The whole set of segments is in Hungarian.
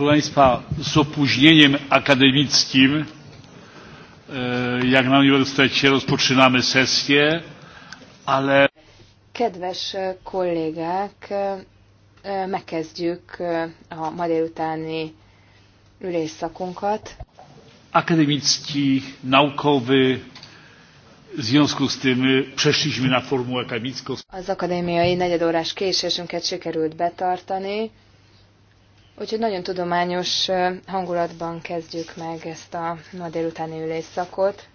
Proszę Państwa, z opóźnieniem akademickim, e, jak na uniwersytecie, rozpoczynamy sesję, ale... Kedves kollégák, e, megkezdjük e, a ma délutáni ülésszakunkat. Akademicki, naukowy, w związku z tym przeszliśmy na formułę akademicką. Az akadémiai negyedórás késésünket sikerült betartani. Úgyhogy nagyon tudományos hangulatban kezdjük meg ezt a ma délutáni ülésszakot.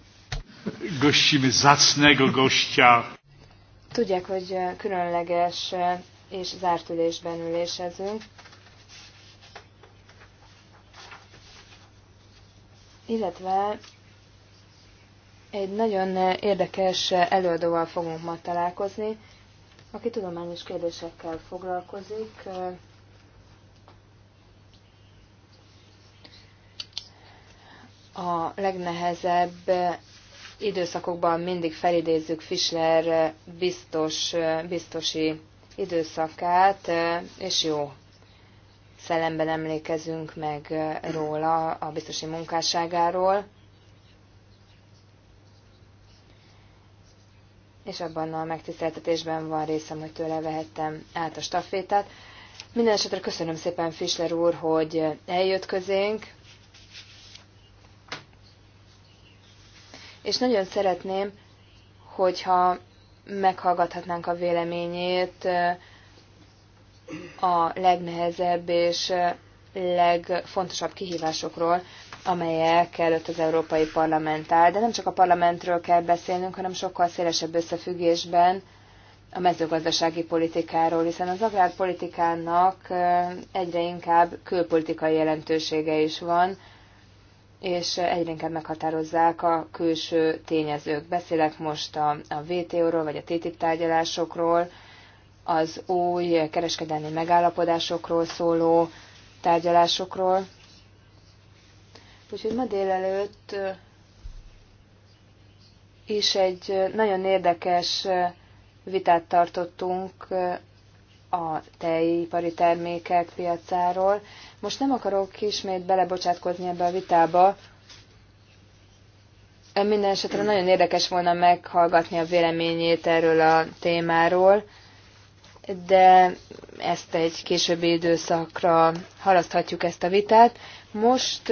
Gościmy zacnego gościa. Tudják, hogy különleges és zárt ülésben ülésezünk. Illetve egy nagyon érdekes előadóval fogunk ma találkozni, aki tudományos kérdésekkel foglalkozik a legnehezebb időszakokban mindig felidézzük Fischler biztos, biztosi időszakát, és jó szellemben emlékezünk meg róla, a biztosi munkásságáról. És abban a megtiszteltetésben van részem, hogy tőle vehettem át a stafétát. Minden esetre köszönöm szépen Fischler úr, hogy eljött közénk, és nagyon szeretném, hogyha meghallgathatnánk a véleményét a legnehezebb és legfontosabb kihívásokról, amelyek előtt az Európai Parlament áll. De nem csak a parlamentről kell beszélnünk, hanem sokkal szélesebb összefüggésben a mezőgazdasági politikáról, hiszen az agrárpolitikának egyre inkább külpolitikai jelentősége is van, és egyre inkább meghatározzák a külső tényezők. Beszélek most a, a WTO-ról, vagy a TTIP tárgyalásokról, az új kereskedelmi megállapodásokról szóló tárgyalásokról. Úgyhogy ma délelőtt is egy nagyon érdekes vitát tartottunk a tejipari termékek piacáról, most nem akarok ismét belebocsátkozni ebbe a vitába. Minden esetre nagyon érdekes volna meghallgatni a véleményét erről a témáról, de ezt egy későbbi időszakra halaszthatjuk ezt a vitát. Most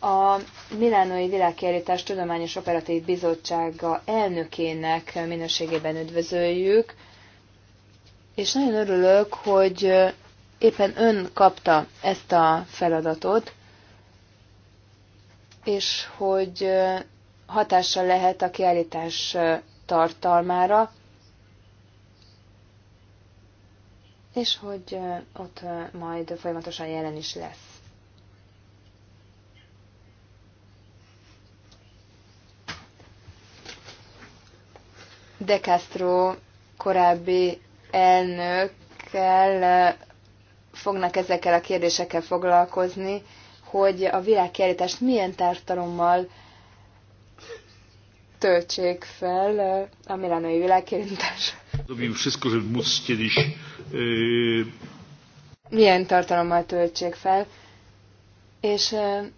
a Milánói Világkiállítás Tudományos Operatív Bizottsága elnökének minőségében üdvözöljük, és nagyon örülök, hogy éppen ön kapta ezt a feladatot, és hogy hatással lehet a kiállítás tartalmára, és hogy ott majd folyamatosan jelen is lesz. De Castro korábbi elnökkel fognak ezekkel a kérdésekkel foglalkozni, hogy a világkiállítást milyen tartalommal töltsék fel a milánói világkiállítás. E, milyen tartalommal töltsék fel, és e,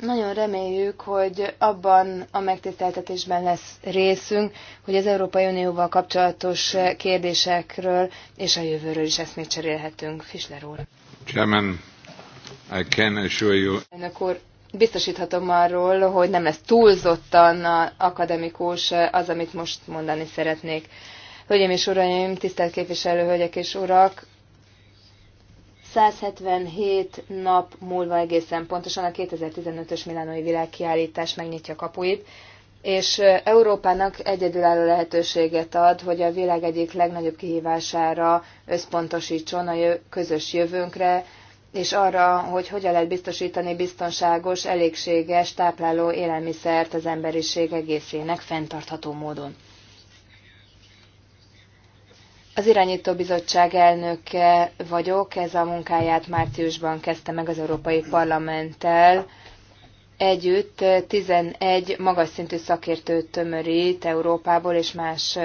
Nagyon reméljük, hogy abban a megtiszteltetésben lesz részünk, hogy az Európai Unióval kapcsolatos kérdésekről és a jövőről is eszmét cserélhetünk. Fischler úr. Chairman, I can assure you. Önök úr, biztosíthatom arról, hogy nem lesz túlzottan akademikus az, amit most mondani szeretnék. Hölgyeim és uraim, tisztelt képviselő hölgyek és urak, 177 nap múlva egészen pontosan a 2015-ös Milánói világkiállítás megnyitja kapuit, és Európának egyedülálló lehetőséget ad, hogy a világ egyik legnagyobb kihívására összpontosítson a közös jövőnkre, és arra, hogy hogyan lehet biztosítani biztonságos, elégséges, tápláló élelmiszert az emberiség egészének fenntartható módon. Az irányító bizottság elnöke vagyok, ez a munkáját márciusban kezdte meg az Európai Parlamenttel. Együtt 11 magas szintű szakértőt tömörít Európából és más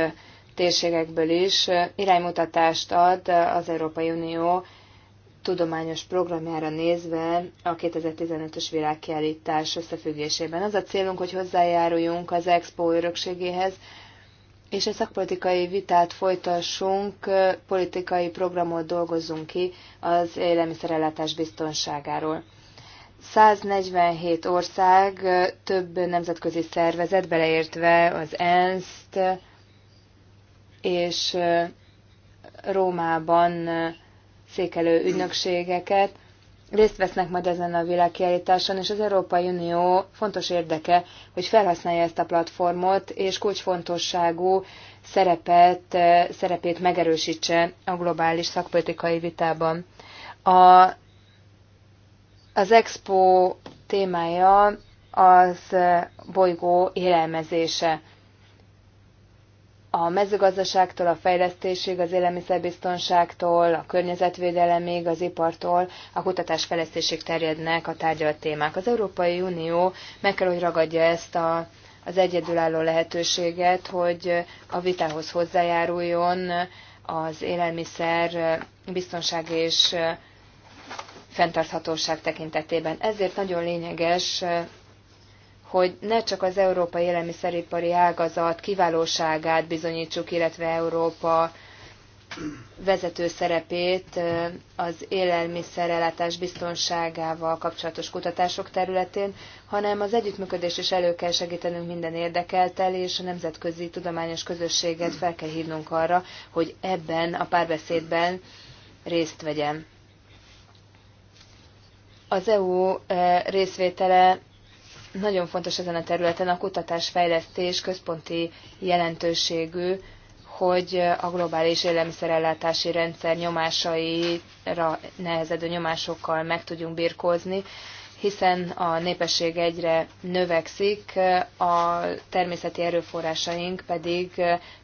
térségekből is. Iránymutatást ad az Európai Unió tudományos programjára nézve a 2015-ös világkiállítás összefüggésében. Az a célunk, hogy hozzájáruljunk az Expo örökségéhez, és egy szakpolitikai vitát folytassunk, politikai programot dolgozunk ki az élelmiszerellátás biztonságáról. 147 ország, több nemzetközi szervezet, beleértve az ENSZ-t, és Rómában székelő ügynökségeket részt vesznek majd ezen a világkiállításon, és az Európai Unió fontos érdeke, hogy felhasználja ezt a platformot, és kulcsfontosságú szerepet, eh, szerepét megerősítse a globális szakpolitikai vitában. A, az Expo témája az eh, bolygó élelmezése a mezőgazdaságtól, a fejlesztésig, az élelmiszerbiztonságtól, a környezetvédelemig, az ipartól, a kutatásfejlesztésig terjednek a tárgyalt témák. Az Európai Unió meg kell, hogy ragadja ezt a, az egyedülálló lehetőséget, hogy a vitához hozzájáruljon az élelmiszer biztonság és fenntarthatóság tekintetében. Ezért nagyon lényeges hogy ne csak az európai élelmiszeripari ágazat kiválóságát bizonyítsuk, illetve Európa vezető szerepét az élelmiszerellátás biztonságával kapcsolatos kutatások területén, hanem az együttműködés is elő kell segítenünk minden érdekeltel, és a nemzetközi tudományos közösséget fel kell hívnunk arra, hogy ebben a párbeszédben részt vegyen. Az EU részvétele nagyon fontos ezen a területen a kutatás fejlesztés központi jelentőségű, hogy a globális élelmiszerellátási rendszer nyomásaira nehezedő nyomásokkal meg tudjunk birkózni, hiszen a népesség egyre növekszik, a természeti erőforrásaink pedig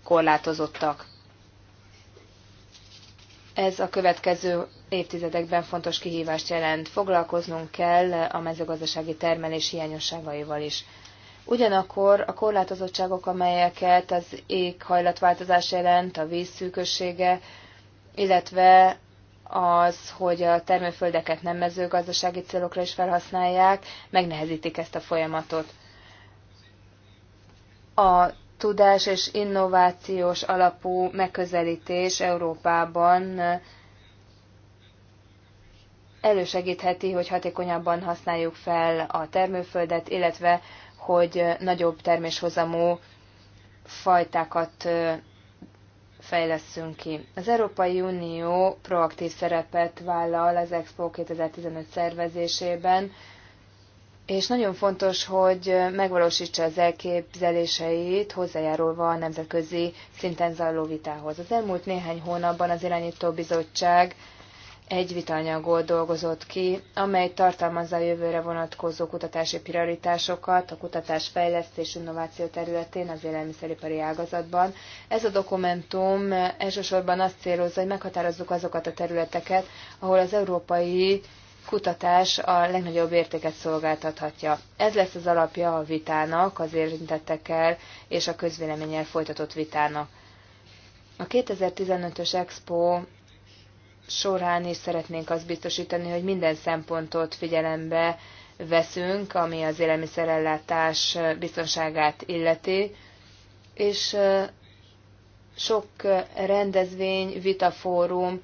korlátozottak. Ez a következő évtizedekben fontos kihívást jelent. Foglalkoznunk kell a mezőgazdasági termelés hiányosságaival is. Ugyanakkor a korlátozottságok, amelyeket az éghajlatváltozás jelent, a vízszűkössége, illetve az, hogy a termőföldeket nem mezőgazdasági célokra is felhasználják, megnehezítik ezt a folyamatot. A tudás és innovációs alapú megközelítés Európában elősegítheti, hogy hatékonyabban használjuk fel a termőföldet, illetve hogy nagyobb terméshozamú fajtákat fejleszünk ki. Az Európai Unió proaktív szerepet vállal az Expo 2015 szervezésében, és nagyon fontos, hogy megvalósítsa az elképzeléseit, hozzájárulva a nemzetközi szinten zajló vitához. Az elmúlt néhány hónapban az irányító bizottság egy vitanyagot dolgozott ki, amely tartalmazza a jövőre vonatkozó kutatási prioritásokat a kutatás, fejlesztés, innováció területén az élelmiszeripari ágazatban. Ez a dokumentum elsősorban azt célozza, hogy meghatározzuk azokat a területeket, ahol az európai kutatás a legnagyobb értéket szolgáltathatja. Ez lesz az alapja a vitának, az érintettekkel és a közvéleménnyel folytatott vitának. A 2015-ös Expo során is szeretnénk azt biztosítani, hogy minden szempontot figyelembe veszünk, ami az élelmiszerellátás biztonságát illeti, és sok rendezvény, vitafórum,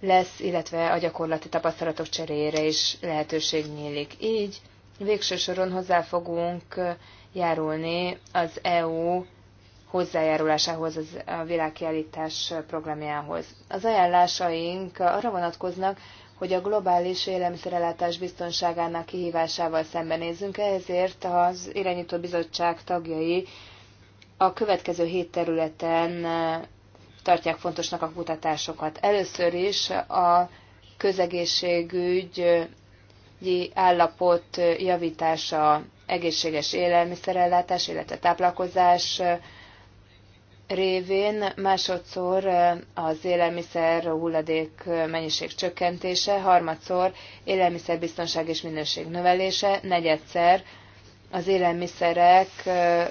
lesz, illetve a gyakorlati tapasztalatok cseréjére is lehetőség nyílik. Így végső soron hozzá fogunk járulni az EU hozzájárulásához az, a világkiállítás programjához. Az ajánlásaink arra vonatkoznak, hogy a globális élelmiszerellátás biztonságának kihívásával szembenézzünk, ezért az irányító bizottság tagjai a következő hét területen tartják fontosnak a kutatásokat. Először is a közegészségügyi állapot javítása, egészséges élelmiszerellátás, illetve táplálkozás révén, másodszor az élelmiszer hulladék mennyiség csökkentése, harmadszor élelmiszerbiztonság és minőség növelése, negyedszer az élelmiszerek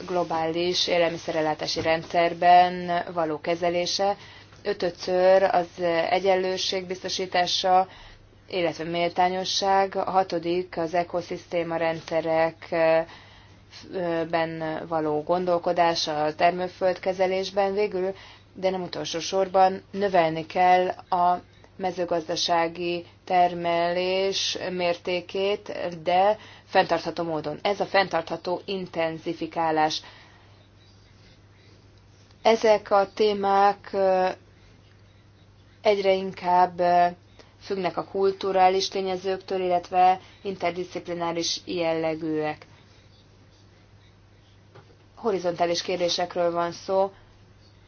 globális élelmiszerellátási rendszerben való kezelése, ötötször az egyenlőség biztosítása, illetve méltányosság, a hatodik az ekoszisztéma rendszerekben való gondolkodás a termőföldkezelésben, végül, de nem utolsó sorban növelni kell a mezőgazdasági termelés mértékét, de fenntartható módon. Ez a fenntartható intenzifikálás. Ezek a témák egyre inkább függnek a kulturális tényezőktől, illetve interdisziplináris jellegűek. Horizontális kérdésekről van szó,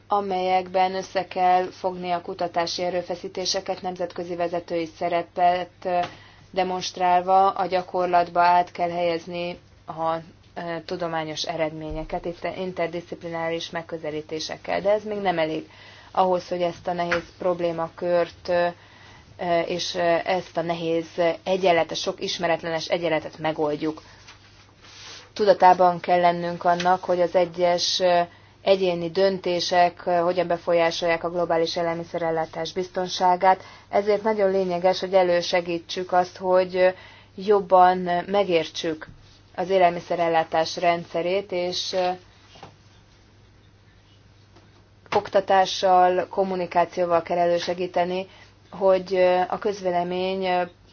amelyekben össze kell fogni a kutatási erőfeszítéseket, nemzetközi vezetői szerepet demonstrálva a gyakorlatba át kell helyezni a tudományos eredményeket, itt interdisziplináris megközelítésekkel, de ez még nem elég ahhoz, hogy ezt a nehéz problémakört és ezt a nehéz egyenletet, sok ismeretlenes egyenletet megoldjuk. Tudatában kell lennünk annak, hogy az egyes egyéni döntések eh, hogyan befolyásolják a globális élelmiszerellátás biztonságát. Ezért nagyon lényeges, hogy elősegítsük azt, hogy eh, jobban eh, megértsük az élelmiszerellátás rendszerét, és oktatással, kommunikációval kell elősegíteni, hogy a közvélemény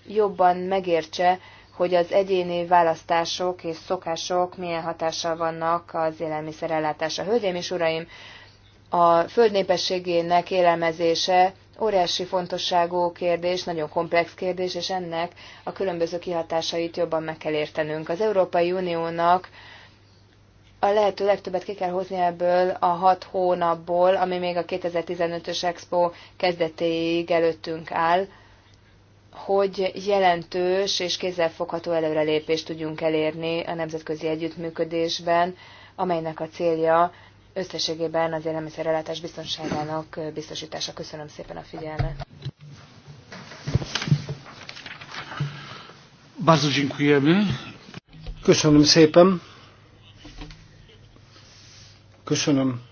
jobban megértse, hogy az egyéni választások és szokások milyen hatással vannak az élelmiszerellátásra. Hölgyeim és uraim, a föld népességének élelmezése óriási fontosságú kérdés, nagyon komplex kérdés, és ennek a különböző kihatásait jobban meg kell értenünk. Az Európai Uniónak a lehető legtöbbet ki kell hozni ebből a hat hónapból, ami még a 2015-ös Expo kezdetéig előttünk áll hogy jelentős és kézzelfogható előrelépést tudjunk elérni a nemzetközi együttműködésben, amelynek a célja összességében az élelmiszerrelátás biztonságának biztosítása. Köszönöm szépen a figyelmet. Bardzo dziękujemy. Köszönöm szépen. Köszönöm.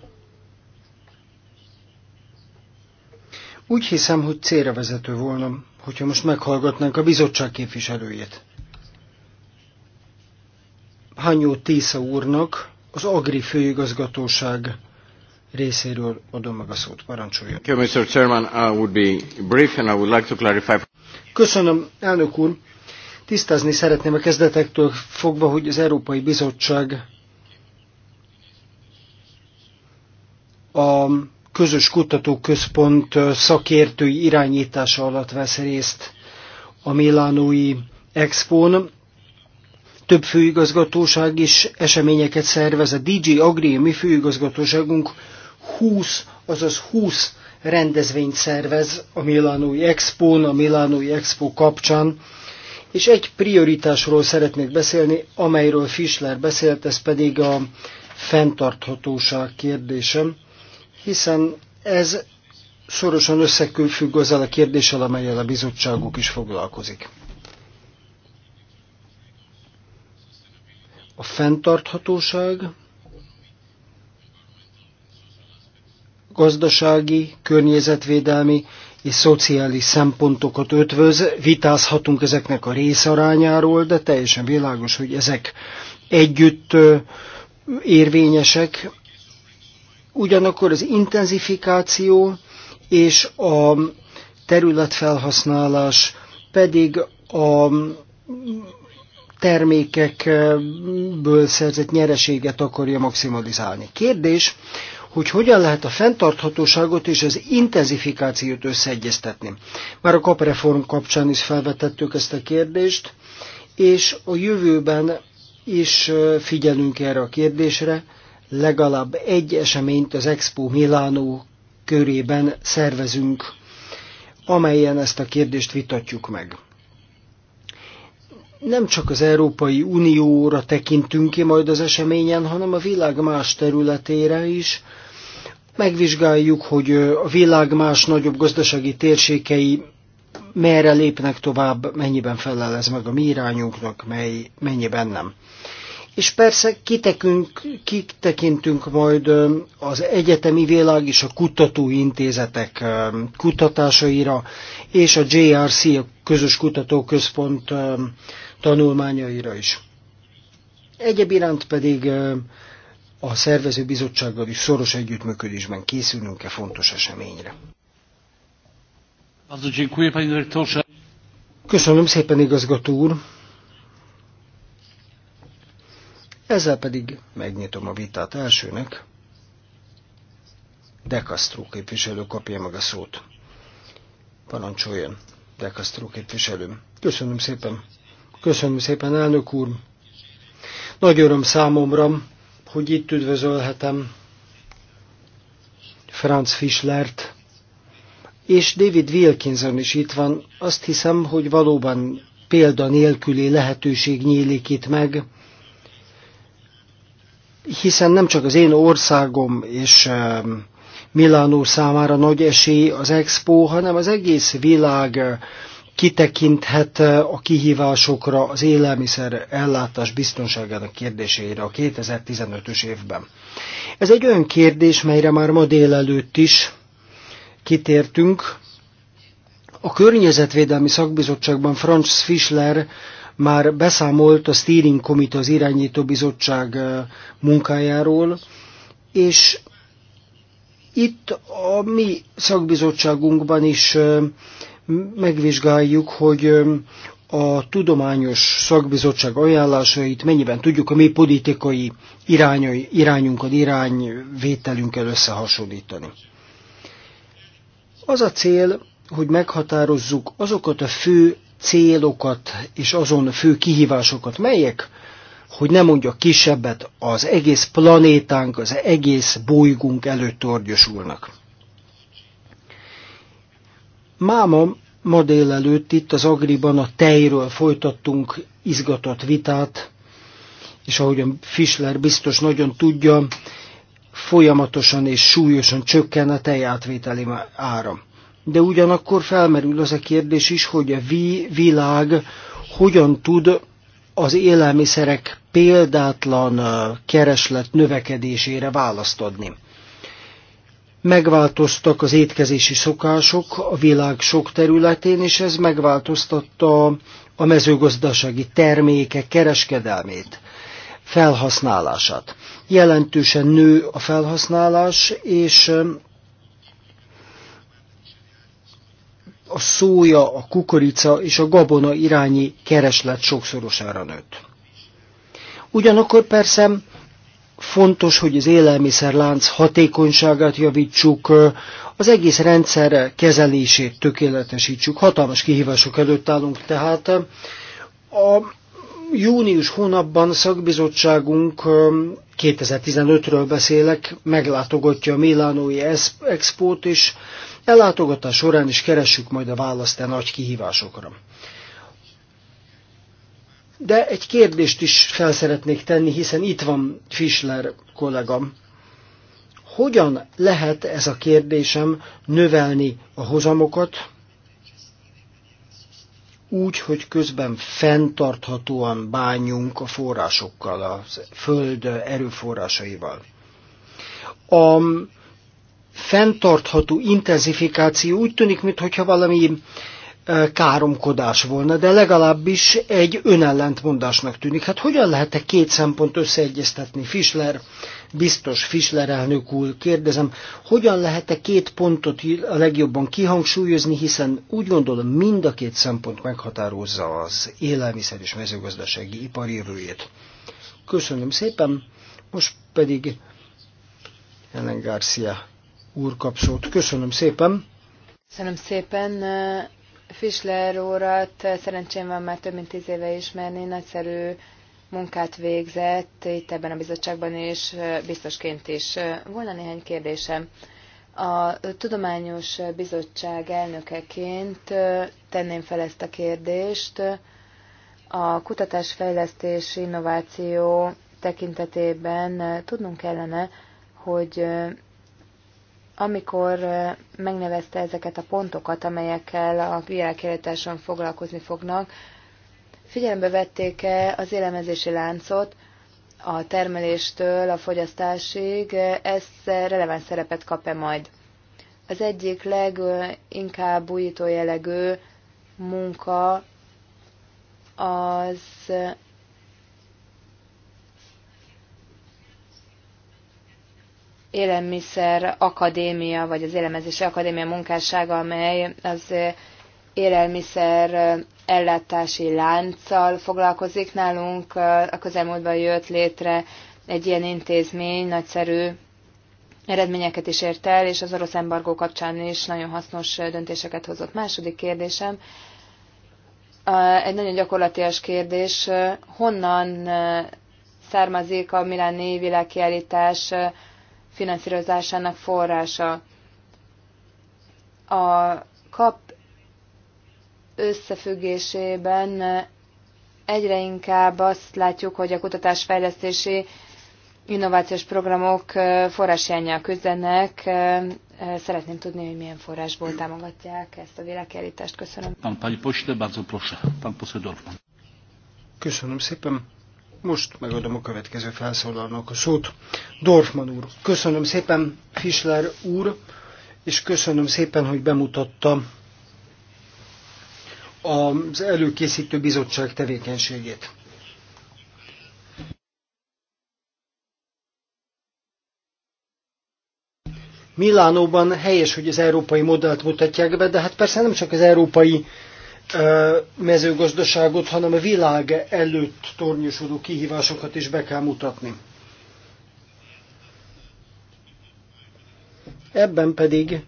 Úgy hiszem, hogy célra vezető volna hogyha most meghallgatnánk a bizottság képviselőjét. Hányó Tisza úrnak az Agri főigazgatóság részéről adom meg a szót. Parancsoljon. Köszönöm, elnök úr. Tisztázni szeretném a kezdetektől fogva, hogy az Európai Bizottság a közös kutatóközpont szakértői irányítása alatt vesz részt a Milánói Expón. Több főigazgatóság is eseményeket szervez. A DJ Agri, mi főigazgatóságunk 20, azaz 20 rendezvényt szervez a Milánói Expón, a Milánói Expo kapcsán. És egy prioritásról szeretnék beszélni, amelyről Fischler beszélt, ez pedig a fenntarthatóság kérdésem hiszen ez szorosan összefügg azzal a kérdéssel, amelyel a bizottságuk is foglalkozik. A fenntarthatóság gazdasági, környezetvédelmi és szociális szempontokat ötvöz, vitázhatunk ezeknek a részarányáról, de teljesen világos, hogy ezek együtt érvényesek, Ugyanakkor az intenzifikáció és a területfelhasználás pedig a termékekből szerzett nyereséget akarja maximalizálni. Kérdés, hogy hogyan lehet a fenntarthatóságot és az intenzifikációt összeegyeztetni. Már a kapreform kapcsán is felvetettük ezt a kérdést, és a jövőben is figyelünk erre a kérdésre, legalább egy eseményt az Expo Milánó körében szervezünk, amelyen ezt a kérdést vitatjuk meg. Nem csak az Európai Unióra tekintünk ki majd az eseményen, hanem a világ más területére is. Megvizsgáljuk, hogy a világ más nagyobb gazdasági térségei merre lépnek tovább, mennyiben felel ez meg a mi irányunknak, mely, mennyiben nem. És persze kitekünk, kitekintünk majd az egyetemi világ és a kutatóintézetek kutatásaira, és a JRC, a Közös Kutatóközpont tanulmányaira is. Egyéb iránt pedig a szervezőbizottsággal is szoros együttműködésben készülünk-e fontos eseményre. Köszönöm szépen, igazgató úr! Ezzel pedig megnyitom a vitát elsőnek. De Castro képviselő kapja meg a szót. Parancsoljon, De Castro képviselő. Köszönöm szépen. Köszönöm szépen, elnök úr. Nagy öröm számomra, hogy itt üdvözölhetem Franz Fischlert, és David Wilkinson is itt van. Azt hiszem, hogy valóban példa nélküli lehetőség nyílik itt meg, hiszen nem csak az én országom és Milánó számára nagy esély az Expo, hanem az egész világ kitekinthet a kihívásokra, az élelmiszer ellátás biztonságának kérdéseire a 2015-ös évben. Ez egy olyan kérdés, melyre már ma délelőtt is kitértünk. A Környezetvédelmi Szakbizottságban Franz Fischler már beszámolt a Steering Committee, az irányító bizottság munkájáról, és itt a mi szakbizottságunkban is megvizsgáljuk, hogy a tudományos szakbizottság ajánlásait mennyiben tudjuk a mi politikai irányai, irányunkat, irányvételünkkel összehasonlítani. Az a cél, hogy meghatározzuk azokat a fő célokat és azon fő kihívásokat, melyek, hogy nem mondjak kisebbet, az egész planétánk, az egész bolygunk előtt torgyosulnak. Máma ma délelőtt itt az Agriban a tejről folytattunk izgatott vitát, és ahogy a Fischler biztos nagyon tudja, folyamatosan és súlyosan csökken a tejátvételi áram. ára de ugyanakkor felmerül az a kérdés is, hogy a vi világ hogyan tud az élelmiszerek példátlan kereslet növekedésére választ adni. Megváltoztak az étkezési szokások a világ sok területén, és ez megváltoztatta a mezőgazdasági termékek kereskedelmét, felhasználását. Jelentősen nő a felhasználás, és a szója, a kukorica és a gabona irányi kereslet sokszorosára nőtt. Ugyanakkor persze fontos, hogy az élelmiszerlánc hatékonyságát javítsuk, az egész rendszer kezelését tökéletesítsük. Hatalmas kihívások előtt állunk tehát. A június hónapban szakbizottságunk 2015-ről um, beszélek, meglátogatja a Milánói Expót, és ellátogatás során is keressük majd a választ a e nagy kihívásokra. De egy kérdést is fel szeretnék tenni, hiszen itt van Fischler kollégam. Hogyan lehet ez a kérdésem növelni a hozamokat, úgy, hogy közben fenntarthatóan bánjunk a forrásokkal, a föld erőforrásaival. A fenntartható intenzifikáció úgy tűnik, mintha valami káromkodás volna, de legalábbis egy önellentmondásnak tűnik. Hát hogyan lehet-e két szempont összeegyeztetni? Fischler, biztos Fischler elnök úr, kérdezem, hogyan lehet-e két pontot a legjobban kihangsúlyozni, hiszen úgy gondolom mind a két szempont meghatározza az élelmiszer és mezőgazdasági ipar jövőjét. Köszönöm szépen, most pedig Ellen Garcia úr Köszönöm szépen. Köszönöm szépen. Uh, Fischler úrat szerencsém van már több mint tíz éve ismerni, nagyszerű munkát végzett itt ebben a bizottságban, és uh, biztosként is. Uh, volna néhány kérdésem. A Tudományos Bizottság elnökeként tenném fel ezt a kérdést. A kutatásfejlesztés, innováció tekintetében tudnunk kellene, hogy amikor megnevezte ezeket a pontokat, amelyekkel a világkiállításon foglalkozni fognak, figyelembe vették-e az élelmezési láncot a termeléstől a fogyasztásig, ez releváns szerepet kap-e majd? Az egyik leginkább újító jellegű munka az élelmiszer akadémia, vagy az élelmezési akadémia munkássága, amely az élelmiszer ellátási lánccal foglalkozik nálunk. A közelmúltban jött létre egy ilyen intézmény, nagyszerű eredményeket is ért el, és az orosz embargó kapcsán is nagyon hasznos döntéseket hozott. Második kérdésem, egy nagyon gyakorlatias kérdés, honnan származik a Miláni világkiállítás finanszírozásának forrása. A kap összefüggésében egyre inkább azt látjuk, hogy a kutatásfejlesztési innovációs programok forrásjánnyal küzdenek. Szeretném tudni, hogy milyen forrásból támogatják ezt a világkiállítást. Köszönöm. Köszönöm szépen. Most megadom a következő felszólalnak a szót. Dorfman úr, köszönöm szépen, Fischler úr, és köszönöm szépen, hogy bemutatta az előkészítő bizottság tevékenységét. Milánóban helyes, hogy az európai modellt mutatják be, de hát persze nem csak az európai mezőgazdaságot, hanem a világ előtt tornyosodó kihívásokat is be kell mutatni. Ebben pedig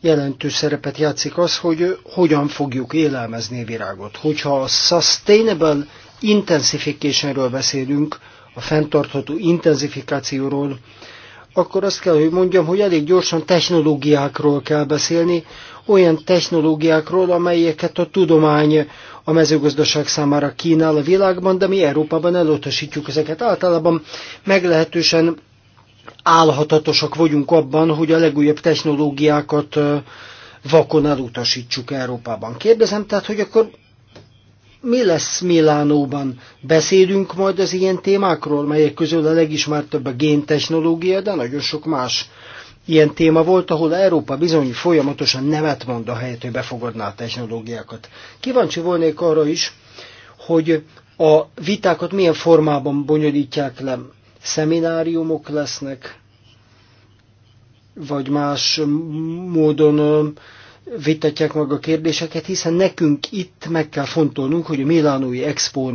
jelentős szerepet játszik az, hogy hogyan fogjuk élelmezni a virágot. Hogyha a sustainable intensificationről beszélünk, a fenntartható intenzifikációról, akkor azt kell, hogy mondjam, hogy elég gyorsan technológiákról kell beszélni, olyan technológiákról, amelyeket a tudomány a mezőgazdaság számára kínál a világban, de mi Európában elutasítjuk ezeket. Általában meglehetősen állhatatosak vagyunk abban, hogy a legújabb technológiákat vakon elutasítsuk Európában. Kérdezem tehát, hogy akkor mi lesz Milánóban? Beszélünk majd az ilyen témákról, melyek közül a legismertebb a géntechnológia, de nagyon sok más ilyen téma volt, ahol Európa bizony folyamatosan nemet mond a helyet, hogy befogadná a technológiákat. Kíváncsi volnék arra is, hogy a vitákat milyen formában bonyolítják le. Szemináriumok lesznek, vagy más módon vitatják meg a kérdéseket, hiszen nekünk itt meg kell fontolnunk, hogy a Milánói expo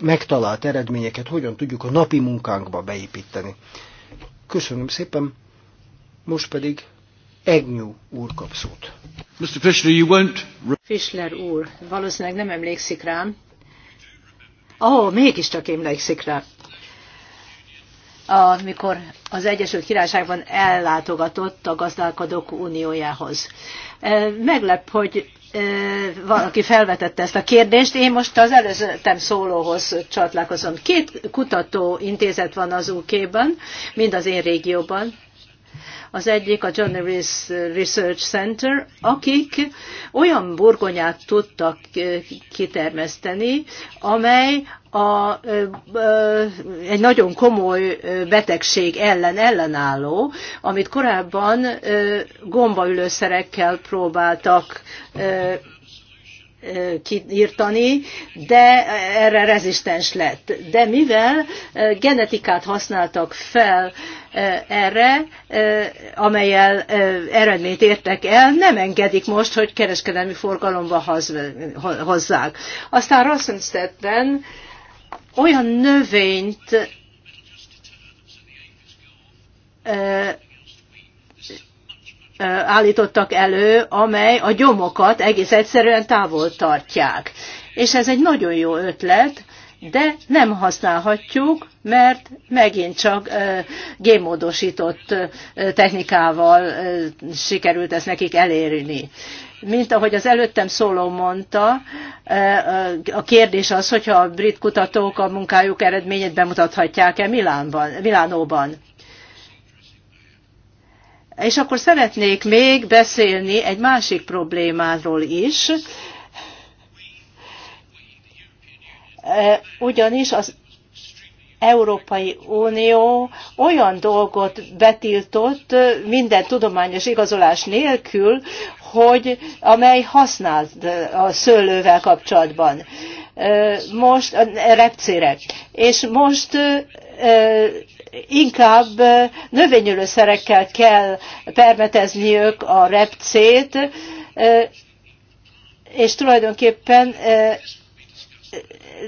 megtalált eredményeket hogyan tudjuk a napi munkánkba beépíteni. Köszönöm szépen, most pedig Egnyú úr kap szót. Mr. Fischler, you won't... Fischler úr, valószínűleg nem emlékszik rám. Ó, oh, mégiscsak emlékszik rá amikor az Egyesült Királyságban ellátogatott a gazdálkodók uniójához. Meglep, hogy valaki felvetette ezt a kérdést. Én most az előzetem szólóhoz csatlakozom. Két kutatóintézet van az UK-ban, mind az én régióban. Az egyik a John Rees Research Center, akik olyan burgonyát tudtak kitermeszteni, amely a, egy nagyon komoly betegség ellen ellenálló, amit korábban gombaülőszerekkel próbáltak kiírtani, de erre rezisztens lett. De mivel genetikát használtak fel erre, amelyel eredményt értek el, nem engedik most, hogy kereskedelmi forgalomba hozzák. Aztán Rassenstedtben olyan növényt állítottak elő, amely a gyomokat egész egyszerűen távol tartják. És ez egy nagyon jó ötlet, de nem használhatjuk, mert megint csak gémódosított technikával sikerült ezt nekik elérni mint ahogy az előttem szóló mondta, eh, eh, a kérdés az, hogyha a brit kutatók a munkájuk eredményét bemutathatják-e Milánban, Milánóban. És akkor szeretnék még beszélni egy másik problémáról is, eh, ugyanis az Európai Unió olyan dolgot betiltott minden tudományos igazolás nélkül, hogy amely használt a szőlővel kapcsolatban. Most a repcére. És most inkább növényülőszerekkel kell permetezniük a repcét, és tulajdonképpen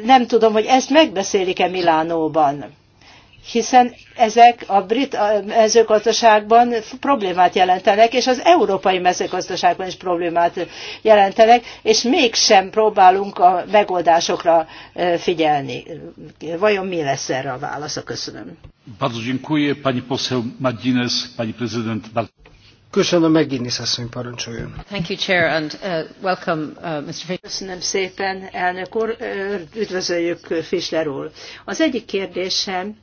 nem tudom, hogy ezt megbeszélik-e Milánóban hiszen ezek a brit mezőgazdaságban problémát jelentenek, és az európai mezőgazdaságban is problémát jelentenek, és mégsem próbálunk a megoldásokra figyelni. Vajon mi lesz erre a válasz? Köszönöm. Bardzo dziękuję, pani Köszönöm, McGuinness asszony parancsoljon. Thank you, Chair, and uh, welcome, uh, Mr. Köszönöm szépen, elnök úr, üdvözöljük Fischler úr. Az egyik kérdésem,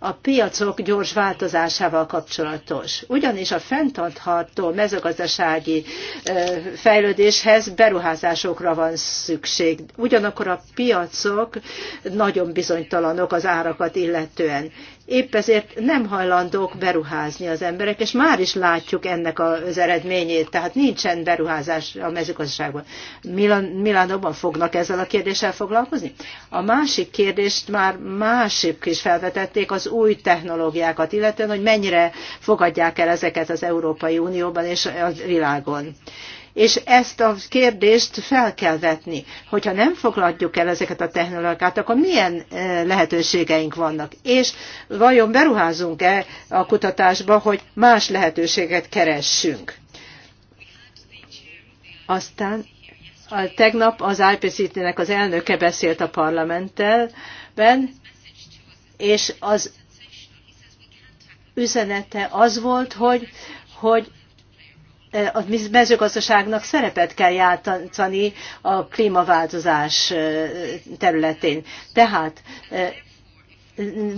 a piacok gyors változásával kapcsolatos. Ugyanis a fenntartható mezőgazdasági fejlődéshez beruházásokra van szükség. Ugyanakkor a piacok nagyon bizonytalanok az árakat illetően épp ezért nem hajlandók beruházni az emberek, és már is látjuk ennek az eredményét, tehát nincsen beruházás a mezőgazdaságban. Milánóban fognak ezzel a kérdéssel foglalkozni? A másik kérdést már másik is felvetették az új technológiákat, illetően, hogy mennyire fogadják el ezeket az Európai Unióban és a világon és ezt a kérdést fel kell vetni. Hogyha nem foglaljuk el ezeket a technológiákat, akkor milyen eh, lehetőségeink vannak? És vajon beruházunk-e a kutatásba, hogy más lehetőséget keressünk? Aztán a, tegnap az IPCT-nek az elnöke beszélt a parlamenttelben, és az üzenete az volt, hogy, hogy a mezőgazdaságnak szerepet kell játszani a klímaváltozás területén. Tehát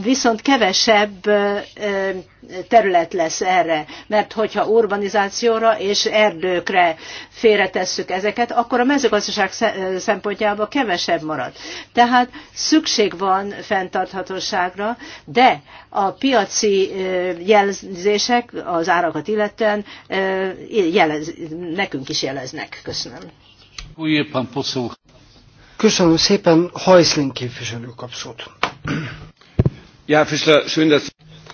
viszont kevesebb terület lesz erre, mert hogyha urbanizációra és erdőkre félretesszük ezeket, akkor a mezőgazdaság szempontjából kevesebb marad. Tehát szükség van fenntarthatóságra, de a piaci jelzések az árakat illetően jelez, nekünk is jeleznek. Köszönöm. Köszönöm szépen, Hajszlin képviselő kapszót. Ja, Fischler, schön, dass...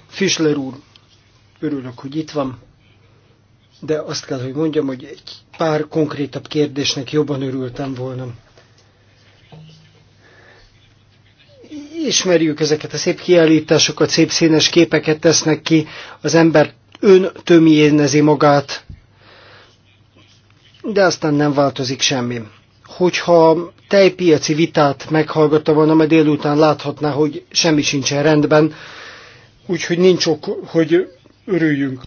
Fischler úr, örülök, hogy itt van, de azt kell, hogy mondjam, hogy egy pár konkrétabb kérdésnek jobban örültem volna. Ismerjük ezeket a szép kiállításokat, szép színes képeket tesznek ki, az ember ön tömjénezi magát, de aztán nem változik semmi hogyha tejpiaci vitát meghallgatta volna, mert délután láthatná, hogy semmi sincsen rendben, úgyhogy nincs ok, hogy örüljünk.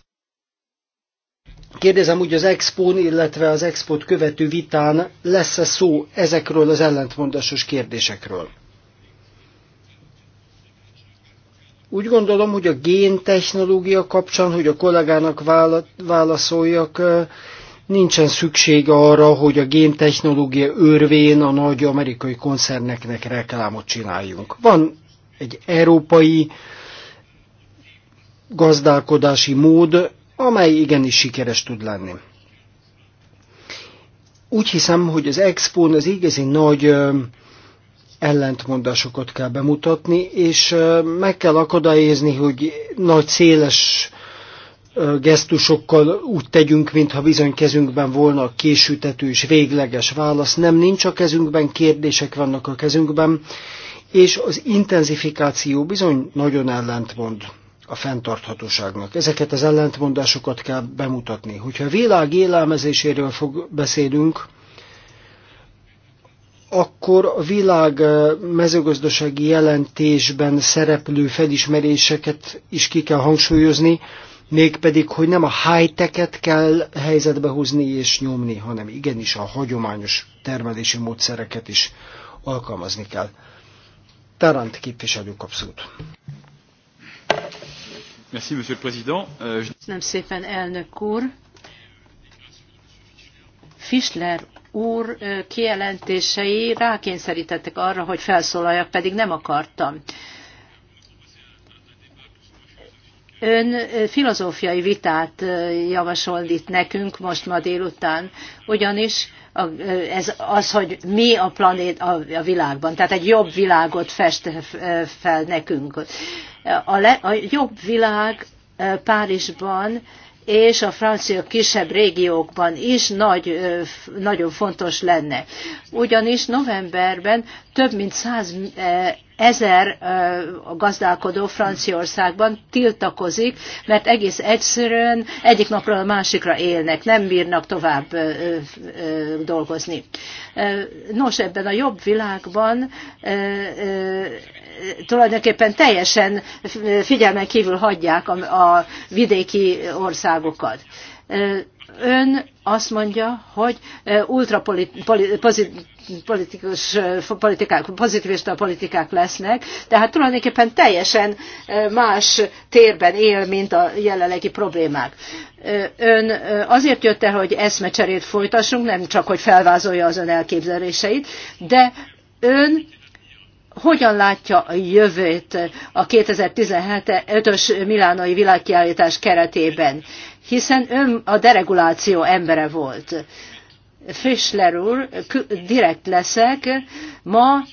Kérdezem, hogy az expón, illetve az expót követő vitán lesz-e szó ezekről az ellentmondásos kérdésekről? Úgy gondolom, hogy a géntechnológia kapcsán, hogy a kollégának válaszoljak, Nincsen szükség arra, hogy a géntechnológia örvén a nagy amerikai koncerneknek reklámot csináljunk. Van egy európai gazdálkodási mód, amely igenis sikeres tud lenni. Úgy hiszem, hogy az expo az igazi nagy ellentmondásokat kell bemutatni, és meg kell akadályozni, hogy nagy széles gesztusokkal úgy tegyünk, mintha bizony kezünkben volna a késütető és végleges válasz. Nem nincs a kezünkben, kérdések vannak a kezünkben, és az intenzifikáció bizony nagyon ellentmond a fenntarthatóságnak. Ezeket az ellentmondásokat kell bemutatni. Hogyha a világ élelmezéséről fog beszélünk, akkor a világ mezőgazdasági jelentésben szereplő felismeréseket is ki kell hangsúlyozni, mégpedig, hogy nem a high-teket kell helyzetbe hozni és nyomni, hanem igenis a hagyományos termelési módszereket is alkalmazni kell. Tarant képviselő abszolút. Merci, monsieur le président. Euh, Köszönöm szépen, elnök úr. Fischler úr kijelentései rákényszerítettek arra, hogy felszólaljak, pedig nem akartam. Ön filozófiai vitát javasol itt nekünk most ma délután, ugyanis ez az, hogy mi a planét a világban, tehát egy jobb világot fest fel nekünk. A, le, a jobb világ Párizsban és a francia kisebb régiókban is nagy, nagyon fontos lenne. Ugyanis novemberben több mint 100 ezer gazdálkodó Franciaországban tiltakozik, mert egész egyszerűen egyik napról a másikra élnek, nem bírnak tovább dolgozni. Nos, ebben a jobb világban tulajdonképpen teljesen figyelmen kívül hagyják a vidéki országokat Ön azt mondja, hogy e, ultrapolitikus e, politikák, pozitivista politikák lesznek, tehát tulajdonképpen teljesen e, más térben él, mint a jelenlegi problémák. Ön azért jött el, hogy eszmecserét folytassunk, nem csak, hogy felvázolja az ön elképzeléseit, de ön hogyan látja a jövőt a 2017-ös Milánoi világkiállítás keretében? hiszen ön a dereguláció embere volt. Fischler úr, direkt leszek, ma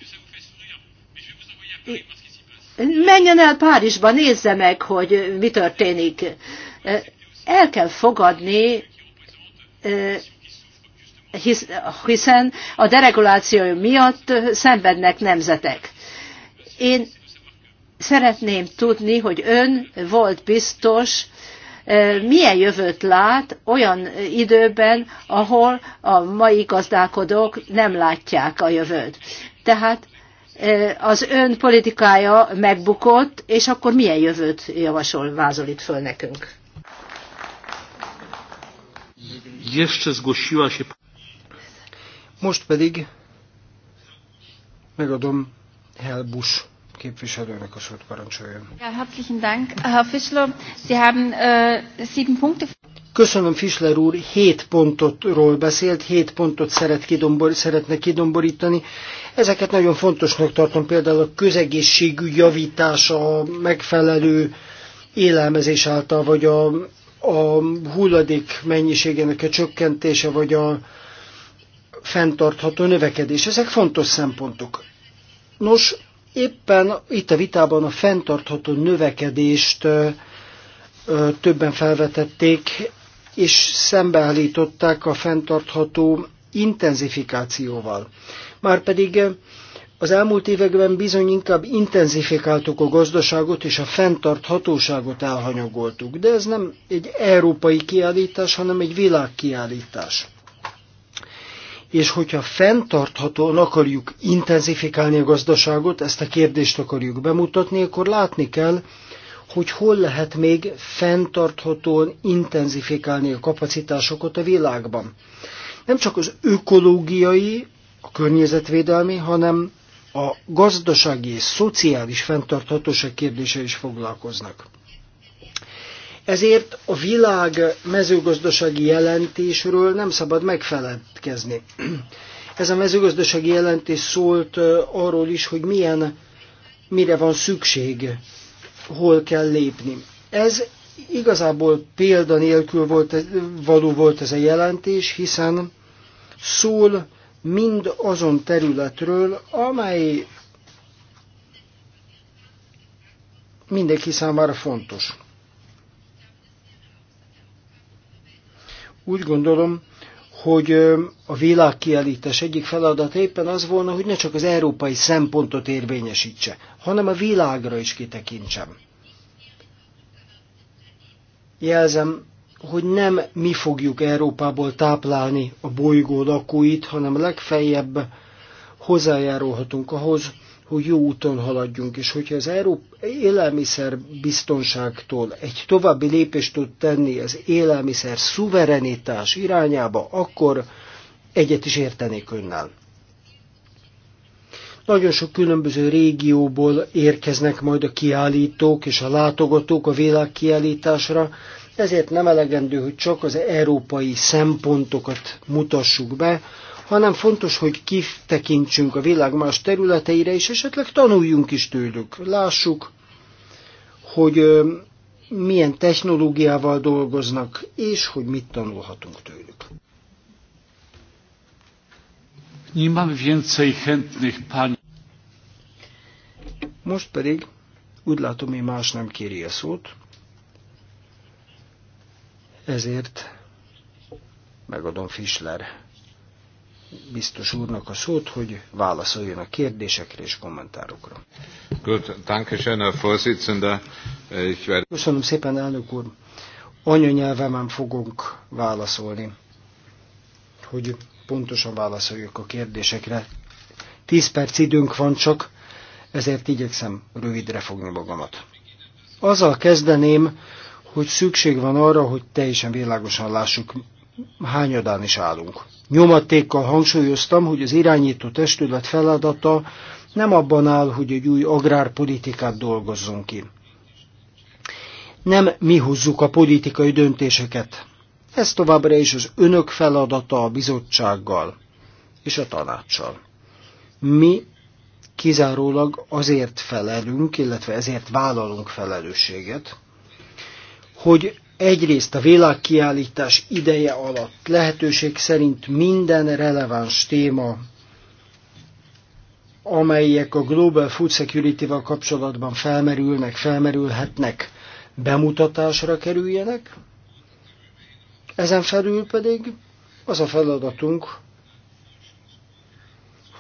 menjen el Párizsba, nézze meg, hogy mi történik. El kell fogadni, hiszen a dereguláció miatt szenvednek nemzetek. Én szeretném tudni, hogy ön volt biztos, milyen jövőt lát olyan időben, ahol a mai gazdálkodók nem látják a jövőt. Tehát az ön politikája megbukott, és akkor milyen jövőt javasol, vázol itt föl nekünk? Most pedig megadom Helbus képviselőnek a szót parancsoljon. Ja, herzlichen Dank, Herr Fischler. Sie haben äh, sieben Punkte. Köszönöm, Fischler úr, hét pontotról beszélt, hét pontot szeret kidombor, szeretne kidomborítani. Ezeket nagyon fontosnak tartom, például a közegészségügy javítása, a megfelelő élelmezés által, vagy a, a hulladék mennyiségének a csökkentése, vagy a fenntartható növekedés. Ezek fontos szempontok. Nos, Éppen itt a vitában a fenntartható növekedést többen felvetették, és szembeállították a fenntartható intenzifikációval. Márpedig az elmúlt években bizony inkább intenzifikáltuk a gazdaságot és a fenntarthatóságot elhanyagoltuk, de ez nem egy európai kiállítás, hanem egy világkiállítás és hogyha fenntarthatóan akarjuk intenzifikálni a gazdaságot, ezt a kérdést akarjuk bemutatni, akkor látni kell, hogy hol lehet még fenntarthatóan intenzifikálni a kapacitásokat a világban. Nem csak az ökológiai, a környezetvédelmi, hanem a gazdasági és szociális fenntarthatóság kérdése is foglalkoznak. Ezért a világ mezőgazdasági jelentésről nem szabad megfeledkezni. Ez a mezőgazdasági jelentés szólt arról is, hogy milyen, mire van szükség, hol kell lépni. Ez igazából példa nélkül volt, való volt ez a jelentés, hiszen szól mind azon területről, amely mindenki számára fontos. Úgy gondolom, hogy a világkiállítás egyik feladat éppen az volna, hogy ne csak az európai szempontot érvényesítse, hanem a világra is kitekintsem. Jelzem, hogy nem mi fogjuk Európából táplálni a bolygó lakóit, hanem legfeljebb hozzájárulhatunk ahhoz, hogy jó úton haladjunk, és hogyha az Európa élelmiszer biztonságtól egy további lépést tud tenni az élelmiszer szuverenitás irányába, akkor egyet is értenék önnel. Nagyon sok különböző régióból érkeznek majd a kiállítók és a látogatók a világkiállításra, ezért nem elegendő, hogy csak az európai szempontokat mutassuk be, hanem fontos, hogy kitekintsünk a világ más területeire, és esetleg tanuljunk is tőlük. Lássuk, hogy milyen technológiával dolgoznak, és hogy mit tanulhatunk tőlük. Nie mam więcej chętnych pań. Most pedig úgy látom, hogy más nem kéri a szót, ezért megadom Fischler biztos úrnak a szót, hogy válaszoljon a kérdésekre és kommentárokra. Köszönöm szépen, elnök úr. Anyanyelvemen fogunk válaszolni, hogy pontosan válaszoljuk a kérdésekre. Tíz perc időnk van csak, ezért igyekszem rövidre fogni magamat. Azzal kezdeném, hogy szükség van arra, hogy teljesen világosan lássuk, hányadán is állunk. Nyomatékkal hangsúlyoztam, hogy az irányító testület feladata nem abban áll, hogy egy új agrárpolitikát dolgozzunk ki. Nem mi hozzuk a politikai döntéseket. Ez továbbra is az önök feladata a bizottsággal és a tanácssal. Mi kizárólag azért felelünk, illetve ezért vállalunk felelősséget, hogy egyrészt a világkiállítás ideje alatt lehetőség szerint minden releváns téma, amelyek a Global Food Security-val kapcsolatban felmerülnek, felmerülhetnek, bemutatásra kerüljenek. Ezen felül pedig az a feladatunk,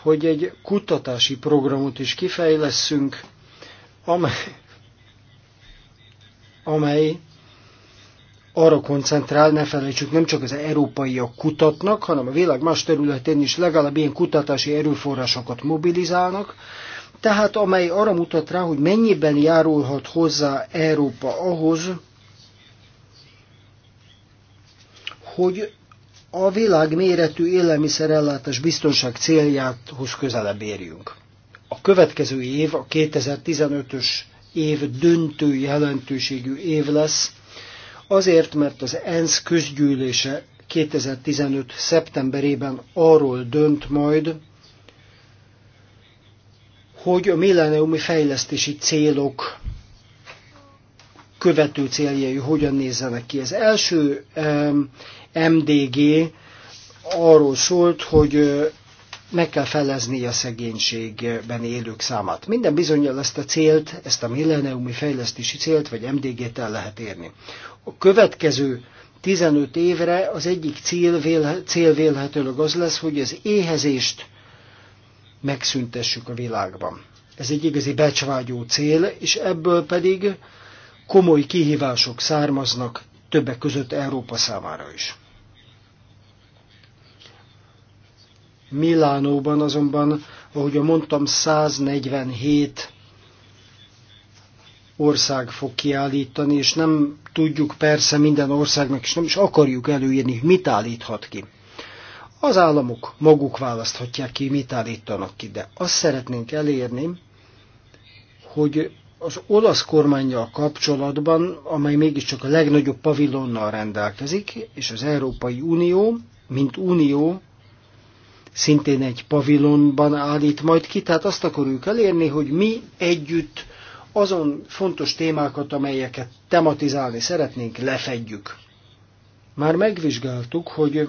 hogy egy kutatási programot is kifejleszünk, amely, amely arra koncentrál, ne felejtsük, nem csak az európaiak kutatnak, hanem a világ más területén is legalább ilyen kutatási erőforrásokat mobilizálnak, tehát amely arra mutat rá, hogy mennyiben járulhat hozzá Európa ahhoz, hogy a világ méretű élelmiszerellátás biztonság céljához közelebb érjünk. A következő év, a 2015-ös év döntő jelentőségű év lesz, Azért, mert az ENSZ közgyűlése 2015. szeptemberében arról dönt majd, hogy a milleniumi fejlesztési célok követő céljai hogyan nézzenek ki. Az első MDG arról szólt, hogy meg kell felezni a szegénységben élők számát. Minden bizonyal ezt a célt, ezt a milleniumi fejlesztési célt, vagy MDG-t el lehet érni. A következő 15 évre az egyik cél, vél, cél vélhetőleg az lesz, hogy az éhezést megszüntessük a világban. Ez egy igazi becsvágyó cél, és ebből pedig komoly kihívások származnak többek között Európa számára is. Milánóban azonban, ahogy mondtam, 147 ország fog kiállítani, és nem tudjuk persze minden országnak, és nem is akarjuk előírni, hogy mit állíthat ki. Az államok maguk választhatják ki, mit állítanak ki, de azt szeretnénk elérni, hogy az olasz kormányjal kapcsolatban, amely mégiscsak a legnagyobb pavilonnal rendelkezik, és az Európai Unió, mint unió, szintén egy pavilonban állít majd ki, tehát azt akarjuk elérni, hogy mi együtt azon fontos témákat, amelyeket tematizálni szeretnénk, lefedjük. Már megvizsgáltuk, hogy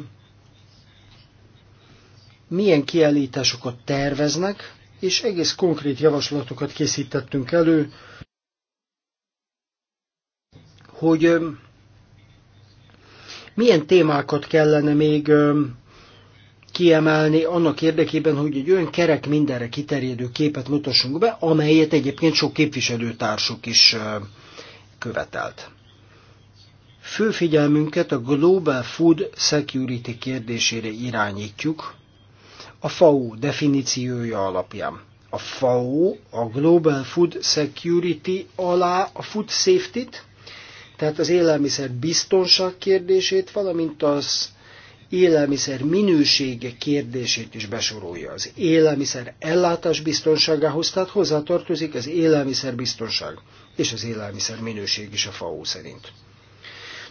milyen kiállításokat terveznek, és egész konkrét javaslatokat készítettünk elő, hogy milyen témákat kellene még kiemelni annak érdekében, hogy egy olyan kerek mindenre kiterjedő képet mutassunk be, amelyet egyébként sok képviselőtársuk is követelt. Fő figyelmünket a Global Food Security kérdésére irányítjuk a FAO definíciója alapján. A FAO a Global Food Security alá a food safety-t, tehát az élelmiszer biztonság kérdését, valamint az élelmiszer minősége kérdését is besorolja. Az élelmiszer ellátás biztonságához, tehát hozzátartozik az élelmiszer biztonság és az élelmiszer minőség is a FAO szerint.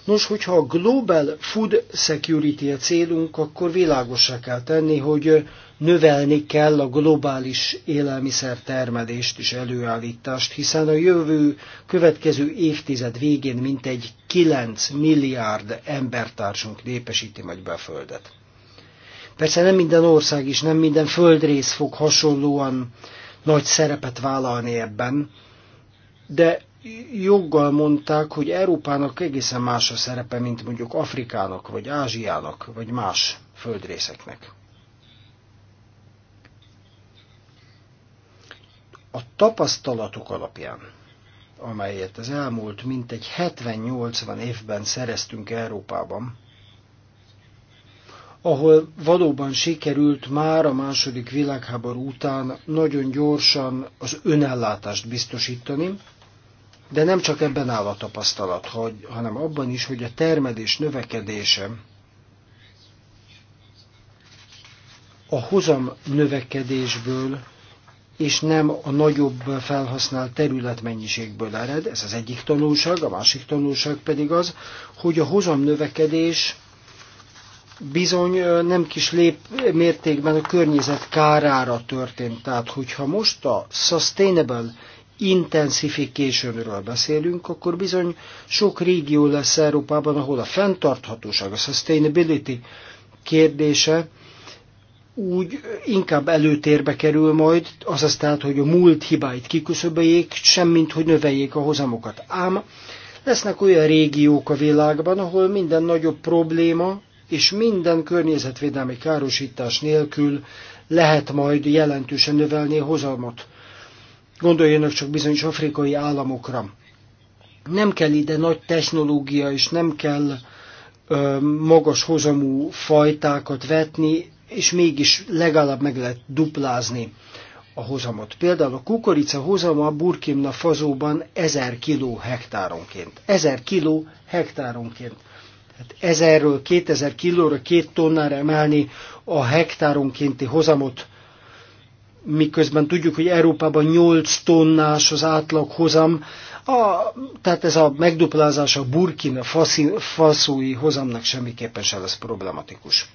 Nos, hogyha a Global Food Security a célunk, akkor világosra kell tenni, hogy növelni kell a globális élelmiszer termelést és előállítást, hiszen a jövő következő évtized végén mintegy 9 milliárd embertársunk népesíti majd be a Földet. Persze nem minden ország és nem minden földrész fog hasonlóan nagy szerepet vállalni ebben, de joggal mondták, hogy Európának egészen más a szerepe, mint mondjuk Afrikának, vagy Ázsiának, vagy más földrészeknek. A tapasztalatok alapján, amelyet az elmúlt mintegy 70-80 évben szereztünk Európában, ahol valóban sikerült már a második világháború után nagyon gyorsan az önellátást biztosítani, de nem csak ebben áll a tapasztalat, hogy, hanem abban is, hogy a termelés növekedése a hozam növekedésből és nem a nagyobb felhasznált területmennyiségből ered. Ez az egyik tanulság, a másik tanulság pedig az, hogy a hozam növekedés bizony nem kis lép mértékben a környezet kárára történt. Tehát, hogyha most a sustainable intensifikációról beszélünk, akkor bizony sok régió lesz Európában, ahol a fenntarthatóság, a sustainability kérdése úgy inkább előtérbe kerül majd, azaz tehát, hogy a múlt hibáit kiküszöböljék, semmint, hogy növeljék a hozamokat. Ám lesznek olyan régiók a világban, ahol minden nagyobb probléma és minden környezetvédelmi károsítás nélkül lehet majd jelentősen növelni a hozamot. Gondoljanak csak bizonyos afrikai államokra. Nem kell ide nagy technológia, és nem kell ö, magas hozamú fajtákat vetni, és mégis legalább meg lehet duplázni a hozamot. Például a kukorica hozama Burkimna Fazóban 1000 kg hektáronként. 1000 kg hektáronként. Hát 1000-ről 2000 kilóra, 2 tonnára emelni a hektáronkénti hozamot miközben tudjuk, hogy Európában 8 tonnás az átlag hozam, a, tehát ez a megduplázása a burkina faszói hozamnak semmiképpen sem lesz problematikus.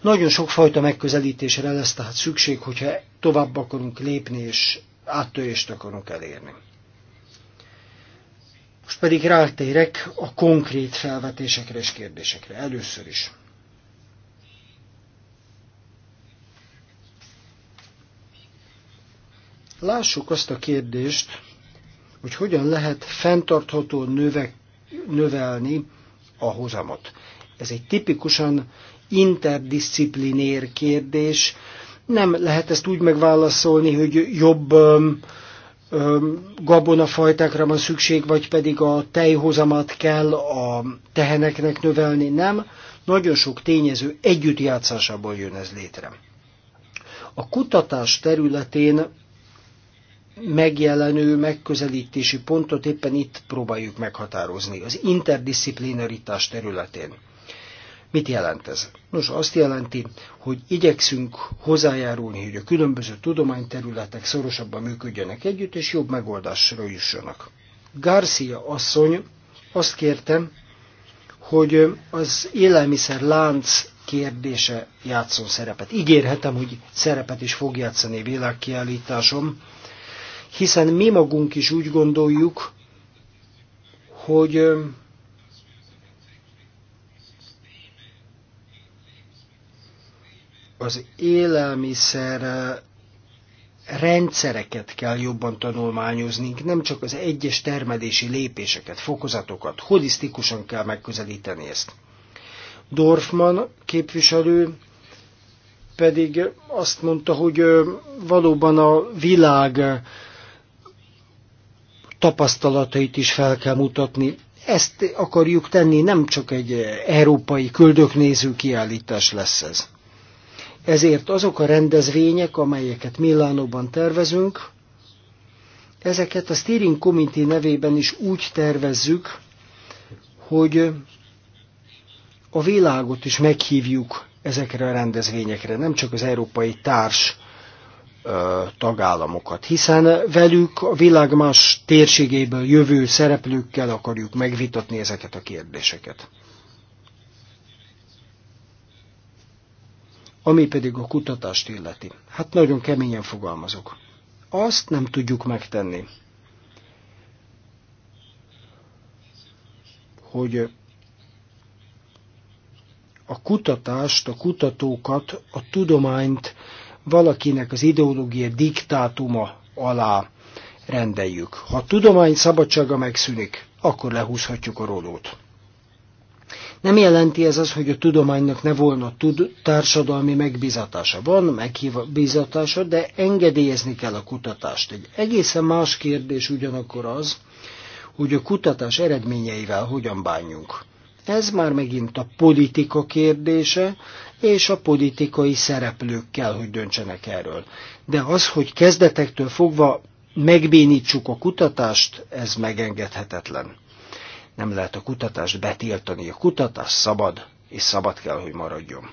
Nagyon sokfajta megközelítésre lesz tehát szükség, hogyha tovább akarunk lépni és áttörést akarunk elérni. Most pedig rátérek a konkrét felvetésekre és kérdésekre. Először is. Lássuk azt a kérdést, hogy hogyan lehet fenntartható növe, növelni a hozamot. Ez egy tipikusan interdisziplinér kérdés. Nem lehet ezt úgy megválaszolni, hogy jobb öm, öm, gabonafajtákra van szükség, vagy pedig a tejhozamat kell a teheneknek növelni. Nem, nagyon sok tényező együttjátszásából jön ez létre. A kutatás területén megjelenő megközelítési pontot éppen itt próbáljuk meghatározni, az interdisziplinaritás területén. Mit jelent ez? Nos, azt jelenti, hogy igyekszünk hozzájárulni, hogy a különböző tudományterületek szorosabban működjenek együtt, és jobb megoldásra jussanak. Garcia asszony azt kértem, hogy az élelmiszer lánc kérdése játszon szerepet. Ígérhetem, hogy szerepet is fog játszani világkiállításom, hiszen mi magunk is úgy gondoljuk, hogy az élelmiszer rendszereket kell jobban tanulmányozni, nem csak az egyes termelési lépéseket, fokozatokat, holisztikusan kell megközelíteni ezt. Dorfman képviselő pedig azt mondta, hogy valóban a világ tapasztalatait is fel kell mutatni. Ezt akarjuk tenni, nem csak egy európai köldöknéző kiállítás lesz ez. Ezért azok a rendezvények, amelyeket Milánóban tervezünk, ezeket a Steering Committee nevében is úgy tervezzük, hogy a világot is meghívjuk ezekre a rendezvényekre, nem csak az európai társ tagállamokat, hiszen velük a világ más térségéből jövő szereplőkkel akarjuk megvitatni ezeket a kérdéseket. Ami pedig a kutatást illeti. Hát nagyon keményen fogalmazok. Azt nem tudjuk megtenni, hogy a kutatást, a kutatókat, a tudományt valakinek az ideológia diktátuma alá rendeljük. Ha tudomány szabadsága megszűnik, akkor lehúzhatjuk a rólót. Nem jelenti ez az, hogy a tudománynak ne volna tud társadalmi megbizatása. Van megbizatása, de engedélyezni kell a kutatást. Egy egészen más kérdés ugyanakkor az, hogy a kutatás eredményeivel hogyan bánjunk. Ez már megint a politika kérdése, és a politikai szereplők kell, hogy döntsenek erről. De az, hogy kezdetektől fogva megbénítsuk a kutatást, ez megengedhetetlen. Nem lehet a kutatást betiltani. A kutatás szabad, és szabad kell, hogy maradjon.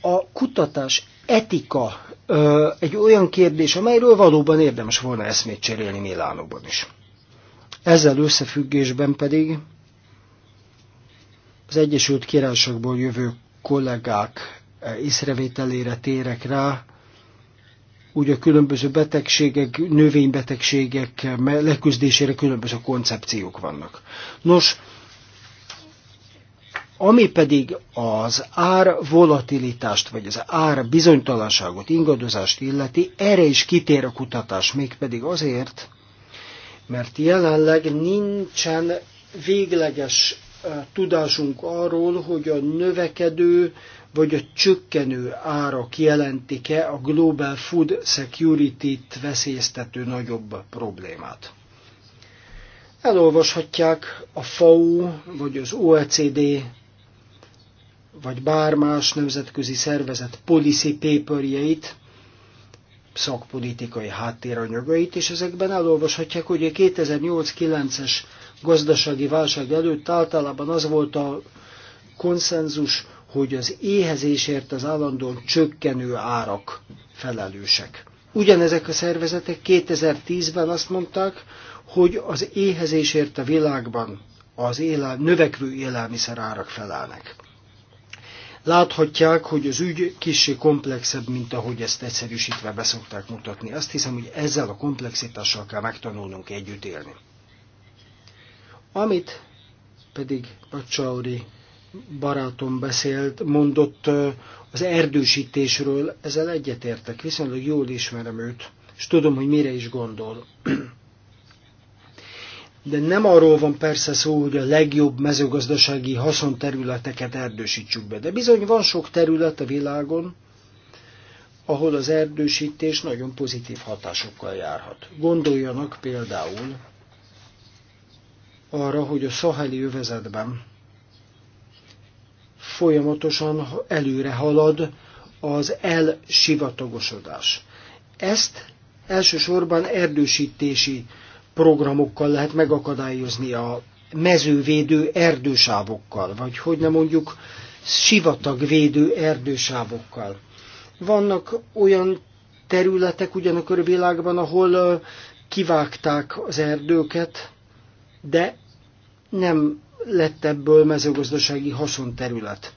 A kutatás etika egy olyan kérdés, amelyről valóban érdemes volna eszmét cserélni Milánóban is. Ezzel összefüggésben pedig az Egyesült Királyságból jövő kollégák észrevételére térek rá, ugye a különböző betegségek, növénybetegségek leküzdésére különböző koncepciók vannak. Nos, ami pedig az ár volatilitást, vagy az ár bizonytalanságot, ingadozást illeti, erre is kitér a kutatás, mégpedig azért, mert jelenleg nincsen végleges tudásunk arról, hogy a növekedő vagy a csökkenő árak jelentik-e a Global Food Security-t veszélyeztető nagyobb problémát. Elolvashatják a FAO vagy az OECD vagy bár más nemzetközi szervezet policy paperjeit, szakpolitikai háttéranyagait, és ezekben elolvashatják, hogy a 2008-9-es gazdasági válság előtt általában az volt a konszenzus, hogy az éhezésért az állandóan csökkenő árak felelősek. Ugyanezek a szervezetek 2010-ben azt mondták, hogy az éhezésért a világban az élel, növekvő élelmiszer árak felelnek. Láthatják, hogy az ügy kicsi komplexebb, mint ahogy ezt egyszerűsítve beszokták mutatni. Azt hiszem, hogy ezzel a komplexitással kell megtanulnunk együtt élni. Amit pedig a Csauri barátom beszélt, mondott az erdősítésről, ezzel egyetértek, viszonylag jól ismerem őt, és tudom, hogy mire is gondol de nem arról van persze szó, hogy a legjobb mezőgazdasági haszonterületeket erdősítsük be. De bizony van sok terület a világon, ahol az erdősítés nagyon pozitív hatásokkal járhat. Gondoljanak például arra, hogy a szaheli övezetben folyamatosan előre halad az elsivatagosodás. Ezt elsősorban erdősítési programokkal lehet megakadályozni a mezővédő erdősávokkal, vagy hogy nem mondjuk sivatagvédő erdősávokkal. Vannak olyan területek ugyanakkor a világban, ahol kivágták az erdőket, de nem lett ebből mezőgazdasági haszonterület,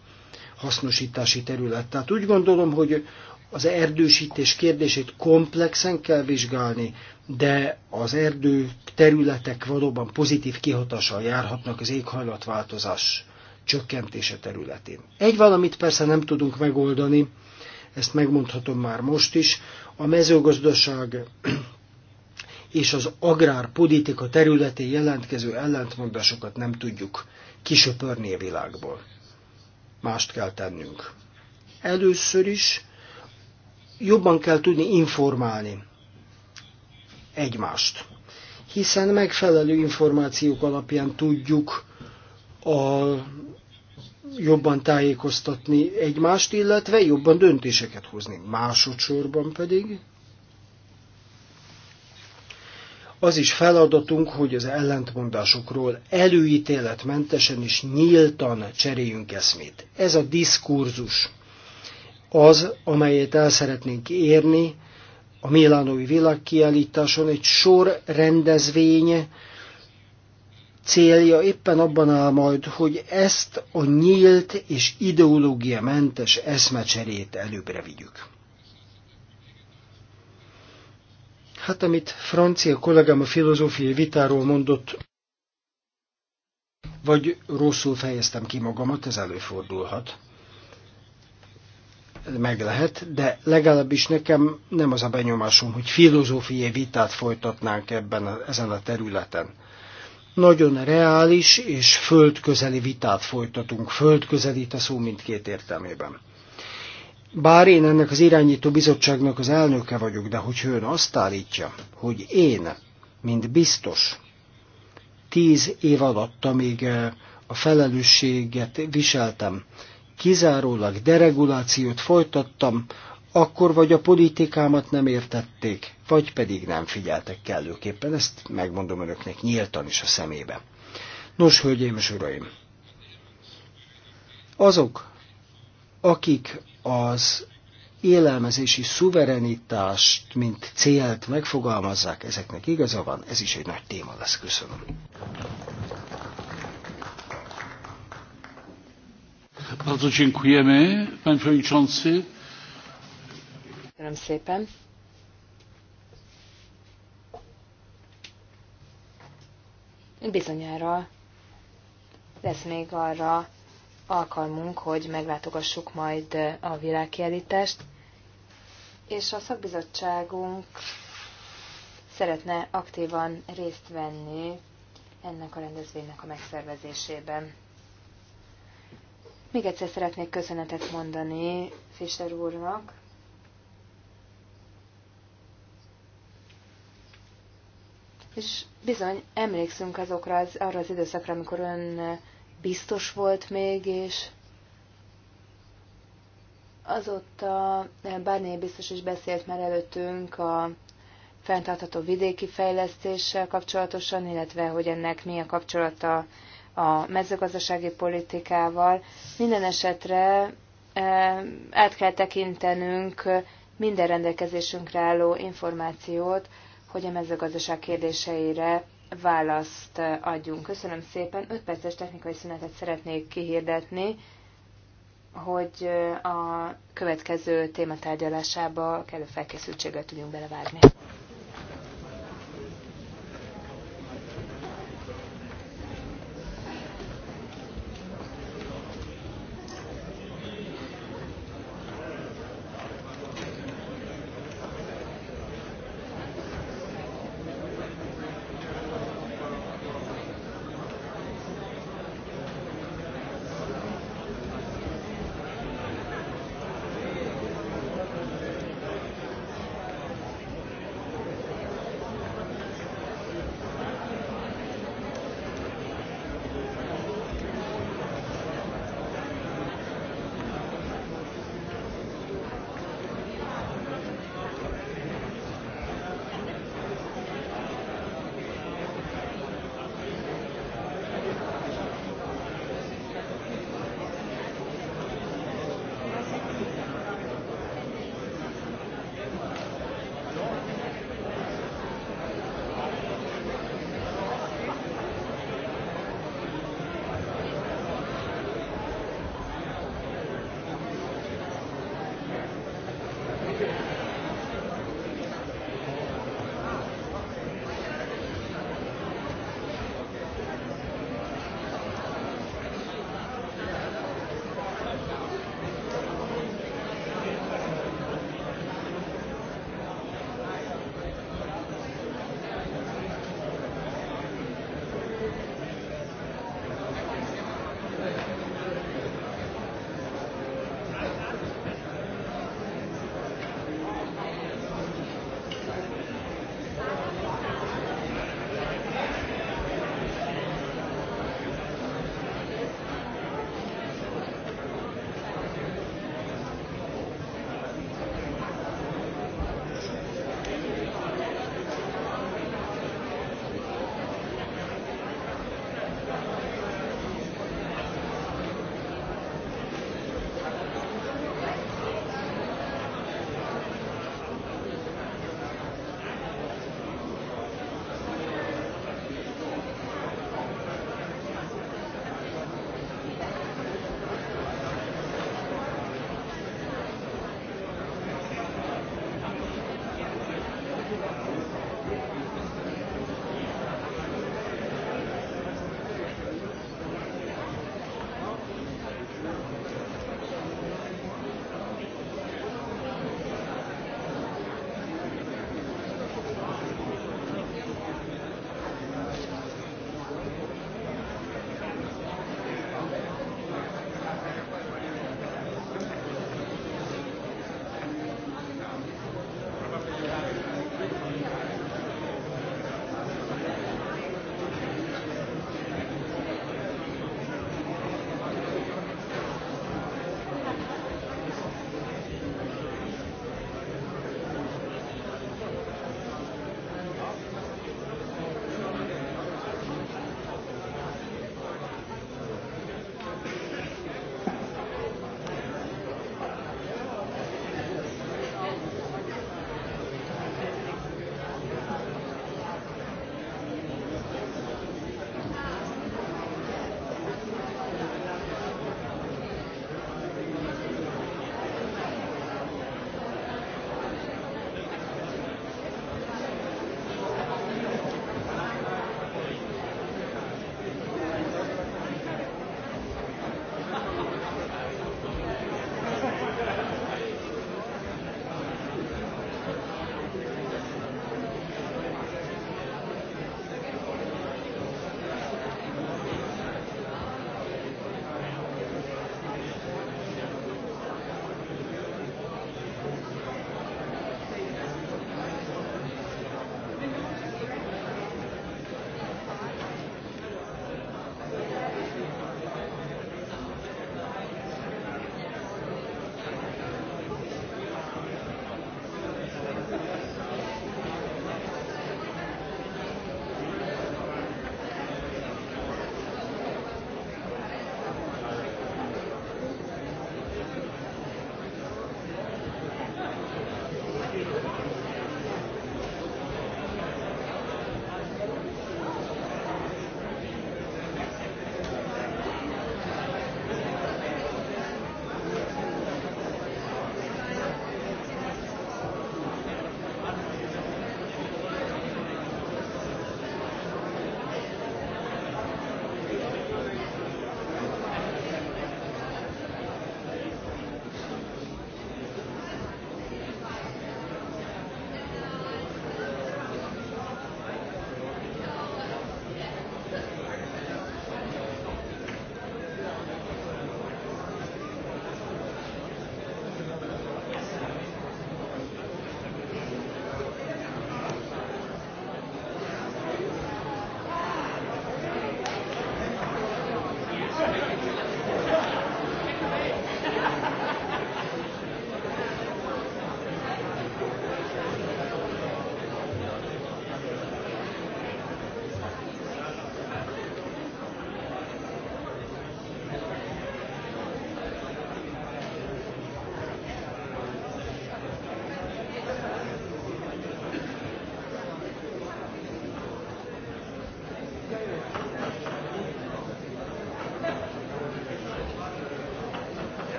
hasznosítási terület. Tehát úgy gondolom, hogy az erdősítés kérdését komplexen kell vizsgálni, de az erdő területek valóban pozitív kihatással járhatnak az éghajlatváltozás csökkentése területén. Egy valamit persze nem tudunk megoldani, ezt megmondhatom már most is, a mezőgazdaság és az agrárpolitika területén jelentkező ellentmondásokat nem tudjuk kisöpörni a világból. Mást kell tennünk. Először is jobban kell tudni informálni egymást. Hiszen megfelelő információk alapján tudjuk a jobban tájékoztatni egymást, illetve jobban döntéseket hozni. Másodszorban pedig az is feladatunk, hogy az ellentmondásokról előítéletmentesen és nyíltan cseréljünk eszmét. Ez a diskurzus az, amelyet el szeretnénk érni, a Milánói világkiállításon egy sor rendezvény célja éppen abban áll majd, hogy ezt a nyílt és mentes eszmecserét előbbre vigyük. Hát amit francia kollégám a filozófiai vitáról mondott, vagy rosszul fejeztem ki magamat, ez előfordulhat meg lehet, de legalábbis nekem nem az a benyomásom, hogy filozófiai vitát folytatnánk ebben a, ezen a területen. Nagyon reális és földközeli vitát folytatunk, földközelít a szó mindkét értelmében. Bár én ennek az irányító bizottságnak az elnöke vagyok, de hogy ön azt állítja, hogy én, mint biztos, tíz év alatt, amíg eh, a felelősséget viseltem, kizárólag deregulációt folytattam, akkor vagy a politikámat nem értették, vagy pedig nem figyeltek kellőképpen, ezt megmondom önöknek nyíltan is a szemébe. Nos, hölgyeim és uraim, azok, akik az élelmezési szuverenitást, mint célt megfogalmazzák, ezeknek igaza van, ez is egy nagy téma lesz. Köszönöm. Bardzo dziękujemy, panie przewodniczący. Köszönöm szépen. Bizonyára lesz még arra alkalmunk, hogy meglátogassuk majd a világkiállítást, és a szakbizottságunk szeretne aktívan részt venni ennek a rendezvénynek a megszervezésében. Még egyszer szeretnék köszönetet mondani Fischer úrnak. És bizony, emlékszünk azokra az, arra az időszakra, amikor ön biztos volt még, és azóta Barnier biztos is beszélt már előttünk a fenntartható vidéki fejlesztéssel kapcsolatosan, illetve hogy ennek mi a kapcsolata a mezőgazdasági politikával. Minden esetre eh, át kell tekintenünk minden rendelkezésünkre álló információt, hogy a mezőgazdaság kérdéseire választ adjunk. Köszönöm szépen. 5 perces technikai szünetet szeretnék kihirdetni, hogy eh, a következő tématárgyalásába kellő felkészültséggel tudjunk belevágni.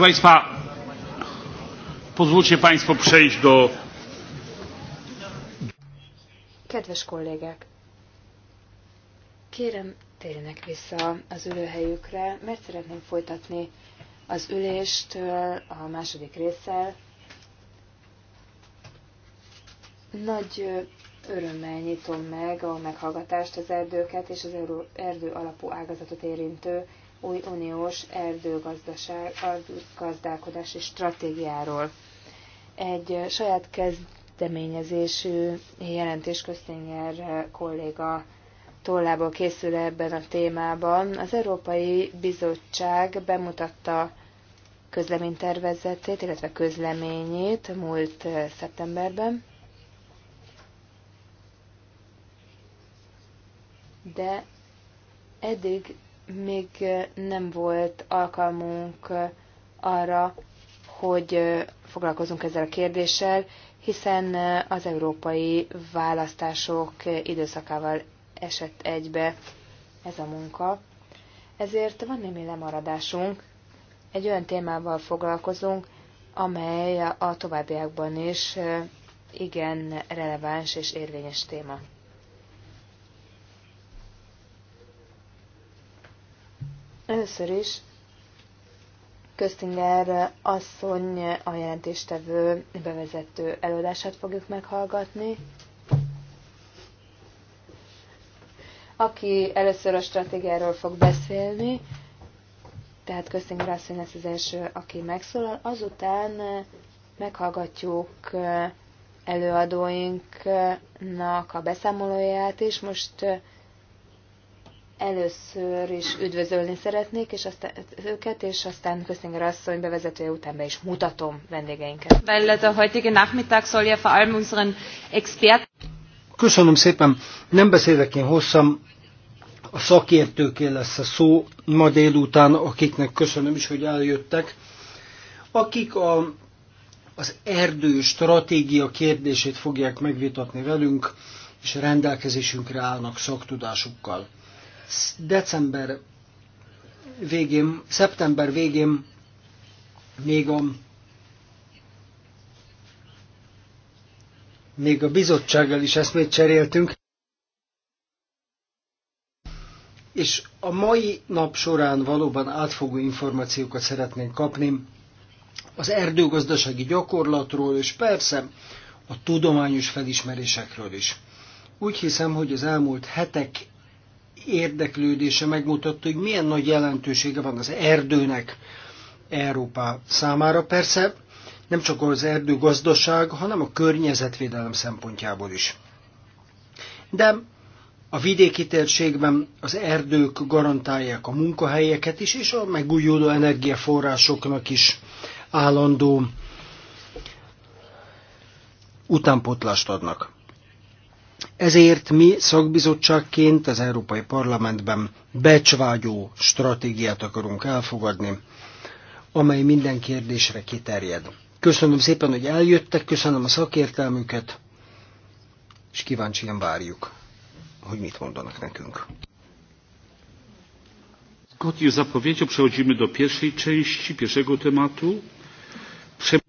Proszę Państwa, pozwólcie Państwo przejść do... Kedves kollégek, kérem térjenek vissza az ülőhelyükre, mert szeretném folytatni az ülést a második résszel. Nagy örömmel nyitom meg a meghallgatást az erdőket és az erdő alapú ágazatot érintő új uniós erdőgazdálkodási stratégiáról. Egy saját kezdeményezésű jelentés köztényer kolléga tollából készül ebben a témában. Az Európai Bizottság bemutatta közleménytervezetét, illetve közleményét múlt eh, szeptemberben. De eddig még nem volt alkalmunk arra, hogy foglalkozunk ezzel a kérdéssel, hiszen az európai választások időszakával esett egybe ez a munka. Ezért van némi lemaradásunk. Egy olyan témával foglalkozunk, amely a továbbiakban is igen releváns és érvényes téma. Először is Köztinger asszony a jelentéstevő bevezető előadását fogjuk meghallgatni. Aki először a stratégiáról fog beszélni, tehát Köztinger asszony lesz az első, aki megszólal, azután meghallgatjuk előadóinknak a beszámolóját, és most Először is üdvözölni szeretnék és aztán, őket, és aztán Köszinger asszony bevezetője után be is mutatom vendégeinket. Köszönöm szépen. Nem beszélek én hosszan, a szakértőké lesz a szó ma délután, akiknek köszönöm is, hogy eljöttek, akik a, az erdő stratégia kérdését fogják megvitatni velünk, és rendelkezésünkre állnak szaktudásukkal december végén, szeptember végén még a még a bizottsággal is eszmét cseréltünk. És a mai nap során valóban átfogó információkat szeretnénk kapni az erdőgazdasági gyakorlatról, és persze a tudományos felismerésekről is. Úgy hiszem, hogy az elmúlt hetek érdeklődése megmutatta, hogy milyen nagy jelentősége van az erdőnek Európa számára. Persze nem csak az erdőgazdaság, hanem a környezetvédelem szempontjából is. De a vidéki térségben az erdők garantálják a munkahelyeket is, és a megújuló energiaforrásoknak is állandó utánpotlást adnak. Ezért mi szakbizottságként az Európai Parlamentben becsvágyó stratégiát akarunk elfogadni, amely minden kérdésre kiterjed. Köszönöm szépen, hogy eljöttek, köszönöm a szakértelmüket, és kíváncsian várjuk, hogy mit mondanak nekünk.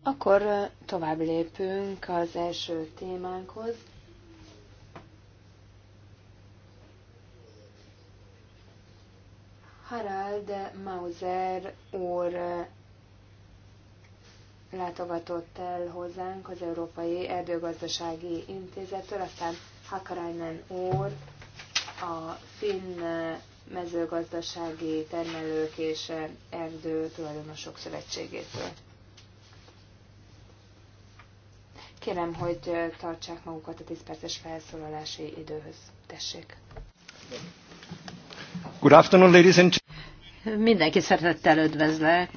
Akkor e, tovább lépünk az első témánkhoz. Harald Mauser úr eh, látogatott el hozzánk az Európai Erdőgazdasági Intézettől, aztán Hakarainen úr, a Finn eh, mezőgazdasági termelők és eh, erdő tulajdonosok szövetségétől. Kérem, hogy tartsák magukat a 10 perces felszólalási időhöz. Tessék. Good afternoon, ladies and Mindenki szeretettel üdvözlek,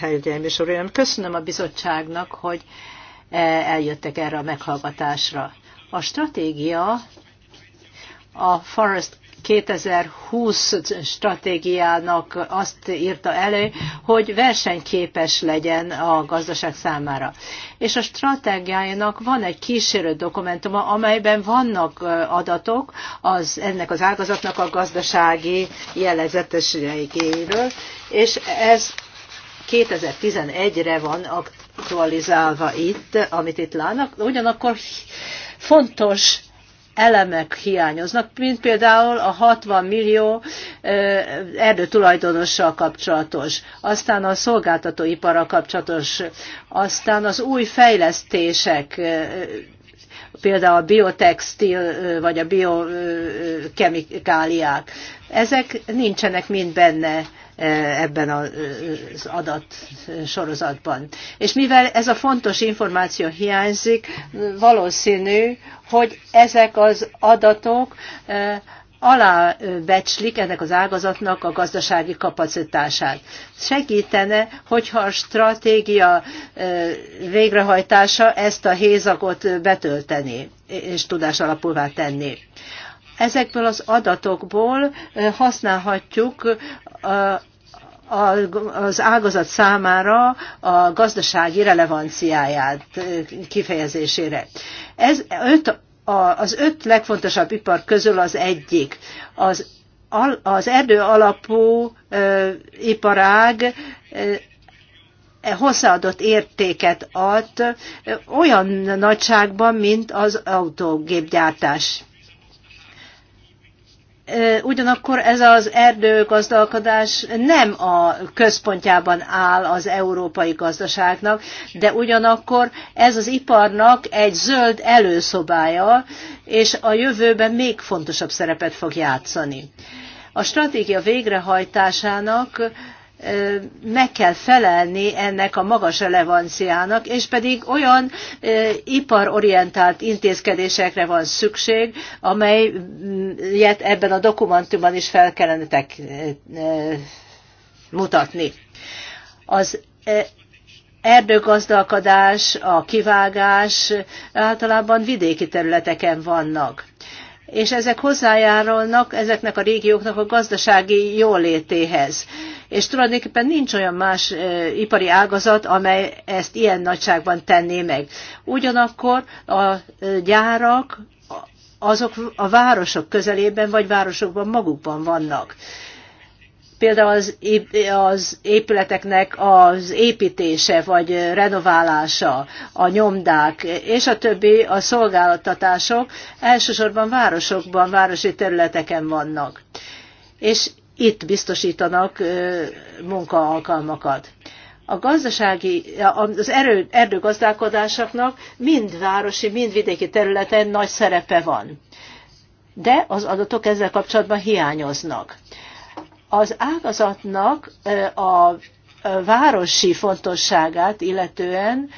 hölgyeim és uraim. Köszönöm a bizottságnak, hogy e, eljöttek erre a meghallgatásra. A stratégia a Forest 2020 stratégiának azt írta elő, hogy versenyképes legyen a gazdaság számára. És a stratégiájának van egy kísérő dokumentuma, amelyben vannak adatok az, ennek az ágazatnak a gazdasági jellegzetességéről, és ez 2011-re van aktualizálva itt, amit itt látnak. Ugyanakkor fontos elemek hiányoznak, mint például a 60 millió erdőtulajdonossal kapcsolatos, aztán a szolgáltatóipara kapcsolatos, aztán az új fejlesztések, például a biotextil vagy a biokemikáliák. Ezek nincsenek mind benne ebben az adat sorozatban. És mivel ez a fontos információ hiányzik, valószínű, hogy ezek az adatok alábecslik ennek az ágazatnak a gazdasági kapacitását. Segítene, hogyha a stratégia végrehajtása ezt a hézagot betölteni és tudás alapúvá tenni. Ezekből az adatokból használhatjuk az ágazat számára a gazdasági relevanciáját kifejezésére. Ez öt, az öt legfontosabb ipar közül az egyik. Az, az erdő alapú iparág hozzáadott értéket ad olyan nagyságban, mint az autógépgyártás Ugyanakkor ez az erdőgazdalkodás nem a központjában áll az európai gazdaságnak, de ugyanakkor ez az iparnak egy zöld előszobája, és a jövőben még fontosabb szerepet fog játszani. A stratégia végrehajtásának meg kell felelni ennek a magas relevanciának, és pedig olyan iparorientált intézkedésekre van szükség, amelyet ebben a dokumentumban is fel kellene tek, mutatni. Az erdőgazdálkodás, a kivágás általában vidéki területeken vannak és ezek hozzájárulnak ezeknek a régióknak a gazdasági jólétéhez és tulajdonképpen nincs olyan más ipari ágazat, amely ezt ilyen nagyságban tenné meg. Ugyanakkor a gyárak azok a városok közelében vagy városokban magukban vannak. Például az, az épületeknek az építése vagy renoválása, a nyomdák és a többi a szolgáltatások elsősorban városokban, városi területeken vannak. És itt biztosítanak munkaalkalmakat. A gazdasági, az erő, erdőgazdálkodásoknak mind városi, mind vidéki területen nagy szerepe van. De az adatok ezzel kapcsolatban hiányoznak. Az ágazatnak a városi fontosságát illetően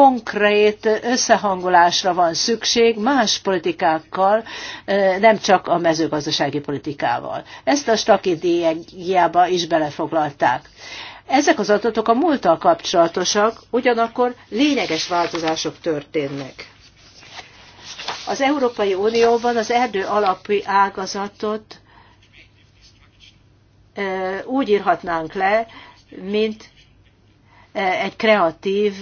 konkrét összehangolásra van szükség más politikákkal, nem csak a mezőgazdasági politikával. Ezt a stratégiába is belefoglalták. Ezek az adatok a múlttal kapcsolatosak, ugyanakkor lényeges változások történnek. Az Európai Unióban az erdő alapi ágazatot úgy írhatnánk le, mint egy kreatív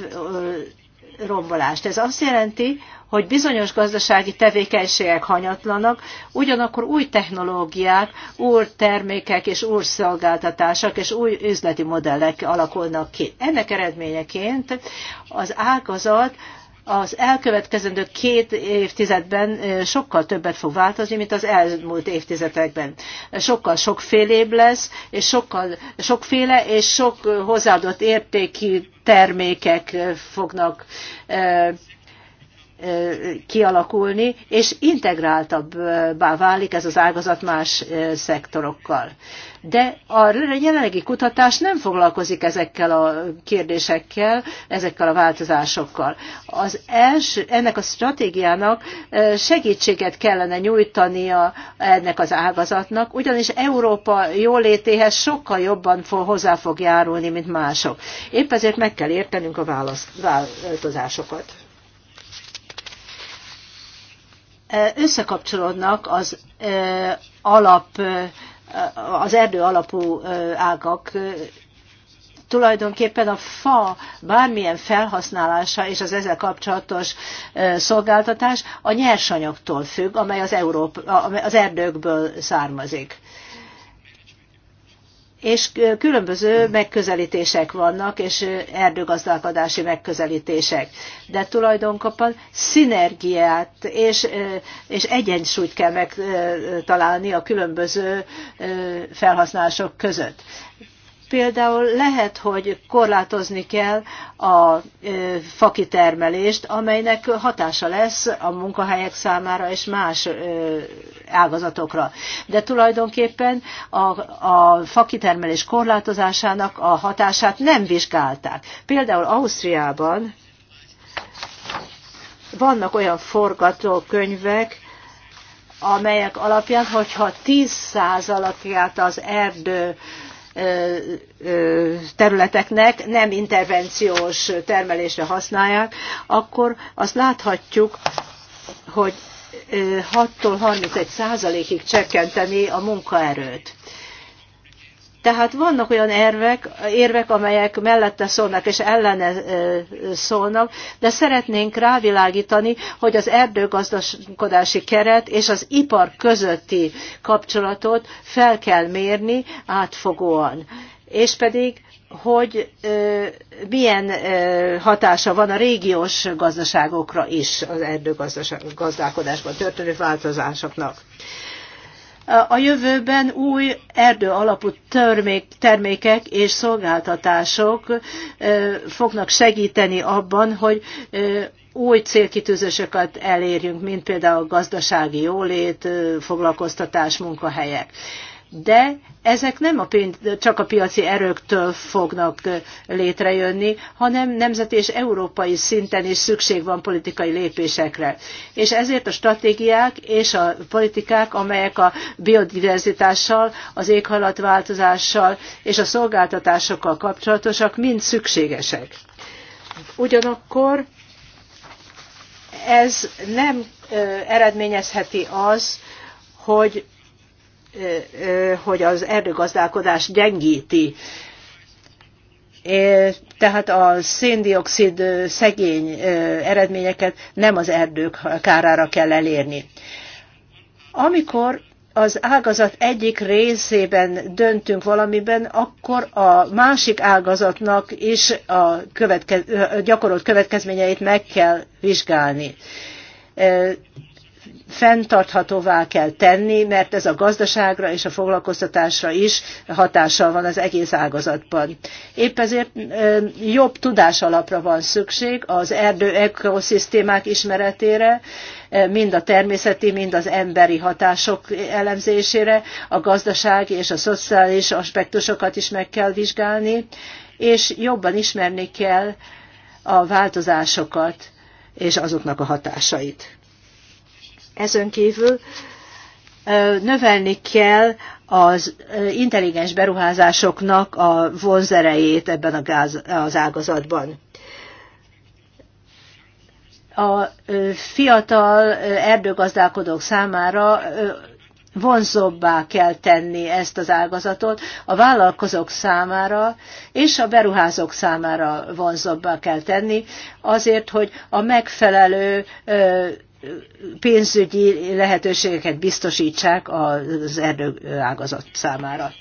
rombolást. Ez azt jelenti, hogy bizonyos gazdasági tevékenységek hanyatlanak, ugyanakkor új technológiák, új termékek és új szolgáltatások és új üzleti modellek alakulnak ki. Ennek eredményeként az ágazat az elkövetkezendő két évtizedben sokkal többet fog változni, mint az elmúlt évtizedekben. Sokkal sokfélébb lesz, és sokkal sokféle és sok hozzáadott értékű termékek fognak kialakulni, és integráltabbá válik ez az ágazat más szektorokkal. De a jelenlegi kutatás nem foglalkozik ezekkel a kérdésekkel, ezekkel a változásokkal. Az első, ennek a stratégiának segítséget kellene nyújtania ennek az ágazatnak, ugyanis Európa jólétéhez sokkal jobban hozzá fog járulni, mint mások. Épp ezért meg kell értenünk a változásokat összekapcsolódnak az alap, az erdő alapú ágak tulajdonképpen a fa bármilyen felhasználása és az ezzel kapcsolatos szolgáltatás a nyersanyagtól függ, amely az, Európa, az erdőkből származik és különböző megközelítések vannak, és erdőgazdálkodási megközelítések. De tulajdonképpen szinergiát és, és egyensúlyt kell megtalálni a különböző felhasználások között. Például lehet, hogy korlátozni kell a fakitermelést, amelynek hatása lesz a munkahelyek számára és más ágazatokra. De tulajdonképpen a, a fakitermelés korlátozásának a hatását nem vizsgálták. Például Ausztriában vannak olyan forgatókönyvek, amelyek alapján, hogyha 10 százalakját az erdő területeknek nem intervenciós termelésre használják, akkor azt láthatjuk, hogy 6-tól 31 százalékig csökkenteni a munkaerőt. Tehát vannak olyan érvek, érvek amelyek mellette szólnak és ellene szólnak, de szeretnénk rávilágítani, hogy az erdőgazdaskodási keret és az ipar közötti kapcsolatot fel kell mérni átfogóan. És pedig hogy milyen hatása van a régiós gazdaságokra is az erdőgazdálkodásban történő változásoknak a jövőben új erdő alapú termék, termékek és szolgáltatások fognak segíteni abban, hogy új célkitűzéseket elérjünk, mint például gazdasági jólét, foglalkoztatás, munkahelyek de ezek nem a, pénz, csak a piaci erőktől fognak létrejönni, hanem nemzeti és európai szinten is szükség van politikai lépésekre. És ezért a stratégiák és a politikák, amelyek a biodiverzitással, az éghajlatváltozással és a szolgáltatásokkal kapcsolatosak, mind szükségesek. Ugyanakkor ez nem eredményezheti az, hogy hogy az erdőgazdálkodás gyengíti. Tehát a széndiokszid szegény eredményeket nem az erdők kárára kell elérni. Amikor az ágazat egyik részében döntünk valamiben, akkor a másik ágazatnak is a következ, gyakorolt következményeit meg kell vizsgálni fenntarthatóvá kell tenni, mert ez a gazdaságra és a foglalkoztatásra is hatással van az egész ágazatban. Épp ezért jobb tudás alapra van szükség az erdő ekoszisztémák ismeretére, mind a természeti, mind az emberi hatások elemzésére, a gazdasági és a szociális aspektusokat is meg kell vizsgálni, és jobban ismerni kell a változásokat és azoknak a hatásait. Ezen kívül növelni kell az intelligens beruházásoknak a vonzerejét ebben a gáz, az ágazatban. A fiatal erdőgazdálkodók számára vonzóbbá kell tenni ezt az ágazatot, a vállalkozók számára és a beruházók számára vonzóbbá kell tenni, azért, hogy a megfelelő pénzügyi lehetőségeket biztosítsák az erdőágazat számára.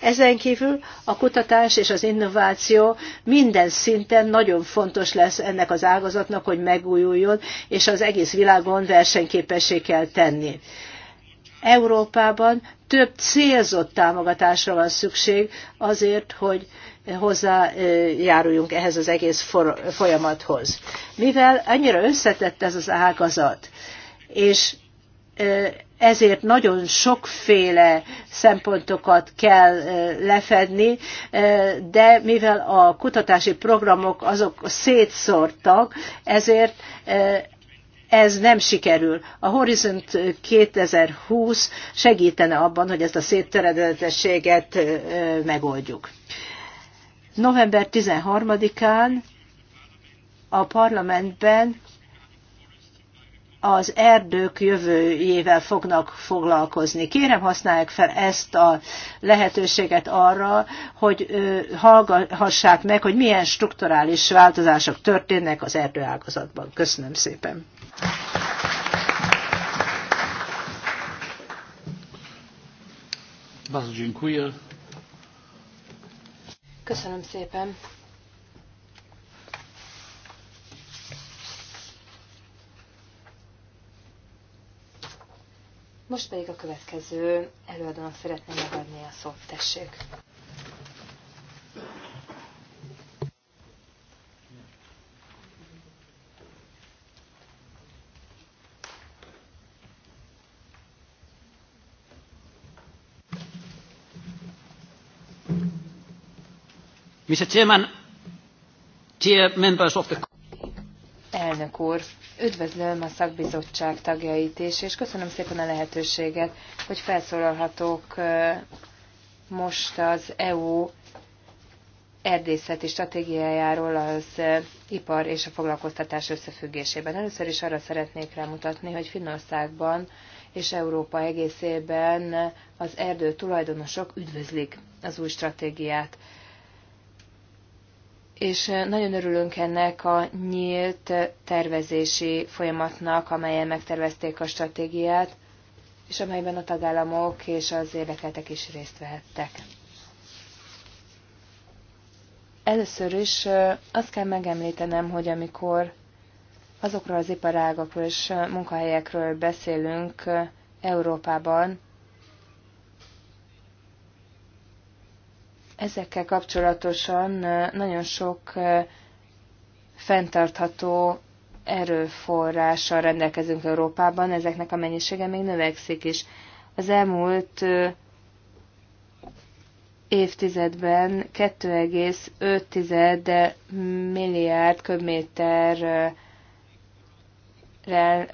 Ezen kívül a kutatás és az innováció minden szinten nagyon fontos lesz ennek az ágazatnak, hogy megújuljon, és az egész világon versenyképessé kell tenni. Európában több célzott támogatásra van szükség azért, hogy hozzájáruljunk ehhez az egész folyamathoz. Mivel annyira összetett ez az ágazat, és ezért nagyon sokféle szempontokat kell lefedni, de mivel a kutatási programok azok szétszórtak, ezért ez nem sikerül. A Horizont 2020 segítene abban, hogy ezt a széttöredezetességet megoldjuk. November 13-án a parlamentben az erdők jövőjével fognak foglalkozni. Kérem, használják fel ezt a lehetőséget arra, hogy hallgassák meg, hogy milyen strukturális változások történnek az erdőágazatban. Köszönöm szépen. Bardzo dziękuję. Köszönöm szépen. Most pedig a következő előadónak szeretném megadni a szót. Tessék! Mr. Chairman, dear members of the... Elnök úr, üdvözlöm a szakbizottság tagjait is, és köszönöm szépen a lehetőséget, hogy felszólalhatok most az EU erdészeti stratégiájáról az ipar és a foglalkoztatás összefüggésében. Először is arra szeretnék rámutatni, hogy Finnországban és Európa egészében az erdő tulajdonosok üdvözlik az új stratégiát és nagyon örülünk ennek a nyílt tervezési folyamatnak, amelyen megtervezték a stratégiát, és amelyben a tagállamok és az érdekeltek is részt vehettek. Először is azt kell megemlítenem, hogy amikor azokról az iparágokról és munkahelyekről beszélünk Európában, Ezekkel kapcsolatosan nagyon sok fenntartható erőforrással rendelkezünk Európában, ezeknek a mennyisége még növekszik is. Az elmúlt évtizedben 2,5 milliárd köbméterrel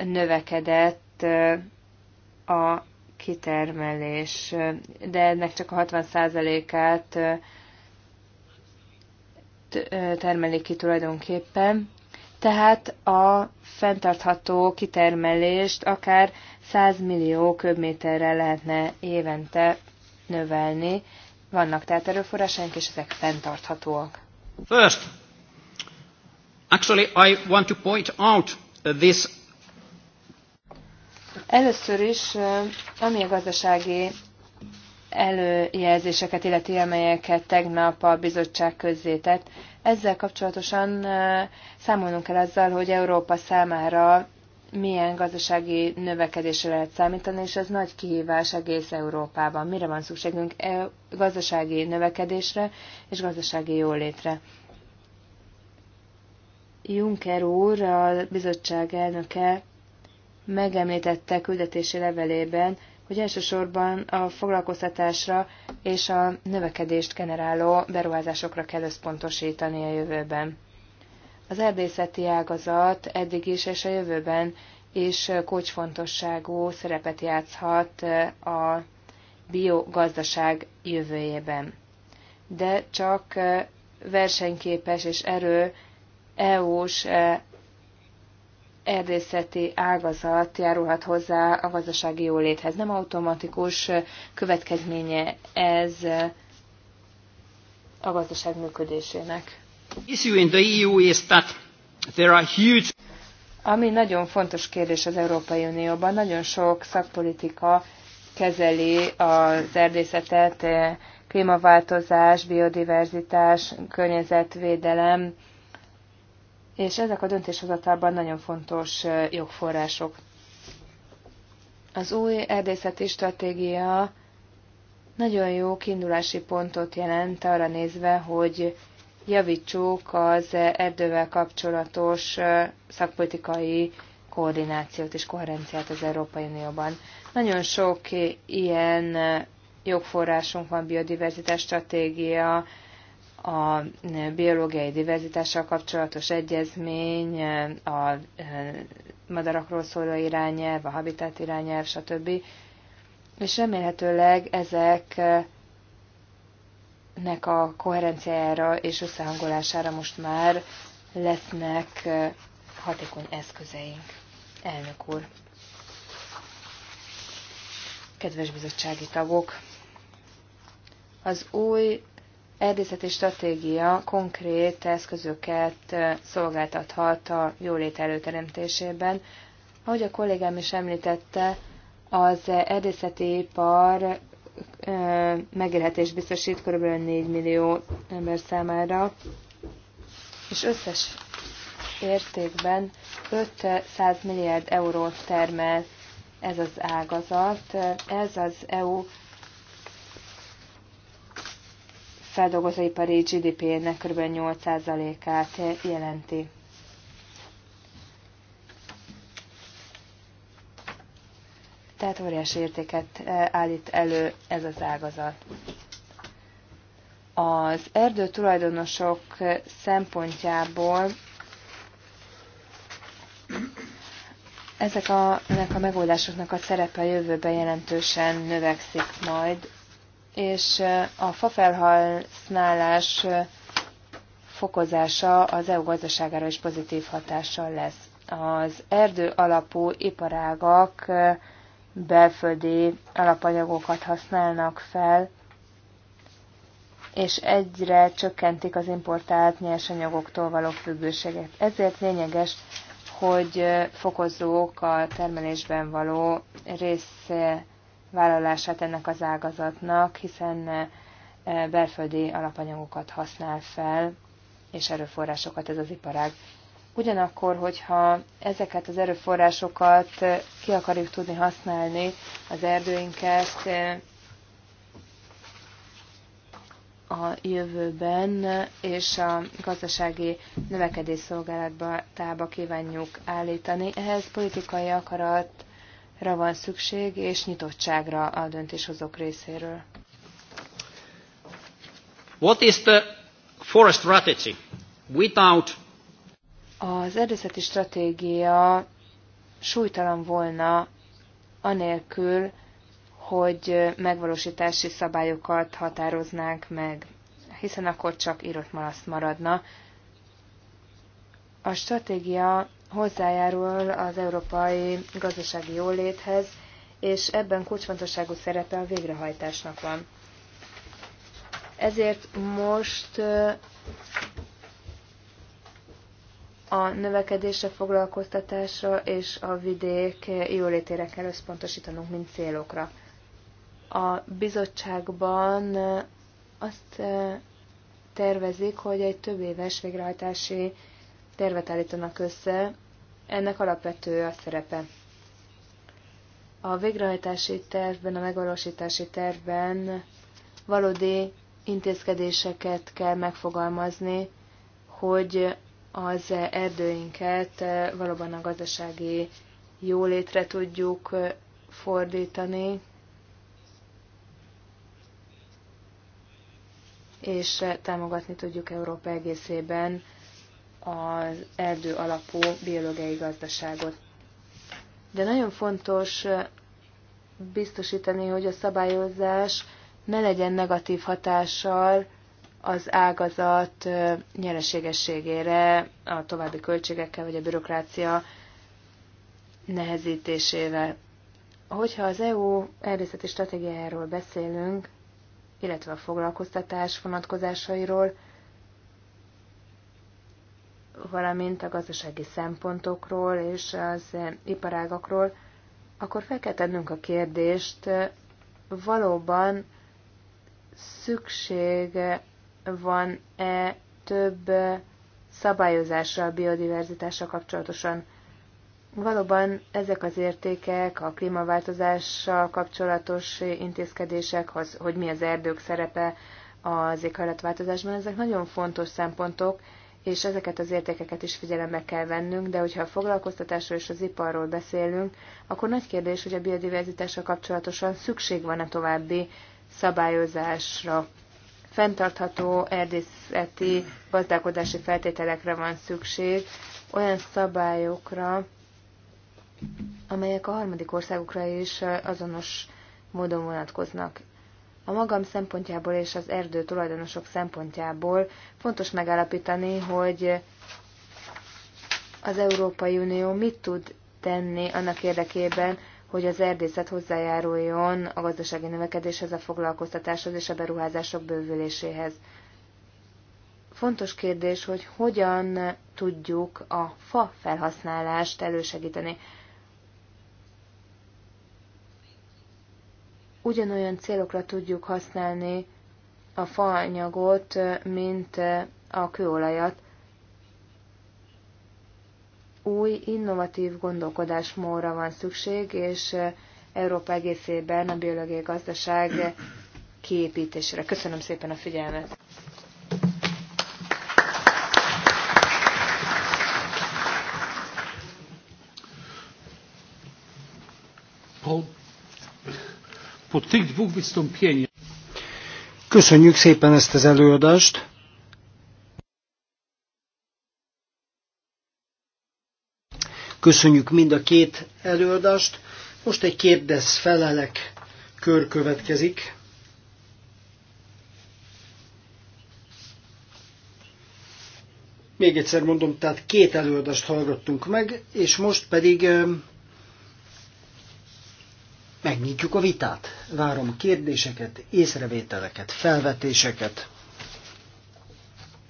növekedett a kitermelés, de ennek csak a 60%-át termelik ki tulajdonképpen. Tehát a fenntartható kitermelést akár 100 millió köbméterre lehetne évente növelni. Vannak tehát erőforrásaink, és ezek fenntarthatóak. First, actually I want to point out this Először is, ami a gazdasági előjelzéseket illeti, amelyeket tegnap a bizottság közzétett. Ezzel kapcsolatosan számolnunk kell azzal, hogy Európa számára milyen gazdasági növekedésre lehet számítani, és ez nagy kihívás egész Európában. Mire van szükségünk? E gazdasági növekedésre és gazdasági jólétre. Juncker úr, a bizottság elnöke megemlítette küldetési levelében, hogy elsősorban a foglalkoztatásra és a növekedést generáló beruházásokra kell összpontosítani a jövőben. Az erdészeti ágazat eddig is és a jövőben is kocsfontosságú szerepet játszhat a biogazdaság jövőjében. De csak versenyképes és erő EU-s erdészeti ágazat járulhat hozzá a gazdasági jóléthez. Nem automatikus következménye ez a gazdaság működésének. E ami nagyon fontos kérdés az Európai Unióban, nagyon sok szakpolitika kezeli az erdészetet, klímaváltozás, biodiverzitás, környezetvédelem, és ezek a döntéshozatalban nagyon fontos jogforrások. Az új erdészeti stratégia nagyon jó kiindulási pontot jelent arra nézve, hogy javítsuk az erdővel kapcsolatos szakpolitikai koordinációt és koherenciát az Európai Unióban. Nagyon sok ilyen jogforrásunk van, biodiverzitás stratégia, a biológiai diverzitással kapcsolatos egyezmény, a eh, madarakról szóló irányelv, a habitat irányelv, stb. És remélhetőleg ezeknek a koherenciájára és összehangolására most már lesznek eh, hatékony eszközeink. Elnök úr! Kedves bizottsági tagok! Az új erdészeti stratégia konkrét eszközöket szolgáltathat a jólét előteremtésében. Ahogy a kollégám is említette, az erdészeti ipar megélhetés biztosít kb. 4 millió ember számára, és összes értékben 500 milliárd eurót termel ez az ágazat. Ez az EU feldolgozóipari GDP-nek kb. 8%-át jelenti. Tehát óriási értéket eh, állít elő ez az ágazat. Az erdő tulajdonosok szempontjából ezek a, ennek a megoldásoknak a szerepe a jövőben jelentősen növekszik majd és a fafelhasználás fokozása az EU gazdaságára is pozitív hatással lesz. Az erdő alapú iparágak belföldi alapanyagokat használnak fel, és egyre csökkentik az importált nyersanyagoktól való függőséget. Ezért lényeges, hogy fokozzuk a termelésben való része vállalását ennek az ágazatnak, hiszen eh, eh, belföldi alapanyagokat használ fel, és erőforrásokat ez az iparág. Ugyanakkor, hogyha ezeket az erőforrásokat eh, ki akarjuk tudni használni, az erdőinket a jövőben és a gazdasági növekedés szolgálatba tába kívánjuk állítani, ehhez politikai akarat van szükség, és nyitottságra a döntéshozók részéről. What is the forest strategy without az erdészeti stratégia súlytalan volna anélkül, hogy megvalósítási szabályokat határoznánk meg, hiszen akkor csak írott malaszt maradna. A stratégia hozzájárul az európai gazdasági jóléthez, és ebben kulcsfontosságú szerepe a végrehajtásnak van. Ezért most a növekedésre, foglalkoztatásra és a vidék jólétére kell összpontosítanunk, mint célokra. A bizottságban azt tervezik, hogy egy több éves végrehajtási tervet állítanak össze ennek alapvető a szerepe. A végrehajtási tervben, a megvalósítási tervben valódi intézkedéseket kell megfogalmazni, hogy az erdőinket valóban a gazdasági jólétre tudjuk fordítani, és támogatni tudjuk Európa egészében az erdő alapú biológiai gazdaságot. De nagyon fontos biztosítani, hogy a szabályozás ne legyen negatív hatással az ágazat nyereségességére, a további költségekkel vagy a bürokrácia nehezítésével. Hogyha az EU erdészeti stratégiájáról beszélünk, illetve a foglalkoztatás vonatkozásairól, valamint a gazdasági szempontokról és az iparágakról, akkor fel kell tennünk a kérdést, valóban szükség van-e több szabályozásra a biodiverzitással kapcsolatosan. Valóban ezek az értékek, a klímaváltozással kapcsolatos intézkedések, az, hogy mi az erdők szerepe az éghajlatváltozásban, ezek nagyon fontos szempontok, és ezeket az értékeket is figyelembe kell vennünk, de hogyha a foglalkoztatásról és az iparról beszélünk, akkor nagy kérdés, hogy a biodiverzitással kapcsolatosan szükség van-e további szabályozásra. Fentartható erdészeti gazdálkodási feltételekre van szükség, olyan szabályokra, amelyek a harmadik országokra is azonos módon vonatkoznak. A magam szempontjából és az erdő tulajdonosok szempontjából fontos megállapítani, hogy az Európai Unió mit tud tenni annak érdekében, hogy az erdészet hozzájáruljon a gazdasági növekedéshez, a foglalkoztatáshoz és a beruházások bővüléséhez. Fontos kérdés, hogy hogyan tudjuk a fa felhasználást elősegíteni. ugyanolyan célokra tudjuk használni a faanyagot, mint a kőolajat. Új, innovatív gondolkodásmóra van szükség, és Európa egészében a biológiai gazdaság kiépítésére. Köszönöm szépen a figyelmet! Paul Po tych dwóch wystąpieniach. Köszönjük szépen ezt az előadást. Köszönjük mind a két előadást. Most egy kérdez felelek kör következik. Még egyszer mondom, tehát két előadást hallgattunk meg, és most pedig Megnyitjuk a vitát. Várom a kérdéseket, észrevételeket, felvetéseket.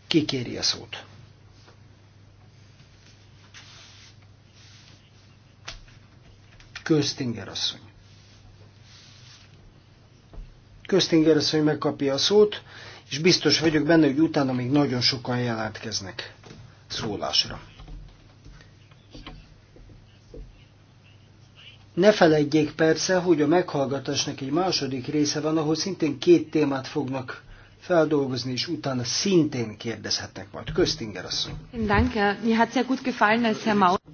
Ki kéri a szót? Köztinger asszony. Köztinger asszony megkapja a szót, és biztos vagyok benne, hogy utána még nagyon sokan jelentkeznek szólásra. Ne feledjék persze, hogy a meghallgatásnak egy második része van, ahol szintén két témát fognak feldolgozni, és utána szintén kérdezhetnek majd. Köztinger asszony.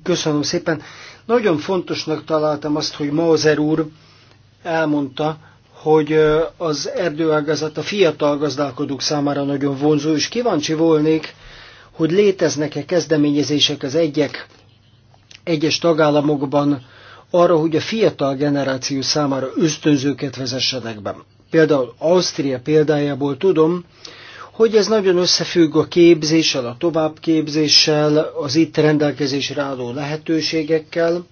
Köszönöm szépen. Nagyon fontosnak találtam azt, hogy Mauser úr elmondta, hogy az erdőágazat a fiatal gazdálkodók számára nagyon vonzó, és kíváncsi volnék, hogy léteznek-e kezdeményezések az egyek, egyes tagállamokban, arra, hogy a fiatal generáció számára ösztönzőket vezessenek be. Például Ausztria példájából tudom, hogy ez nagyon összefügg a képzéssel, a továbbképzéssel, az itt rendelkezésre álló lehetőségekkel,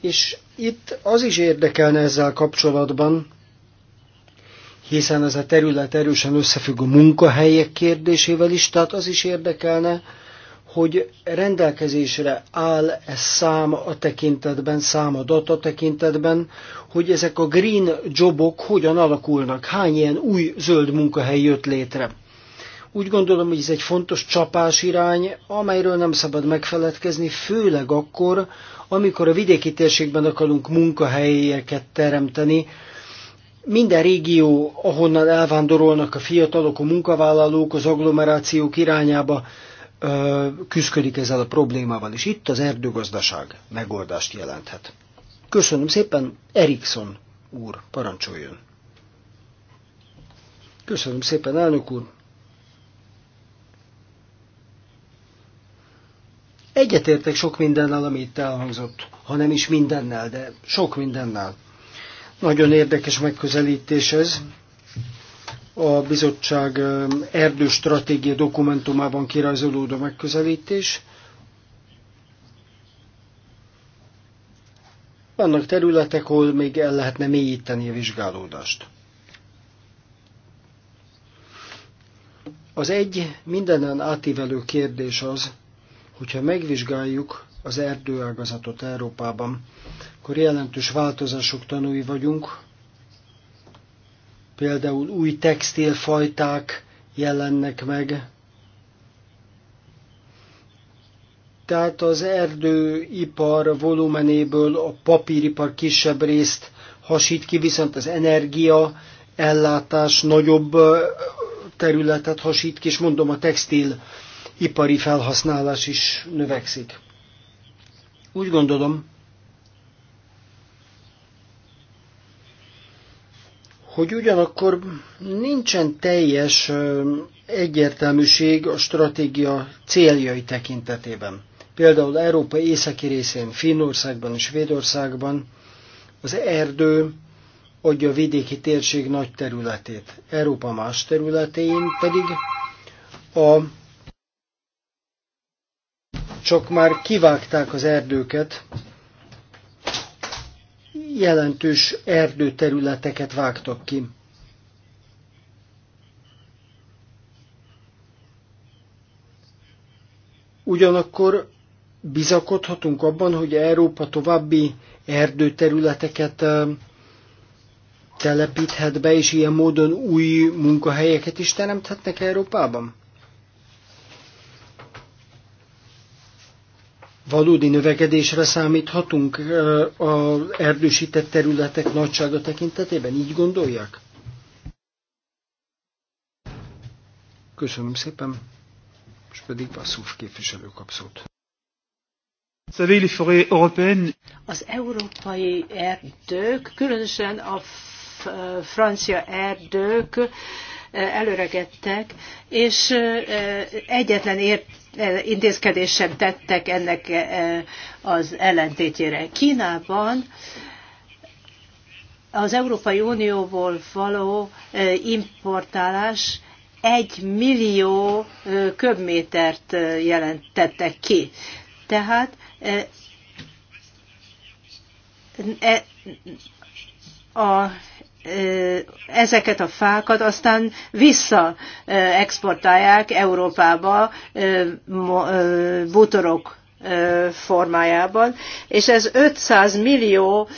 és itt az is érdekelne ezzel kapcsolatban, hiszen ez a terület erősen összefügg a munkahelyek kérdésével is, tehát az is érdekelne, hogy rendelkezésre áll e szám a tekintetben, szám a tekintetben, hogy ezek a green jobok hogyan alakulnak, hány ilyen új zöld munkahely jött létre. Úgy gondolom, hogy ez egy fontos csapás irány, amelyről nem szabad megfeledkezni, főleg akkor, amikor a vidéki térségben akarunk munkahelyeket teremteni, minden régió, ahonnan elvándorolnak a fiatalok, a munkavállalók az agglomerációk irányába, küzdködik ezzel a problémával, és itt az erdőgazdaság megoldást jelenthet. Köszönöm szépen, Erikson úr, parancsoljon. Köszönöm szépen, elnök úr. Egyetértek sok mindennel, ami itt elhangzott, ha nem is mindennel, de sok mindennel. Nagyon érdekes megközelítés ez, a bizottság erdőstratégia dokumentumában kirajzolódó megközelítés. Vannak területek, ahol még el lehetne mélyíteni a vizsgálódást. Az egy mindenen átívelő kérdés az, hogyha megvizsgáljuk az erdőágazatot Európában, akkor jelentős változások tanúi vagyunk, Például új textilfajták jelennek meg. Tehát az erdőipar volumenéből a papíripar kisebb részt hasít ki, viszont az energia ellátás nagyobb területet hasít ki, és mondom, a textil ipari felhasználás is növekszik. Úgy gondolom, hogy ugyanakkor nincsen teljes egyértelműség a stratégia céljai tekintetében. Például Európa északi részén, Finnországban és Svédországban az erdő adja a vidéki térség nagy területét. Európa más területein pedig a csak már kivágták az erdőket, jelentős erdőterületeket vágtak ki. Ugyanakkor bizakodhatunk abban, hogy Európa további erdőterületeket telepíthet be, és ilyen módon új munkahelyeket is teremthetnek Európában? valódi növekedésre számíthatunk az erdősített területek nagysága tekintetében? Így gondolják? Köszönöm szépen, és pedig Basszus képviselő kap szót. Az európai erdők, különösen a francia erdők előregettek, és egyetlen ért intézkedés sem tettek ennek eh, az ellentétjére. Kínában az Európai Unióból való eh, importálás egy millió eh, köbmétert jelentettek ki. Tehát e, a ezeket a fákat aztán vissza exportálják Európába bútorok formájában, és ez 500 millió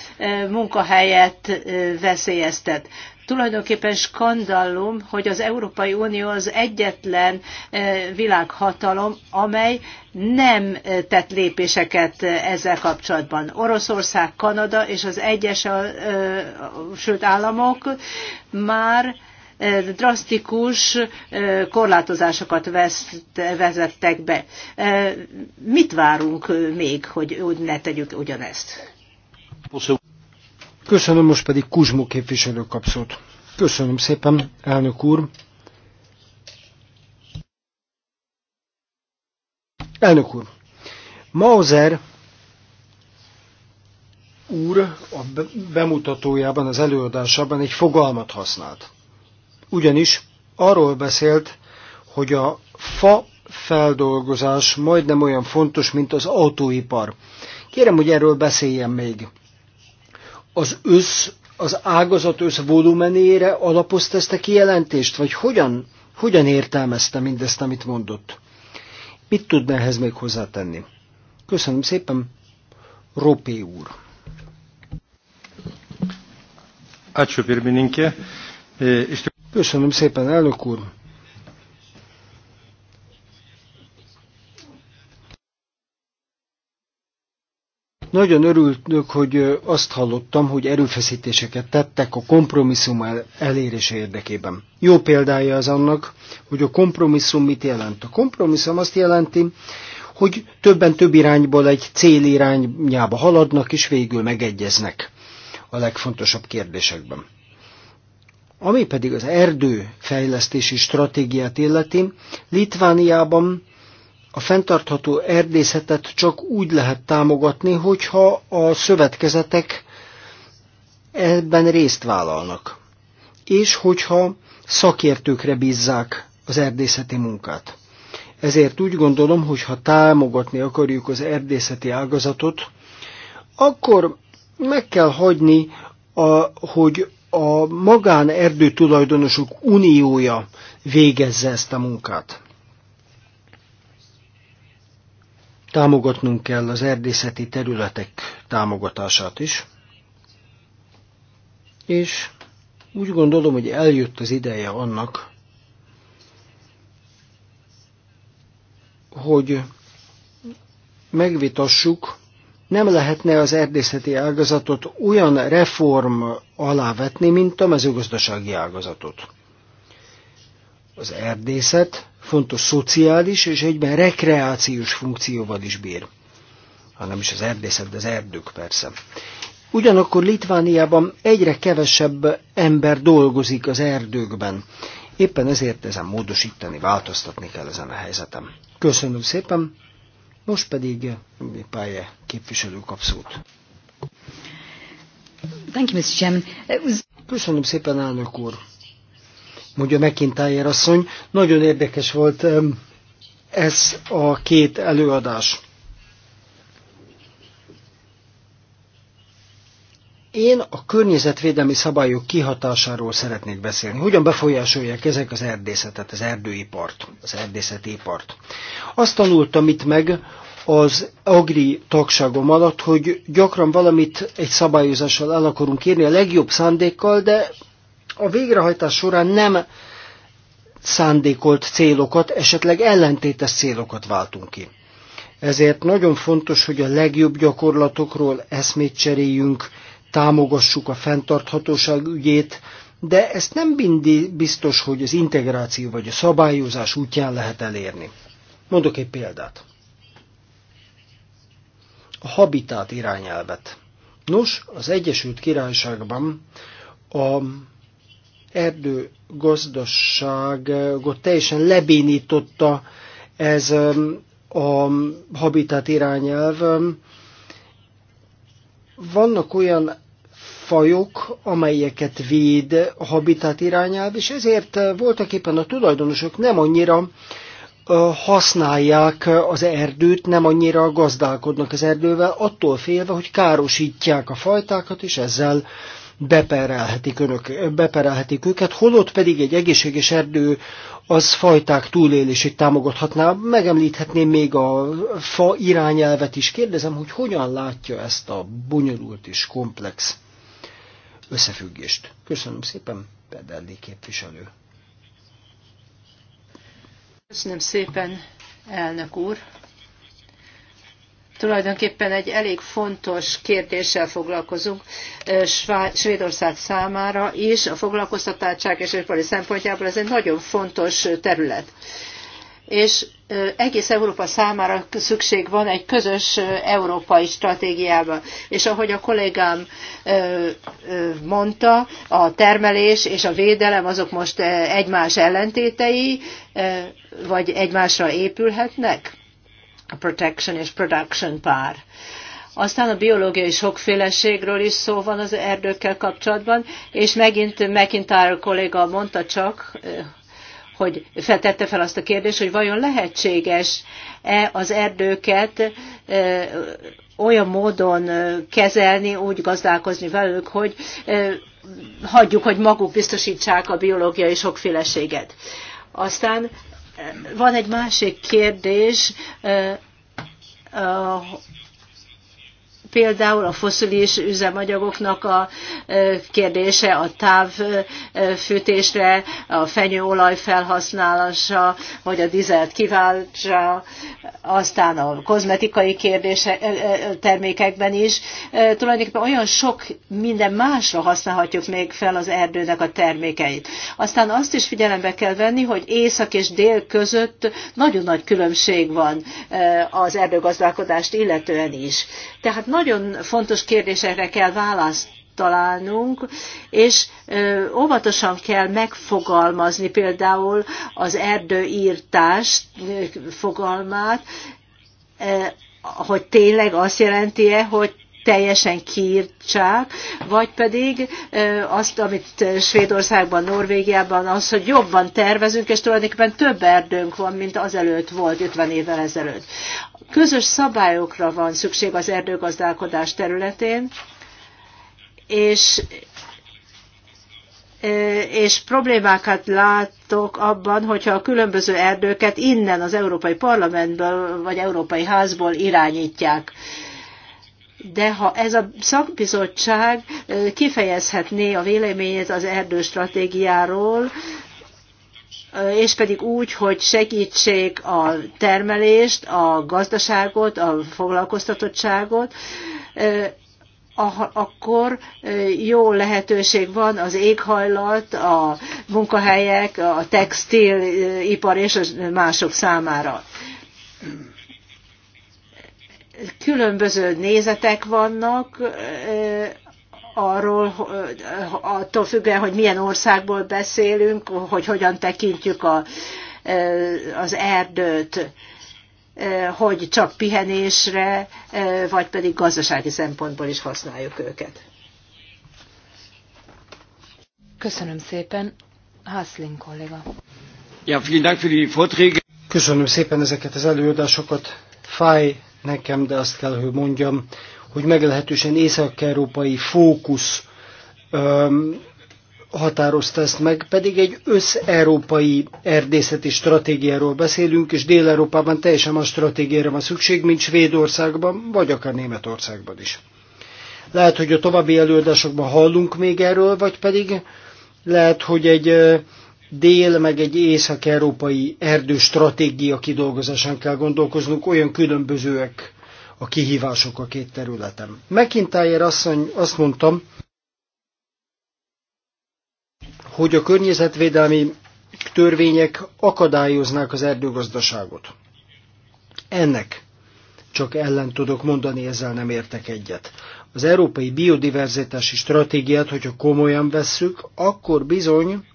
munkahelyet veszélyeztet. Tulajdonképpen skandallum, hogy az Európai Unió az egyetlen eh, világhatalom, amely nem eh, tett lépéseket eh, ezzel kapcsolatban. Oroszország, Kanada és az Egyesült Államok már drasztikus korlátozásokat vezettek be. Mit várunk még, hogy ne tegyük ugyanezt? Köszönöm, most pedig Kuzsmó képviselő kapszót. Köszönöm szépen, elnök úr. Elnök úr, Mauser úr a bemutatójában, az előadásában egy fogalmat használt. Ugyanis arról beszélt, hogy a fa feldolgozás majdnem olyan fontos, mint az autóipar. Kérem, hogy erről beszéljen még az össz, az ágazat össz volumenére alapozta ezt a kijelentést, vagy hogyan, hogyan értelmezte mindezt, amit mondott? Mit tudna ehhez még hozzátenni? Köszönöm szépen, Ropé úr. E, Köszönöm szépen, elnök úr. Nagyon örültök, hogy azt hallottam, hogy erőfeszítéseket tettek a kompromisszum el elérése érdekében. Jó példája az annak, hogy a kompromisszum mit jelent. A kompromisszum azt jelenti, hogy többen több irányból egy cél irányába haladnak, és végül megegyeznek a legfontosabb kérdésekben. Ami pedig az erdőfejlesztési stratégiát illeti, Litvániában a fenntartható erdészetet csak úgy lehet támogatni, hogyha a szövetkezetek ebben részt vállalnak, és hogyha szakértőkre bízzák az erdészeti munkát. Ezért úgy gondolom, hogy ha támogatni akarjuk az erdészeti ágazatot, akkor meg kell hagyni, a, hogy a magán tulajdonosok uniója végezze ezt a munkát. Támogatnunk kell az erdészeti területek támogatását is, és úgy gondolom, hogy eljött az ideje annak, hogy megvitassuk, nem lehetne az erdészeti ágazatot olyan reform alá vetni, mint a mezőgazdasági ágazatot. Az erdészet fontos szociális és egyben rekreációs funkcióval is bír. Hanem is az erdészet, de az erdők persze. Ugyanakkor Litvániában egyre kevesebb ember dolgozik az erdőkben. Éppen ezért ezen módosítani, változtatni kell ezen a helyzetem. Köszönöm szépen, most pedig Pálye képviselő kap szót. Thank you, Mr. Köszönöm szépen, elnök úr mondja McIntyre asszony. Nagyon érdekes volt ez a két előadás. Én a környezetvédelmi szabályok kihatásáról szeretnék beszélni. Hogyan befolyásolják ezek az erdészetet, az erdőipart, az erdészetipart. Azt tanultam itt meg az agri tagságom alatt, hogy gyakran valamit egy szabályozással el akarunk érni a legjobb szándékkal, de a végrehajtás során nem szándékolt célokat, esetleg ellentétes célokat váltunk ki. Ezért nagyon fontos, hogy a legjobb gyakorlatokról eszmét cseréljünk, támogassuk a fenntarthatóság ügyét, de ezt nem mindig biztos, hogy az integráció vagy a szabályozás útján lehet elérni. Mondok egy példát. A habitát irányelvet. Nos, az Egyesült Királyságban a erdő teljesen lebénította ez um, a habitat irányelv. Um, vannak olyan fajok, amelyeket véd a habitat irányelv, és ezért uh, voltak éppen a tulajdonosok nem annyira uh, használják az erdőt, nem annyira gazdálkodnak az erdővel, attól félve, hogy károsítják a fajtákat, és ezzel beperelhetik, önök, beperelhetik őket, holott pedig egy egészséges erdő az fajták túlélését támogathatná. Megemlíthetném még a fa irányelvet is. Kérdezem, hogy hogyan látja ezt a bonyolult és komplex összefüggést. Köszönöm szépen, Pedelli képviselő. Köszönöm szépen, elnök úr. Tulajdonképpen egy elég fontos kérdéssel foglalkozunk Svédország számára is, a foglalkoztatátság és ipari szempontjából ez egy nagyon fontos terület. És egész Európa számára szükség van egy közös európai stratégiába. És ahogy a kollégám mondta, a termelés és a védelem azok most egymás ellentétei, vagy egymásra épülhetnek? protection és production pár. Aztán a biológiai sokféleségről is szó van az erdőkkel kapcsolatban, és megint McIntyre kolléga mondta csak, eh, hogy feltette fel azt a kérdést, hogy vajon lehetséges-e az erdőket eh, olyan módon eh, kezelni, úgy gazdálkozni velük, hogy hagyjuk, hogy maguk biztosítsák a biológiai sokféleséget. Aztán van egy másik kérdés, eh, például a foszilis üzemanyagoknak a kérdése, a távfűtésre, a fenyőolaj felhasználása, vagy a dizelt kiváltsa, aztán a kozmetikai kérdése, termékekben is. Tulajdonképpen olyan sok minden másra használhatjuk még fel az erdőnek a termékeit. Aztán azt is figyelembe kell venni, hogy észak és dél között nagyon nagy különbség van az erdőgazdálkodást illetően is. Tehát nagy nagyon fontos kérdésekre kell választ találnunk, és óvatosan kell megfogalmazni például az erdőírtás fogalmát, hogy tényleg azt jelenti-e, hogy teljesen kiírtsák, vagy pedig azt, amit Svédországban, Norvégiában, az, hogy jobban tervezünk, és tulajdonképpen több erdőnk van, mint azelőtt volt, 50 évvel ezelőtt. Közös szabályokra van szükség az erdőgazdálkodás területén, és és problémákat látok abban, hogyha a különböző erdőket innen az Európai Parlamentből vagy Európai Házból irányítják. De ha ez a szakbizottság kifejezhetné a véleményét az erdőstratégiáról, és pedig úgy, hogy segítsék a termelést, a gazdaságot, a foglalkoztatottságot, ah, akkor jó lehetőség van az éghajlat, a munkahelyek, a textilipar és mások számára. Különböző nézetek vannak arról, attól függően, hogy milyen országból beszélünk, hogy hogyan tekintjük a, az erdőt, hogy csak pihenésre, vagy pedig gazdasági szempontból is használjuk őket. Köszönöm szépen. Haszlin kolléga. Ja, vielen Dank für die Vorträge. Köszönöm szépen ezeket az előadásokat. Fáj nekem, de azt kell, hogy mondjam, hogy meglehetősen észak-európai fókusz öm, határozta ezt meg, pedig egy össz-európai erdészeti stratégiáról beszélünk, és Dél-Európában teljesen más stratégiára van szükség, mint Svédországban, vagy akár Németországban is. Lehet, hogy a további előadásokban hallunk még erről, vagy pedig lehet, hogy egy dél meg egy észak-európai stratégia kidolgozásán kell gondolkoznunk, olyan különbözőek a kihívások a két területen. McIntyre asszony azt mondtam, hogy a környezetvédelmi törvények akadályoznák az erdőgazdaságot. Ennek csak ellen tudok mondani, ezzel nem értek egyet. Az európai biodiverzitási stratégiát, hogyha komolyan vesszük, akkor bizony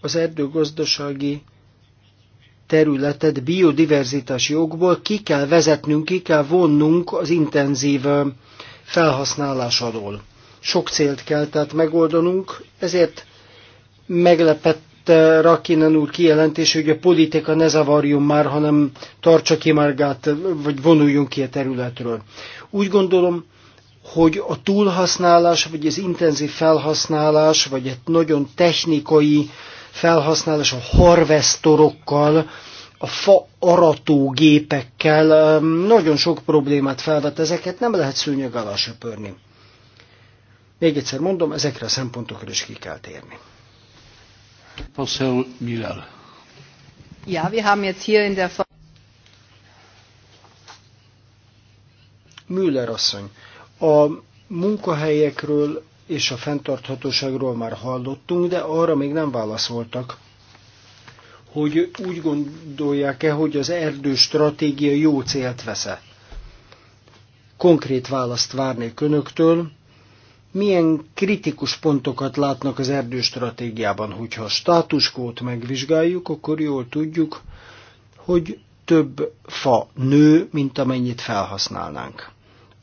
az erdőgazdasági területet biodiverzitási jogból ki kell vezetnünk, ki kell vonnunk az intenzív felhasználás alól. Sok célt kell tehát megoldanunk, ezért meglepett Rakinen úr kijelentés, hogy a politika ne zavarjon már, hanem tartsa ki márgát, vagy vonuljon ki a területről. Úgy gondolom, hogy a túlhasználás, vagy az intenzív felhasználás, vagy egy nagyon technikai felhasználás a harvestorokkal, a fa arató gépekkel nagyon sok problémát felvet, ezeket nem lehet szőnyeg alá söpörni. Még egyszer mondom, ezekre a szempontokra is ki kell térni. Pascal Ja, wir haben jetzt hier in der Müller asszony, a munkahelyekről és a fenntarthatóságról már hallottunk, de arra még nem válaszoltak, hogy úgy gondolják-e, hogy az erdő stratégia jó célt vesz-e. Konkrét választ várnék önöktől, milyen kritikus pontokat látnak az stratégiában, Hogyha a státuskót megvizsgáljuk, akkor jól tudjuk, hogy több fa nő, mint amennyit felhasználnánk.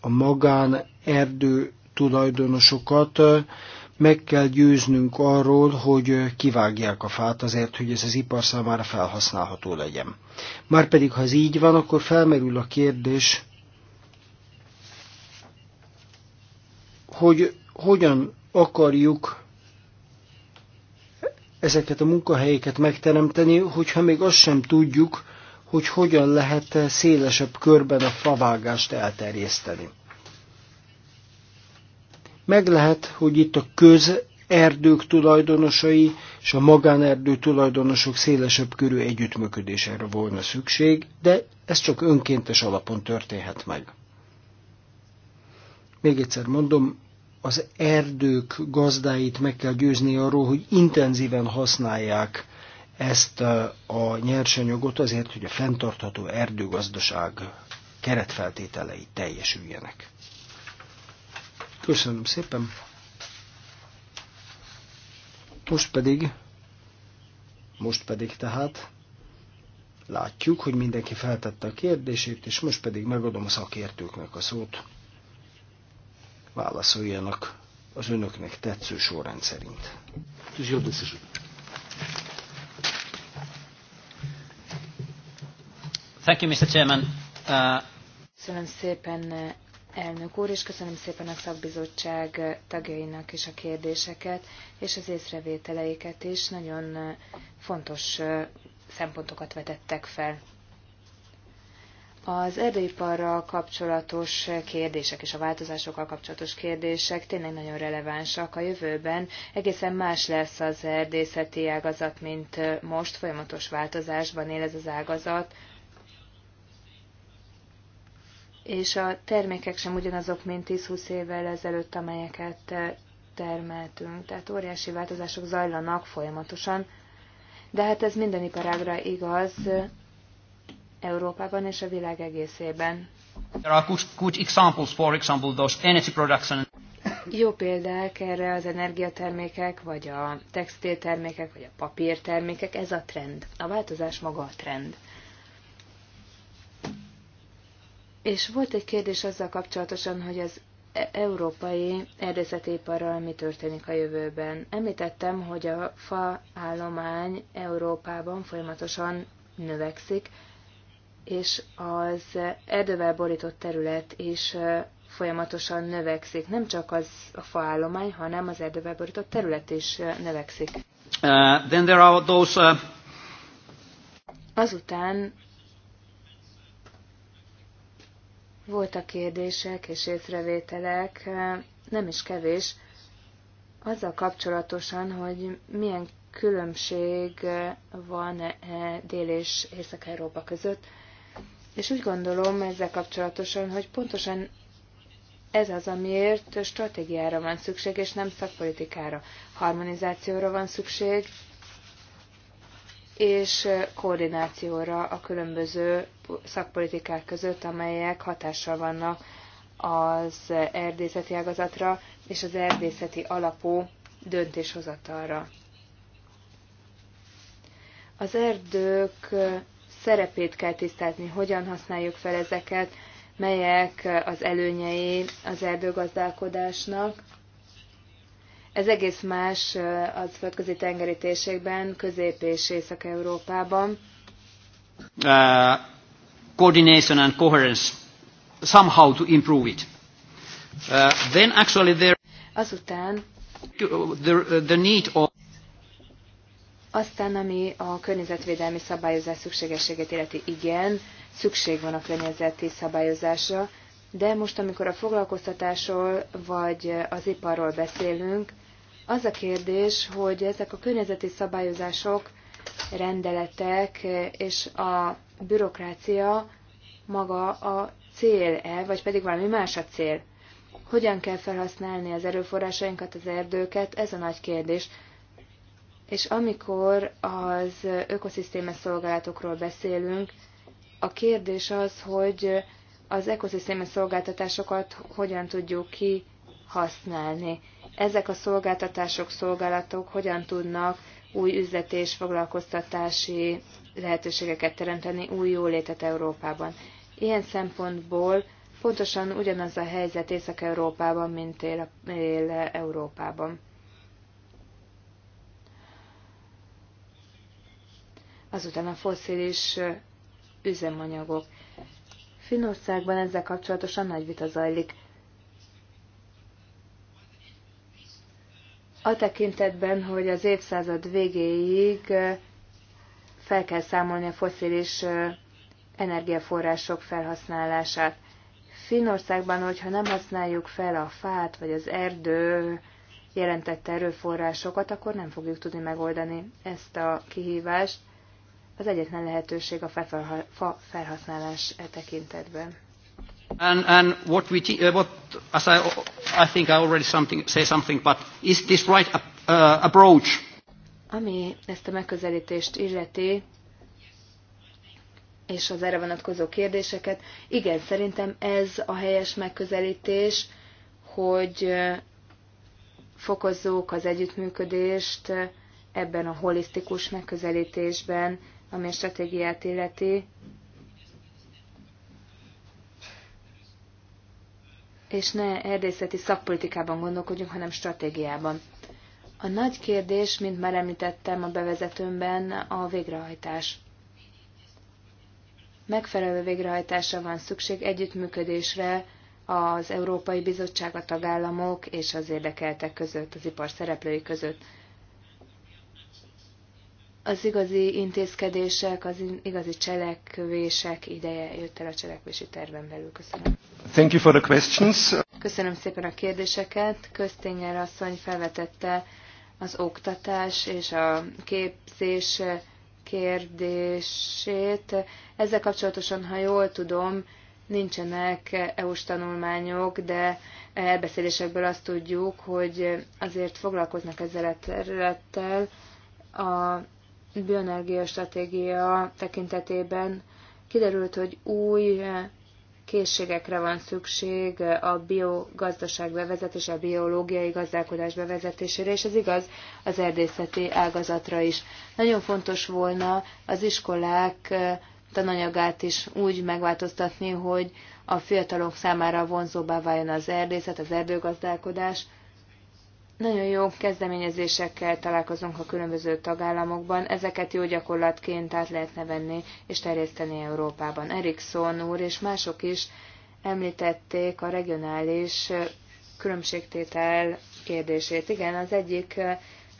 A magán erdő tulajdonosokat meg kell győznünk arról, hogy kivágják a fát azért, hogy ez az ipar számára felhasználható legyen. Márpedig, ha ez így van, akkor felmerül a kérdés, hogy hogyan akarjuk ezeket a munkahelyeket megteremteni, hogyha még azt sem tudjuk, hogy hogyan lehet szélesebb körben a favágást elterjeszteni. Meg lehet, hogy itt a közerdők tulajdonosai és a magánerdő tulajdonosok szélesebb körű együttműködésére volna szükség, de ez csak önkéntes alapon történhet meg. Még egyszer mondom, az erdők gazdáit meg kell győzni arról, hogy intenzíven használják ezt eh, a nyersanyagot azért, hogy a fenntartható erdőgazdaság keretfeltételei teljesüljenek. Köszönöm szépen. Most pedig, most pedig tehát látjuk, hogy mindenki feltette a kérdését, és most pedig megadom a szakértőknek a szót. Válaszoljanak az önöknek tetsző sorrend szerint. Thank you, Mr. Chairman. Uh... Köszönöm szépen, elnök úr, és köszönöm szépen a szakbizottság tagjainak is a kérdéseket, és az észrevételeiket is. Nagyon fontos szempontokat vetettek fel. Az erdőiparral kapcsolatos kérdések és a változásokkal kapcsolatos kérdések tényleg nagyon relevánsak. A jövőben egészen más lesz az erdészeti ágazat, mint most. Folyamatos változásban él ez az ágazat és a termékek sem ugyanazok, mint 10-20 évvel ezelőtt, amelyeket eh, termeltünk. Tehát óriási változások zajlanak folyamatosan, de hát ez minden iparágra igaz eh, Európában és a világ egészében. There are good examples, for example, those energy production. Jó példák erre az energiatermékek, vagy a textiltermékek, vagy a papírtermékek, ez a trend. A változás maga a trend. És volt egy kérdés azzal kapcsolatosan, hogy az e- európai erdészetiparral mi történik a jövőben. Említettem, hogy a fa állomány Európában folyamatosan növekszik, és az erdővel borított terület is folyamatosan növekszik. Nem csak az a faállomány, hanem az erdővel borított terület is növekszik. Uh, then there are those, uh... Azután Voltak kérdések és észrevételek, nem is kevés, azzal kapcsolatosan, hogy milyen különbség van -e Dél- és Észak-Európa között. És úgy gondolom ezzel kapcsolatosan, hogy pontosan ez az, amiért stratégiára van szükség, és nem szakpolitikára. Harmonizációra van szükség, és koordinációra a különböző szakpolitikák között, amelyek hatással vannak az erdészeti ágazatra és az erdészeti alapú döntéshozatalra. Az erdők szerepét kell tisztázni, hogyan használjuk fel ezeket, melyek az előnyei az erdőgazdálkodásnak, ez egész más az földközi tengeri térségben, Közép- és Észak-Európában. Uh, coordination and coherence somehow to improve it. Uh, then actually there Azután uh, the, uh, the need of aztán, ami a környezetvédelmi szabályozás szükségességét illeti, igen, szükség van a környezeti szabályozásra, de most, amikor a foglalkoztatásról vagy az iparról beszélünk, az a kérdés, hogy ezek a környezeti szabályozások, rendeletek és a bürokrácia maga a cél-e, vagy pedig valami más a cél? Hogyan kell felhasználni az erőforrásainkat, az erdőket? Ez a nagy kérdés. És amikor az ökoszisztéma szolgálatokról beszélünk, a kérdés az, hogy az ökoszisztéma szolgáltatásokat hogyan tudjuk kihasználni ezek a szolgáltatások, szolgálatok hogyan tudnak új üzletés, foglalkoztatási lehetőségeket teremteni, új jólétet Európában. Ilyen szempontból pontosan ugyanaz a helyzet Észak-Európában, mint él, él Európában. Azután a foszilis üzemanyagok. Finországban ezzel kapcsolatosan nagy vita zajlik. a tekintetben, hogy az évszázad végéig fel kell számolni a foszilis energiaforrások felhasználását. Finnországban, hogyha nem használjuk fel a fát vagy az erdő jelentette erőforrásokat, akkor nem fogjuk tudni megoldani ezt a kihívást. Az egyetlen lehetőség a fa felhasználás e tekintetben. And, and what we, uh, what, as I, I think I already something, say something, but is this right ap uh, approach? Ami ezt a megközelítést illeti, és az erre vonatkozó kérdéseket, igen, szerintem ez a helyes megközelítés, hogy fokozzuk az együttműködést ebben a holisztikus megközelítésben, ami a stratégiát illeti, és ne erdészeti szakpolitikában gondolkodjunk, hanem stratégiában. A nagy kérdés, mint már említettem a bevezetőmben, a végrehajtás. Megfelelő végrehajtásra van szükség együttműködésre az Európai Bizottság, a tagállamok és az érdekeltek között, az ipar szereplői között az igazi intézkedések, az igazi cselekvések ideje jött el a cselekvési terven belül. Köszönöm. Thank you for the questions. Köszönöm szépen a kérdéseket. Köztényer asszony felvetette az oktatás és a képzés kérdését. Ezzel kapcsolatosan, ha jól tudom, nincsenek EU-s tanulmányok, de elbeszélésekből azt tudjuk, hogy azért foglalkoznak ezzel a területtel, a bioenergia stratégia tekintetében kiderült, hogy új készségekre van szükség a biogazdaság bevezetése, a biológiai gazdálkodás bevezetésére, és ez igaz az erdészeti ágazatra is. Nagyon fontos volna az iskolák tananyagát is úgy megváltoztatni, hogy a fiatalok számára vonzóbbá váljon az erdészet, az erdőgazdálkodás, nagyon jó kezdeményezésekkel találkozunk a különböző tagállamokban, ezeket jó gyakorlatként át lehetne venni és terjeszteni Európában. Erikson úr és mások is említették a regionális különbségtétel kérdését. Igen, az egyik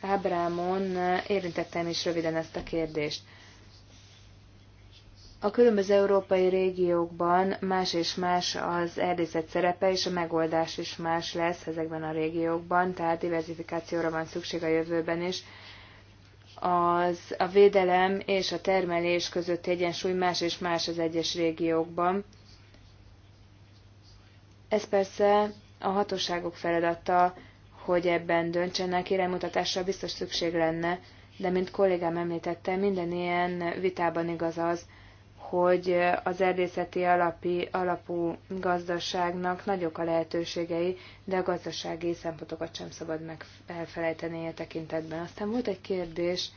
ábrámon érintettem is röviden ezt a kérdést. A különböző európai régiókban más és más az erdészet szerepe, és a megoldás is más lesz ezekben a régiókban, tehát diversifikációra van szükség a jövőben is. Az, a védelem és a termelés közötti egyensúly más és más az egyes régiókban. Ez persze a hatóságok feladata, hogy ebben döntsenek, iránymutatásra biztos szükség lenne, de mint kollégám említette, minden ilyen vitában igaz az, hogy az erdészeti alapi, alapú gazdaságnak nagyok a lehetőségei, de a gazdasági szempontokat sem szabad meg elfelejteni a e tekintetben. Aztán volt egy kérdés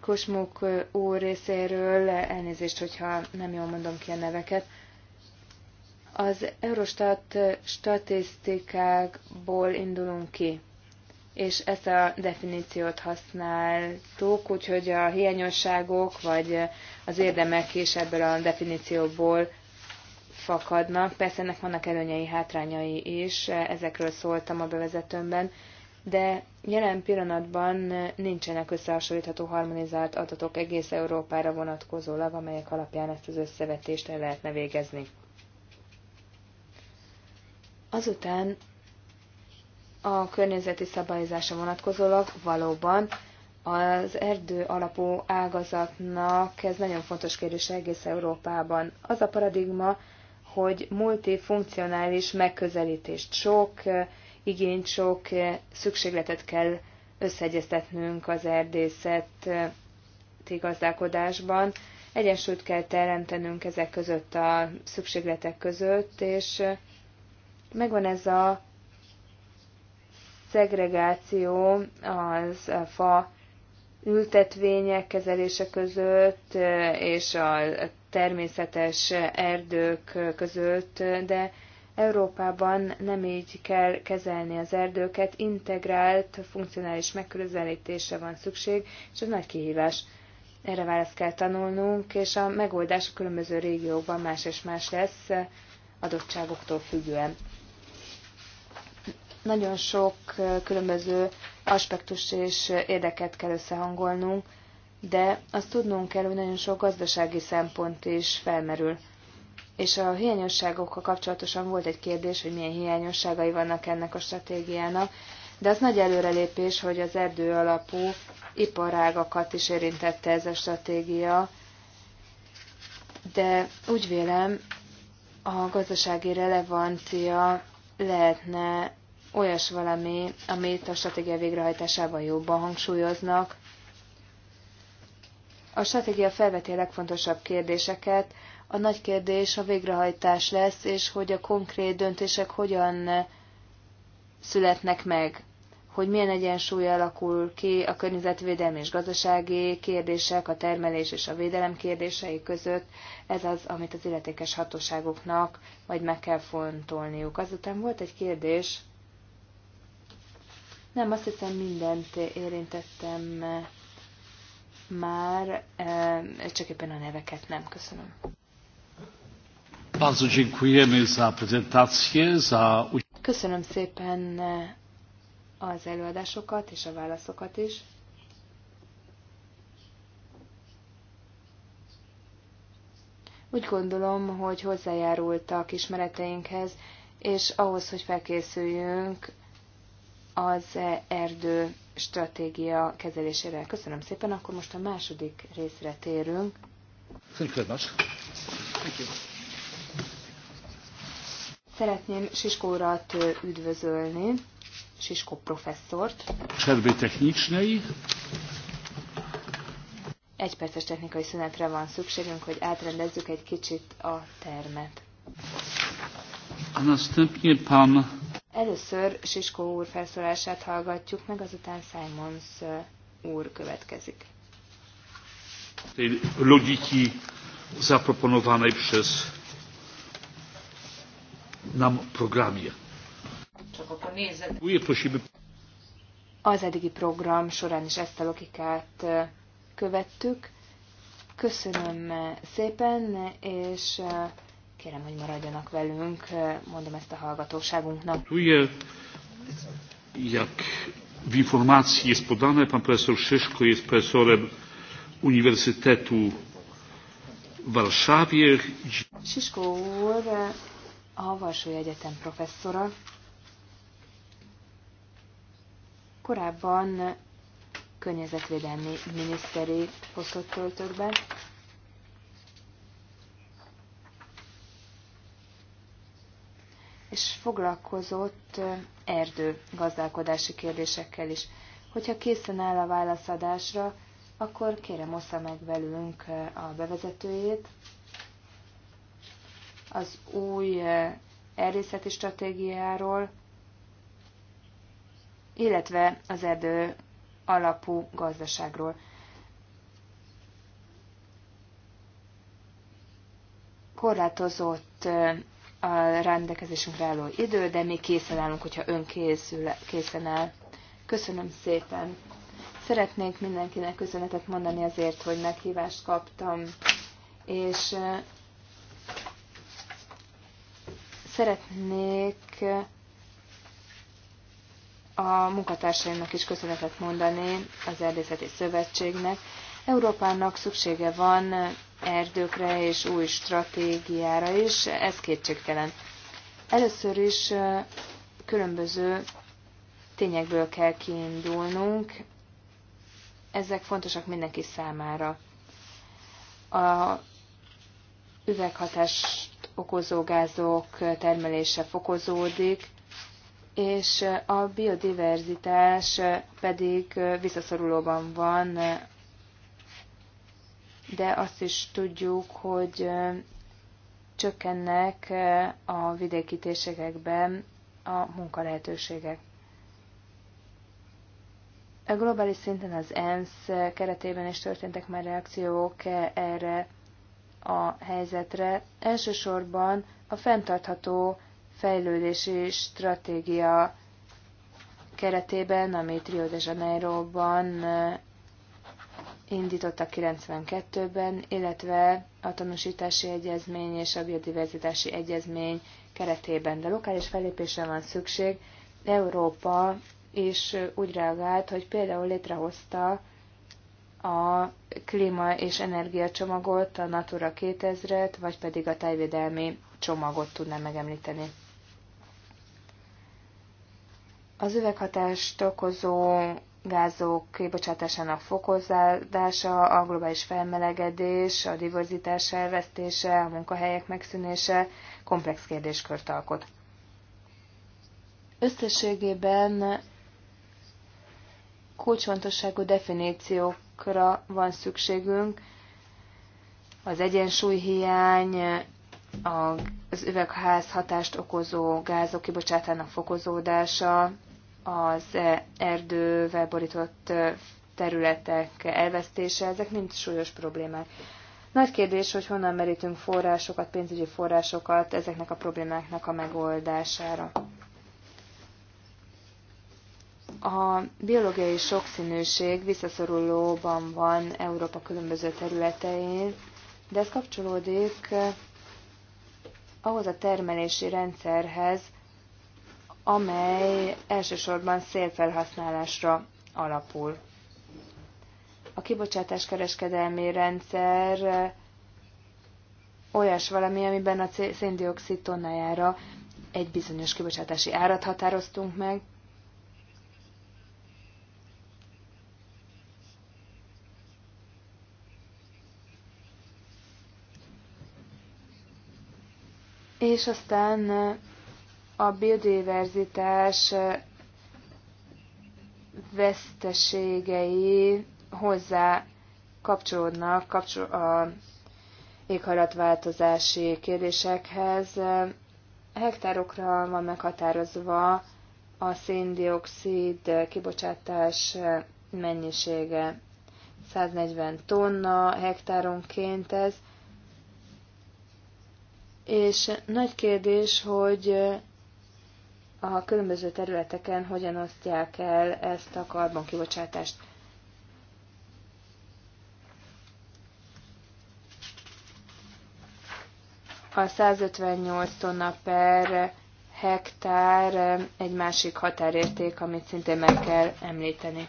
Kosmuk úr részéről, elnézést, hogyha nem jól mondom ki a neveket, az Eurostat statisztikákból indulunk ki, és ezt a definíciót használtuk, úgyhogy a hiányosságok vagy az érdemek is ebből a definícióból fakadnak. Persze ennek vannak előnyei, hátrányai is, ezekről szóltam a bevezetőmben, de jelen pillanatban nincsenek összehasonlítható harmonizált adatok egész Európára vonatkozólag, amelyek alapján ezt az összevetést el lehetne végezni. Azután a környezeti szabályozása vonatkozólag valóban az erdő alapú ágazatnak ez nagyon fontos kérdés egész Európában. Az a paradigma, hogy multifunkcionális megközelítést sok, eh, igényt sok eh, szükségletet kell összeegyeztetnünk az erdészet gazdálkodásban. Egyensúlyt kell teremtenünk ezek között a szükségletek között, és eh, megvan ez a szegregáció az fa ültetvények kezelése között és a természetes erdők között, de Európában nem így kell kezelni az erdőket, integrált, funkcionális megközelítése van szükség, és ez nagy kihívás. Erre választ kell tanulnunk, és a megoldás a különböző régiókban más és más lesz, adottságoktól függően. Nagyon sok különböző aspektust és érdeket kell összehangolnunk, de azt tudnunk kell, hogy nagyon sok gazdasági szempont is felmerül. És a hiányosságokkal kapcsolatosan volt egy kérdés, hogy milyen hiányosságai vannak ennek a stratégiának, de az nagy előrelépés, hogy az erdő alapú iparágakat is érintette ez a stratégia, de úgy vélem, a gazdasági relevancia lehetne olyas valami, amit a stratégia végrehajtásában jobban hangsúlyoznak. A stratégia felveti a legfontosabb kérdéseket. A nagy kérdés a végrehajtás lesz, és hogy a konkrét döntések hogyan születnek meg, hogy milyen egyensúly alakul ki a környezetvédelmi és gazdasági kérdések, a termelés és a védelem kérdései között. Ez az, amit az illetékes hatóságoknak majd meg kell fontolniuk. Azután volt egy kérdés, nem, azt hiszem mindent érintettem már, e, csak éppen a neveket nem. Köszönöm. Köszönöm szépen az előadásokat és a válaszokat is. Úgy gondolom, hogy hozzájárultak ismereteinkhez, és ahhoz, hogy felkészüljünk az erdő stratégia kezelésére. Köszönöm szépen, akkor most a második részre térünk. Köszönöm. Szeretném Siskó urat üdvözölni, Siskó professzort. Cserbe technicsnei. Egy perces technikai szünetre van szükségünk, hogy átrendezzük egy kicsit a termet. A następnie pan Először Siskó úr felszólását hallgatjuk meg, azután Simons uh, úr következik. Logiki zaproponowanej przez nam programie. Csak akkor nézzet. Az eddigi program során is ezt a logikát uh, követtük. Köszönöm uh, szépen, és Kérem, hogy maradjanak velünk, mondom ezt a hallgatóságunknak. Jak w informacji jest podane, pan profesor Szyszko jest profesorem Uniwersytetu w Warszawie. Szyszko úr, a Varsói Egyetem professzora. Korábban környezetvédelmi miniszteri posztot töltött be, és foglalkozott erdő gazdálkodási kérdésekkel is. Hogyha készen áll a válaszadásra, akkor kérem osza meg velünk a bevezetőjét, az új erdészeti stratégiáról, illetve az erdő alapú gazdaságról. Korlátozott a rendelkezésünkre álló idő, de mi készen állunk, hogyha ön készül, készen áll. Köszönöm szépen! Szeretnék mindenkinek köszönetet mondani azért, hogy meghívást kaptam, és szeretnék a munkatársaimnak is köszönetet mondani, az Erdészeti Szövetségnek. Európának szüksége van erdőkre és új stratégiára is, ez kétségtelen. Először is különböző tényekből kell kiindulnunk, ezek fontosak mindenki számára. A üveghatást okozó gázok termelése fokozódik, és a biodiverzitás pedig visszaszorulóban van de azt is tudjuk, hogy csökkennek a vidéki térségekben a munkalehetőségek. A globális szinten az ENSZ keretében is történtek már reakciók erre a helyzetre. Elsősorban a fenntartható fejlődési stratégia keretében, amit Rio de Janeiro-ban a 92-ben, illetve a tanúsítási egyezmény és a biodiverzitási egyezmény keretében. De lokális felépésre van szükség. Európa is úgy reagált, hogy például létrehozta a klíma és energiacsomagot, a Natura 2000-et, vagy pedig a tájvédelmi csomagot tudnám megemlíteni. Az üveghatást okozó gázok kibocsátásának fokozódása, a globális felmelegedés, a diverzitás elvesztése, a munkahelyek megszűnése komplex kérdéskört alkot. Összességében kulcsfontosságú definíciókra van szükségünk, az egyensúlyhiány, az üvegház hatást okozó gázok kibocsátának fokozódása, az erdővel borított területek elvesztése, ezek mind súlyos problémák. Nagy kérdés, hogy honnan merítünk forrásokat, pénzügyi forrásokat ezeknek a problémáknak a megoldására. A biológiai sokszínűség visszaszorulóban van Európa különböző területein, de ez kapcsolódik ahhoz a termelési rendszerhez, amely elsősorban szélfelhasználásra alapul. A kibocsátás kereskedelmi rendszer olyas valami, amiben a széndiokszid tonnájára egy bizonyos kibocsátási árat határoztunk meg, és aztán a biodiverzitás veszteségei hozzá kapcsolódnak kapcsol a éghajlatváltozási kérdésekhez. Hektárokra van meghatározva a széndiokszid kibocsátás mennyisége. 140 tonna hektáronként ez. És nagy kérdés, hogy a különböző területeken hogyan osztják el ezt a karbonkibocsátást. A 158 tonna per hektár egy másik határérték, amit szintén meg kell említeni.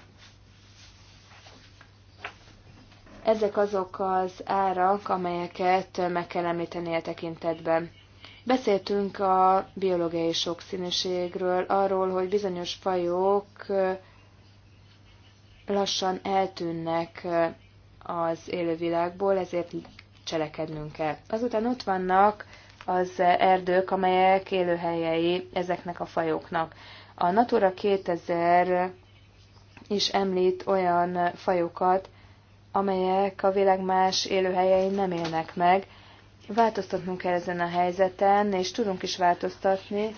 Ezek azok az árak, amelyeket meg kell említeni a e tekintetben. Beszéltünk a biológiai sokszínűségről, arról, hogy bizonyos fajok lassan eltűnnek az élővilágból, ezért cselekednünk kell. Azután ott vannak az erdők, amelyek élőhelyei ezeknek a fajoknak. A Natura 2000 is említ olyan fajokat, amelyek a világ más élőhelyein nem élnek meg, Változtatnunk kell ezen a helyzeten, és tudunk is változtatni,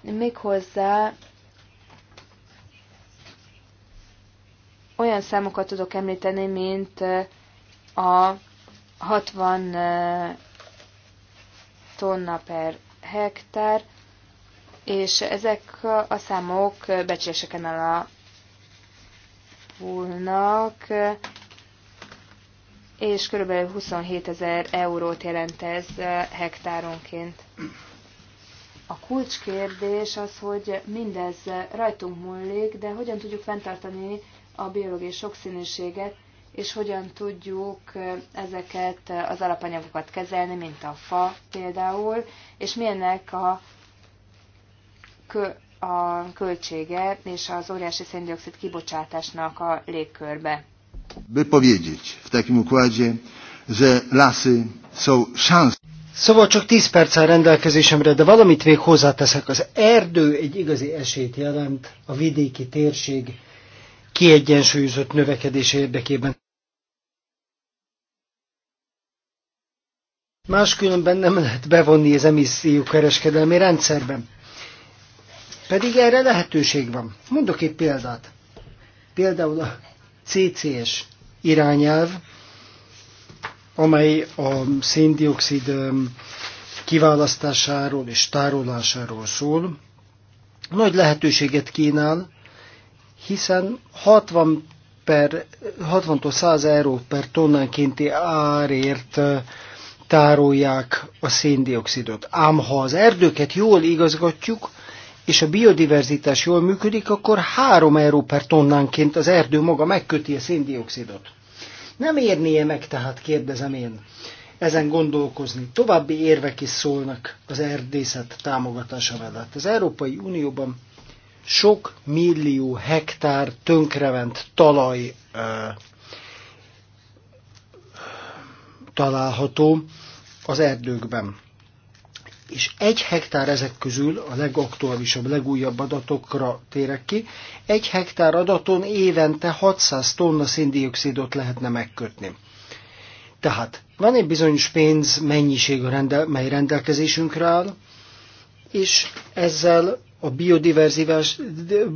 méghozzá olyan számokat tudok említeni, mint a 60 tonna per hektár, és ezek a számok becsléseken alapulnak, és kb. 27 ezer eurót jelent ez hektáronként. A kulcskérdés az, hogy mindez rajtunk múlik, de hogyan tudjuk fenntartani a biológiai sokszínűséget, és hogyan tudjuk ezeket az alapanyagokat kezelni, mint a fa például, és milyennek a, kö, a költsége és az óriási széndiokszid kibocsátásnak a légkörbe. By powiedzieć w takim układzie, że lasy są szansą. Szóval csak 10 perccel rendelkezésemre, de valamit még hozzáteszek. Az erdő egy igazi esélyt jelent a vidéki térség kiegyensúlyozott növekedés érdekében. Máskülönben nem lehet bevonni az emisszió kereskedelmi rendszerben. Pedig erre lehetőség van. Mondok egy példát. Például a CCS irányelv, amely a széndiokszid kiválasztásáról és tárolásáról szól, nagy lehetőséget kínál, hiszen 60 per, 60-tól 100 euró per tonnánkénti árért tárolják a széndiokszidot. Ám ha az erdőket jól igazgatjuk, és a biodiverzitás jól működik, akkor 3 euró per tonnánként az erdő maga megköti a széndiokszidot. Nem érnie meg tehát, kérdezem én, ezen gondolkozni. További érvek is szólnak az erdészet támogatása mellett. Az Európai Unióban sok millió hektár tönkrement talaj ö, található az erdőkben és egy hektár ezek közül a legaktuálisabb, legújabb adatokra térek ki, egy hektár adaton évente 600 tonna széndiokszidot lehetne megkötni. Tehát van egy bizonyos pénz mennyiség, mely rendelkezésünkre áll, és ezzel a biodiverzivás,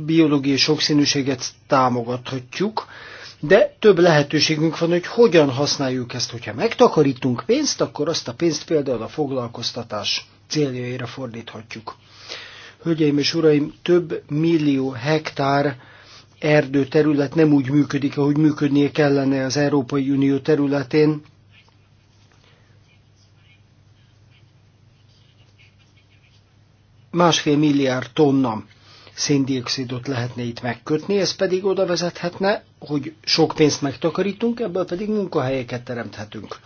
biológiai sokszínűséget támogathatjuk, de több lehetőségünk van, hogy hogyan használjuk ezt. Hogyha megtakarítunk pénzt, akkor azt a pénzt például a foglalkoztatás céljaira fordíthatjuk. Hölgyeim és uraim, több millió hektár erdő terület nem úgy működik, ahogy működnie kellene az Európai Unió területén. Másfél milliárd tonna széndiokszidot lehetne itt megkötni, ez pedig oda vezethetne, hogy sok pénzt megtakarítunk, ebből pedig munkahelyeket teremthetünk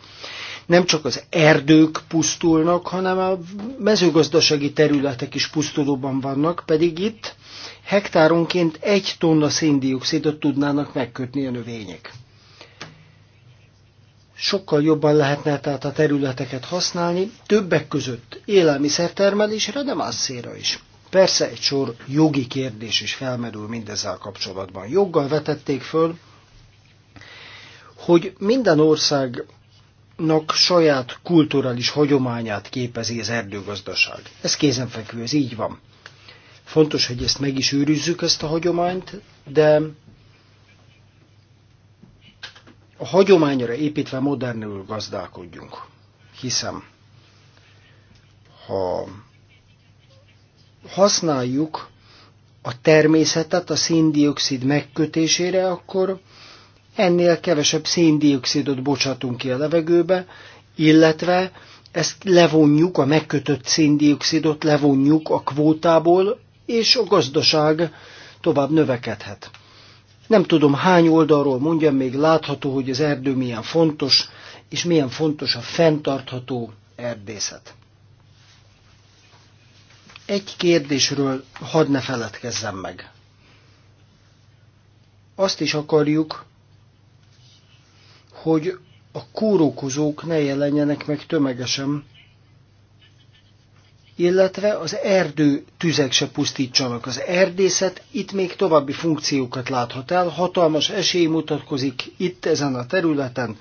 nem csak az erdők pusztulnak, hanem a mezőgazdasági területek is pusztulóban vannak, pedig itt hektáronként egy tonna széndiokszidot tudnának megkötni a növények. Sokkal jobban lehetne tehát a területeket használni, többek között élelmiszertermelésre, de masszára is. Persze egy sor jogi kérdés is felmerül mindezzel kapcsolatban. Joggal vetették föl, hogy minden ország Nak saját kulturális hagyományát képezi az erdőgazdaság. Ez kézenfekvő, ez így van. Fontos, hogy ezt meg is őrizzük, ezt a hagyományt, de a hagyományra építve modernül gazdálkodjunk. Hiszem, ha használjuk a természetet a széndiokszid megkötésére, akkor ennél kevesebb széndiokszidot bocsátunk ki a levegőbe, illetve ezt levonjuk, a megkötött széndiokszidot levonjuk a kvótából, és a gazdaság tovább növekedhet. Nem tudom hány oldalról mondjam, még látható, hogy az erdő milyen fontos, és milyen fontos a fenntartható erdészet. Egy kérdésről hadd ne feledkezzem meg. Azt is akarjuk, hogy a kórokozók ne jelenjenek meg tömegesen, illetve az erdő tüzek se pusztítsanak. Az erdészet itt még további funkciókat láthat el, hatalmas esély mutatkozik itt ezen a területen,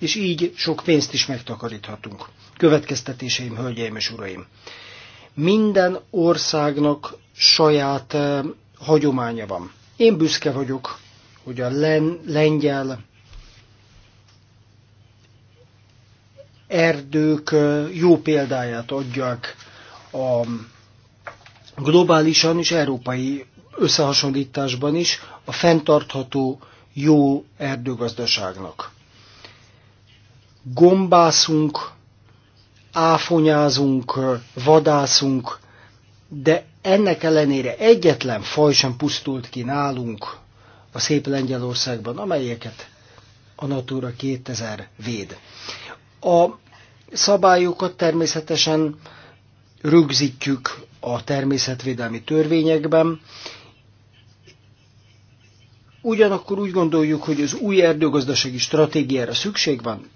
és így sok pénzt is megtakaríthatunk. Következtetéseim, hölgyeim és uraim! Minden országnak saját eh, hagyománya van. Én büszke vagyok, hogy a len, lengyel, erdők jó példáját adják a globálisan és európai összehasonlításban is a fenntartható jó erdőgazdaságnak. Gombászunk, áfonyázunk, vadászunk, de ennek ellenére egyetlen faj sem pusztult ki nálunk a szép Lengyelországban, amelyeket a Natura 2000 véd. A szabályokat természetesen rögzítjük a természetvédelmi törvényekben, Ugyanakkor úgy gondoljuk, hogy az új erdőgazdasági stratégiára szükség van,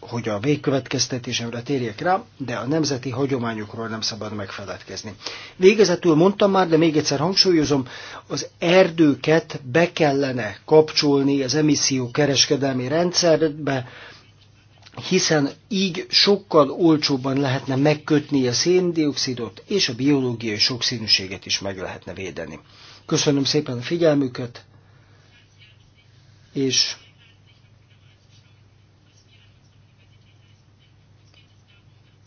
hogy a végkövetkeztetésemre térjek rá, de a nemzeti hagyományokról nem szabad megfeledkezni. Végezetül mondtam már, de még egyszer hangsúlyozom, az erdőket be kellene kapcsolni az emisszió kereskedelmi rendszerbe, hiszen így sokkal olcsóbban lehetne megkötni a széndiokszidot, és a biológiai sokszínűséget is meg lehetne védeni. Köszönöm szépen a figyelmüket, és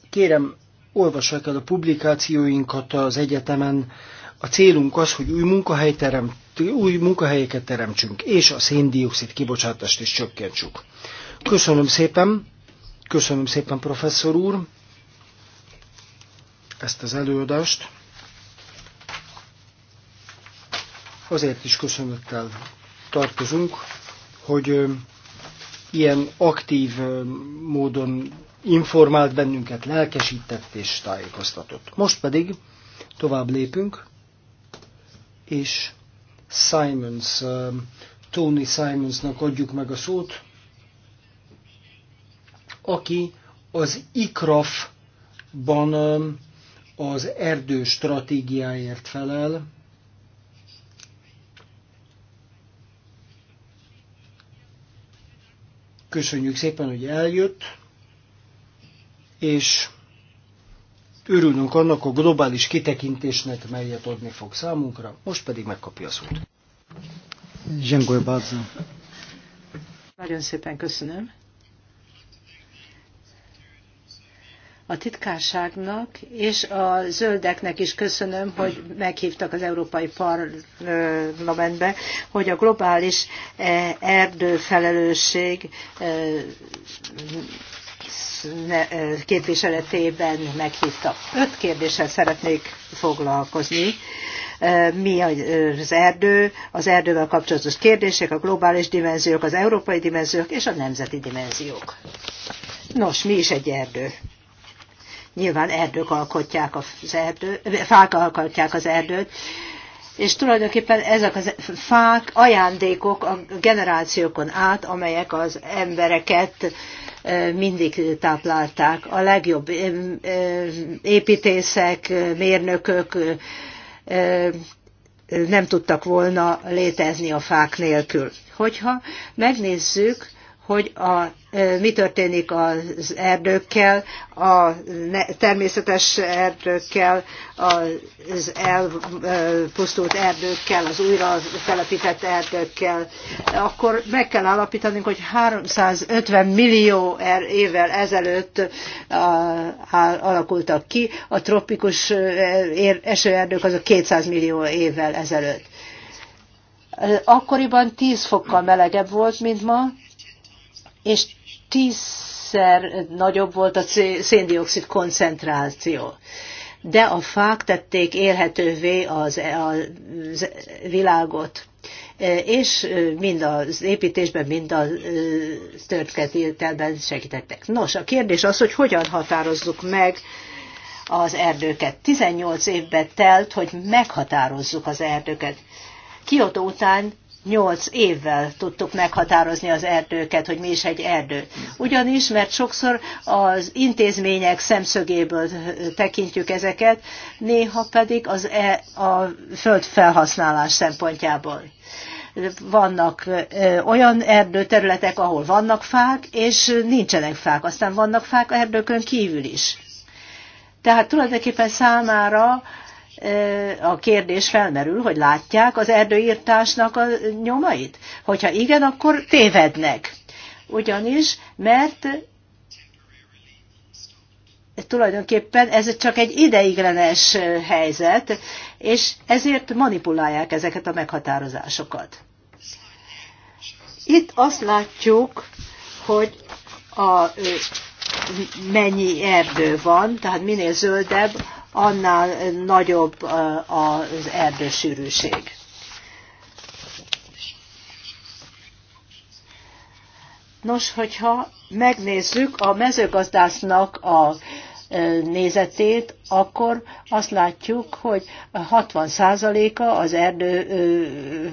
kérem, olvassák el a publikációinkat az egyetemen. A célunk az, hogy új, munkahely terem, új munkahelyeket teremtsünk, és a széndiokszid kibocsátást is csökkentsük. Köszönöm szépen! Köszönöm szépen, professzor úr, ezt az előadást. Azért is köszönöttel tartozunk, hogy ilyen aktív módon informált bennünket, lelkesített és tájékoztatott. Most pedig tovább lépünk, és Simons, Tony Simonsnak adjuk meg a szót, aki az ikrafban az erdő stratégiáért felel, Köszönjük szépen, hogy eljött, és örülünk annak a globális kitekintésnek, melyet adni fog számunkra, most pedig megkapja a szót. Nagyon szépen köszönöm. a titkárságnak, és a zöldeknek is köszönöm, hogy meghívtak az Európai Parlamentbe, hogy a globális e, erdőfelelősség e, e, képviseletében meghívtak. Öt kérdéssel szeretnék foglalkozni. Mi az erdő, az erdővel kapcsolatos kérdések, a globális dimenziók, az európai dimenziók és a nemzeti dimenziók. Nos, mi is egy erdő? Nyilván erdők alkotják az erdő, fák alkotják az erdőt, és tulajdonképpen ezek a fák ajándékok a generációkon át, amelyek az embereket mindig táplálták. A legjobb építészek, mérnökök nem tudtak volna létezni a fák nélkül. Hogyha megnézzük, hogy a mi történik az erdőkkel, a természetes erdőkkel, az elpusztult erdőkkel, az újra telepített erdőkkel, akkor meg kell állapítanunk, hogy 350 millió er, évvel ezelőtt alakultak ki, a tropikus esőerdők azok 200 millió évvel ezelőtt. Akkoriban 10 fokkal melegebb volt, mint ma, és tízszer nagyobb volt a széndiokszid koncentráció. De a fák tették élhetővé az, e- az világot e, és e, mind az építésben, mind a törtketételben segítettek. Nos, a kérdés az, hogy hogyan határozzuk meg az erdőket. 18 évbe telt, hogy meghatározzuk az erdőket. Kyoto után nyolc évvel tudtuk meghatározni az erdőket, hogy mi is egy erdő. Ugyanis, mert sokszor az intézmények szemszögéből tekintjük ezeket, néha pedig az e, a föld felhasználás szempontjából. Vannak olyan erdőterületek, ahol vannak fák, és nincsenek fák. Aztán vannak fák erdőkön kívül is. Tehát tulajdonképpen számára a kérdés felmerül, hogy látják az erdőírtásnak a nyomait? Hogyha igen, akkor tévednek. Ugyanis, mert tulajdonképpen ez csak egy ideiglenes helyzet, és ezért manipulálják ezeket a meghatározásokat. Itt azt látjuk, hogy a, mennyi erdő van, tehát minél zöldebb, annál nagyobb az erdősűrűség. Nos, hogyha megnézzük a mezőgazdásznak a nézetét, akkor azt látjuk, hogy 60%-a az erdő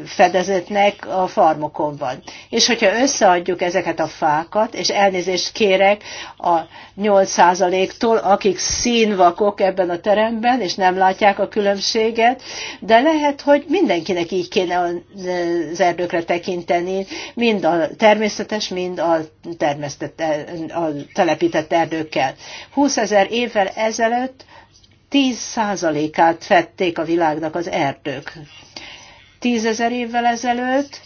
fedezetnek a farmokon van. És hogyha összeadjuk ezeket a fákat, és elnézést kérek a 8%-tól, akik színvakok ebben a teremben, és nem látják a különbséget, de lehet, hogy mindenkinek így kéne az erdőkre tekinteni, mind a természetes, mind a, a telepített erdőkkel. 20 ezer ezer évvel ezelőtt 10%-át fették a világnak az erdők. Tízezer évvel ezelőtt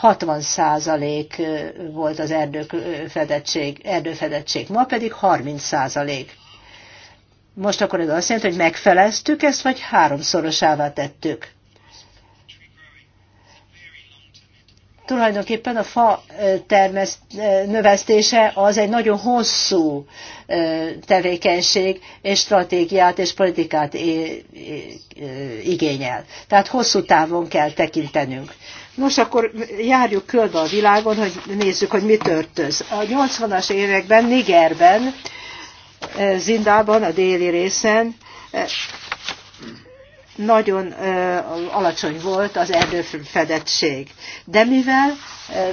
60% volt az erdők fedettség, erdőfedettség, ma pedig 30%. Most akkor ez azt jelenti, hogy megfeleztük ezt, vagy háromszorosává tettük. tulajdonképpen a fa termeszt, növesztése az egy nagyon hosszú tevékenység és stratégiát és politikát igényel. Tehát hosszú távon kell tekintenünk. Nos, akkor járjuk körbe a világon, hogy nézzük, hogy mi történt. A 80-as években Nigerben, Zindában, a déli részen nagyon alacsony volt az erdőfedettség. De mivel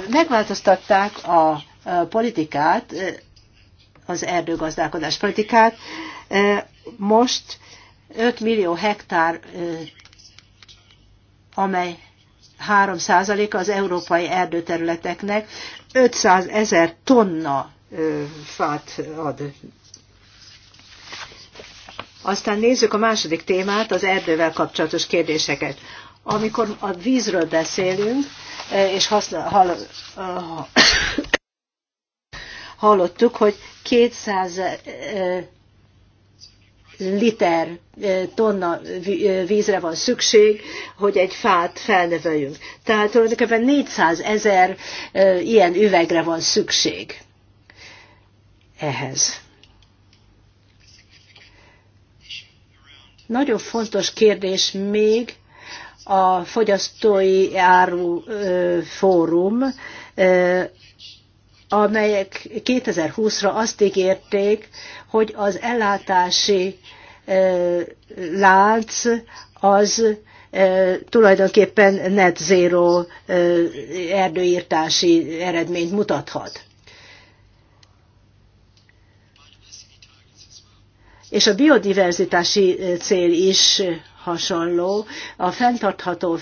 megváltoztatták a politikát, az erdőgazdálkodás politikát, most 5 millió hektár, amely 3%-a az európai erdőterületeknek 500 ezer tonna fát ad aztán nézzük a második témát, az erdővel kapcsolatos kérdéseket. Amikor a vízről beszélünk, eh, és használ, eh, hallottuk, hogy 200 eh, liter tonna vízre van szükség, hogy egy fát felneveljünk, Tehát tulajdonképpen 400 ezer ilyen üvegre van szükség ehhez. Nagyon fontos kérdés még a fogyasztói áru fórum, amelyek 2020-ra azt ígérték, hogy az ellátási lánc az tulajdonképpen net zero erdőírtási eredményt mutathat. és a biodiverzitási cél is hasonló. A fenntartható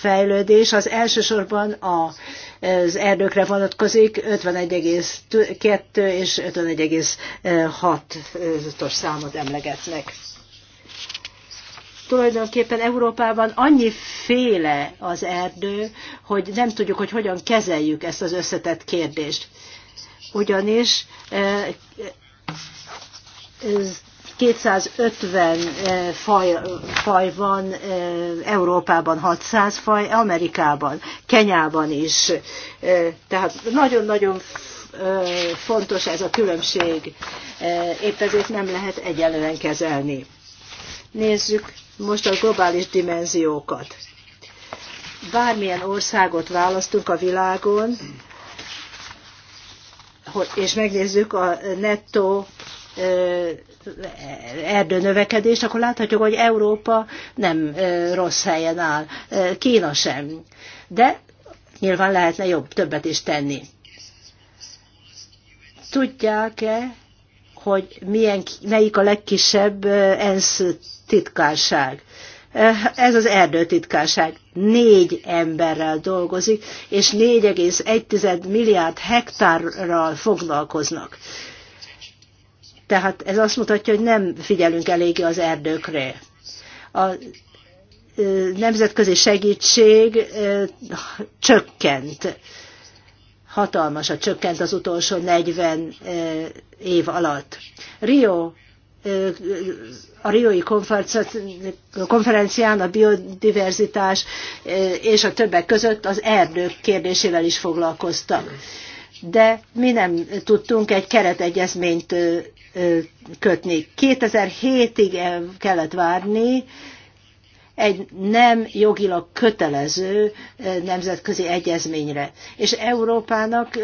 fejlődés az elsősorban a az erdőkre vonatkozik 51,2 és 51,6-os számot emlegetnek. Tulajdonképpen Európában annyi féle az erdő, hogy nem tudjuk, hogy hogyan kezeljük ezt az összetett kérdést ugyanis 250 e, e, e, faj, faj van Európában, 600 faj Amerikában, Kenyában is. Tehát nagyon-nagyon fontos ez a különbség, épp ezért nem lehet egyenlően kezelni. Nézzük most a globális dimenziókat. Bármilyen országot választunk a világon, és megnézzük a nettó erdőnövekedést, akkor láthatjuk, hogy Európa nem rossz helyen áll, Kína sem. De nyilván lehetne jobb, többet is tenni. Tudják-e, hogy milyen, melyik a legkisebb ENSZ titkárság? Eh, ez az erdőtitkárság négy emberrel dolgozik, és 4,1 milliárd hektárral foglalkoznak. Tehát ez azt mutatja, hogy nem figyelünk eléggé az erdőkre. A eh, nemzetközi segítség eh, csökkent. a csökkent az utolsó 40 év alatt. Rio a Riói konferencián a biodiverzitás eh, és a többek között az erdők kérdésével is foglalkoztak. De mi nem tudtunk egy keretegyezményt kötni. 2007-ig kellett várni, egy nem jogilag kötelező nemzetközi egyezményre. És Európának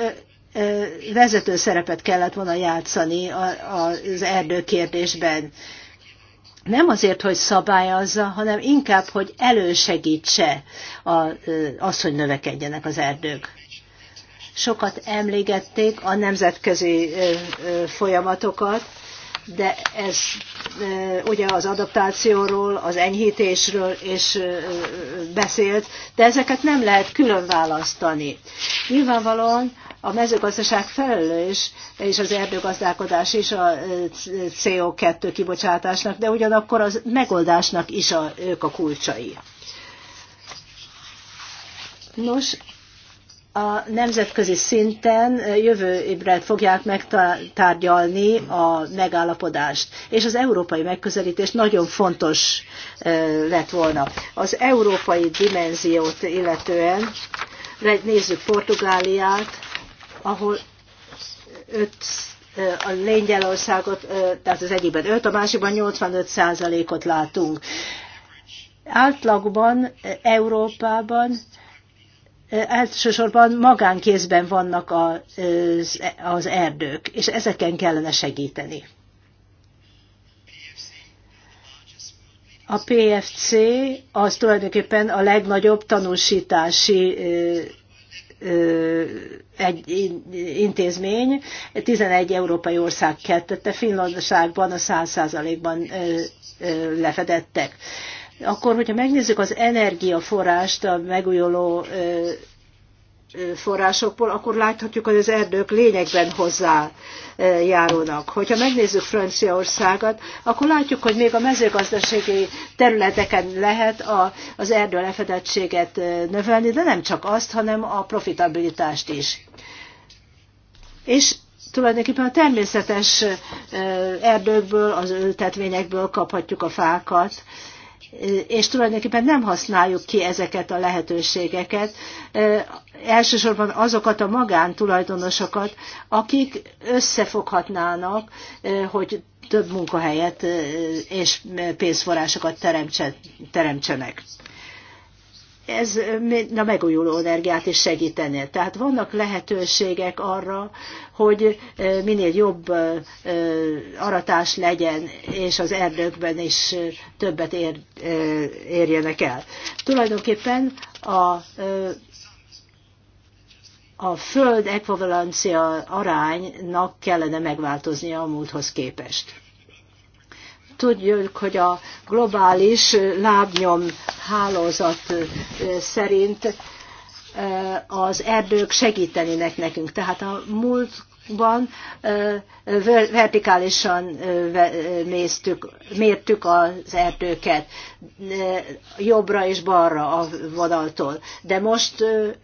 vezető szerepet kellett volna játszani az erdőkérdésben nem azért, hogy szabályozza, hanem inkább, hogy elősegítse a, az, hogy növekedjenek az erdők. Sokat emlégették a nemzetközi folyamatokat, de ez ugye az adaptációról, az enyhítésről és beszélt, de ezeket nem lehet külön választani. Nyilvánvalóan a mezőgazdaság felelős, és az erdőgazdálkodás is a CO2 kibocsátásnak, de ugyanakkor az megoldásnak is a, ők a kulcsai. Nos, a nemzetközi szinten jövő évre fogják megtárgyalni a megállapodást, és az európai megközelítés nagyon fontos lett volna. Az európai dimenziót illetően nézzük Portugáliát, ahol öt, a Lengyelországot, tehát az egyikben 5, a másikban 85 százalékot látunk. Átlagban Európában elsősorban magánkézben vannak az, az erdők, és ezeken kellene segíteni. A PFC az tulajdonképpen a legnagyobb tanúsítási egy intézmény, 11 európai ország kettette, Finnországban a 100%-ban lefedettek akkor hogyha megnézzük az energiaforrást a megújuló forrásokból, akkor láthatjuk, hogy az erdők lényegben hozzá járulnak. Hogyha megnézzük Franciaországot, akkor látjuk, hogy még a mezőgazdasági területeken lehet a, az erdő lefedettséget növelni, de nem csak azt, hanem a profitabilitást is. És tulajdonképpen a természetes erdőkből, az ültetvényekből kaphatjuk a fákat, és tulajdonképpen nem használjuk ki ezeket a lehetőségeket, elsősorban azokat a magántulajdonosokat, akik összefoghatnának, hogy több munkahelyet és pénzforrásokat teremtsenek. Ez a megújuló energiát is segítené. Tehát vannak lehetőségek arra, hogy eh, minél jobb eh, eh, aratás legyen, és az erdőkben is többet ér, érjenek el. Tulajdonképpen a a föld ekvivalencia aránynak kellene megváltoznia a múlthoz képest. Tudjuk, hogy a globális lábnyom hálózat szerint az erdők segítenének nekünk. Tehát a múlt van, vertikálisan néztük, mértük az erdőket jobbra és balra a vonaltól. De most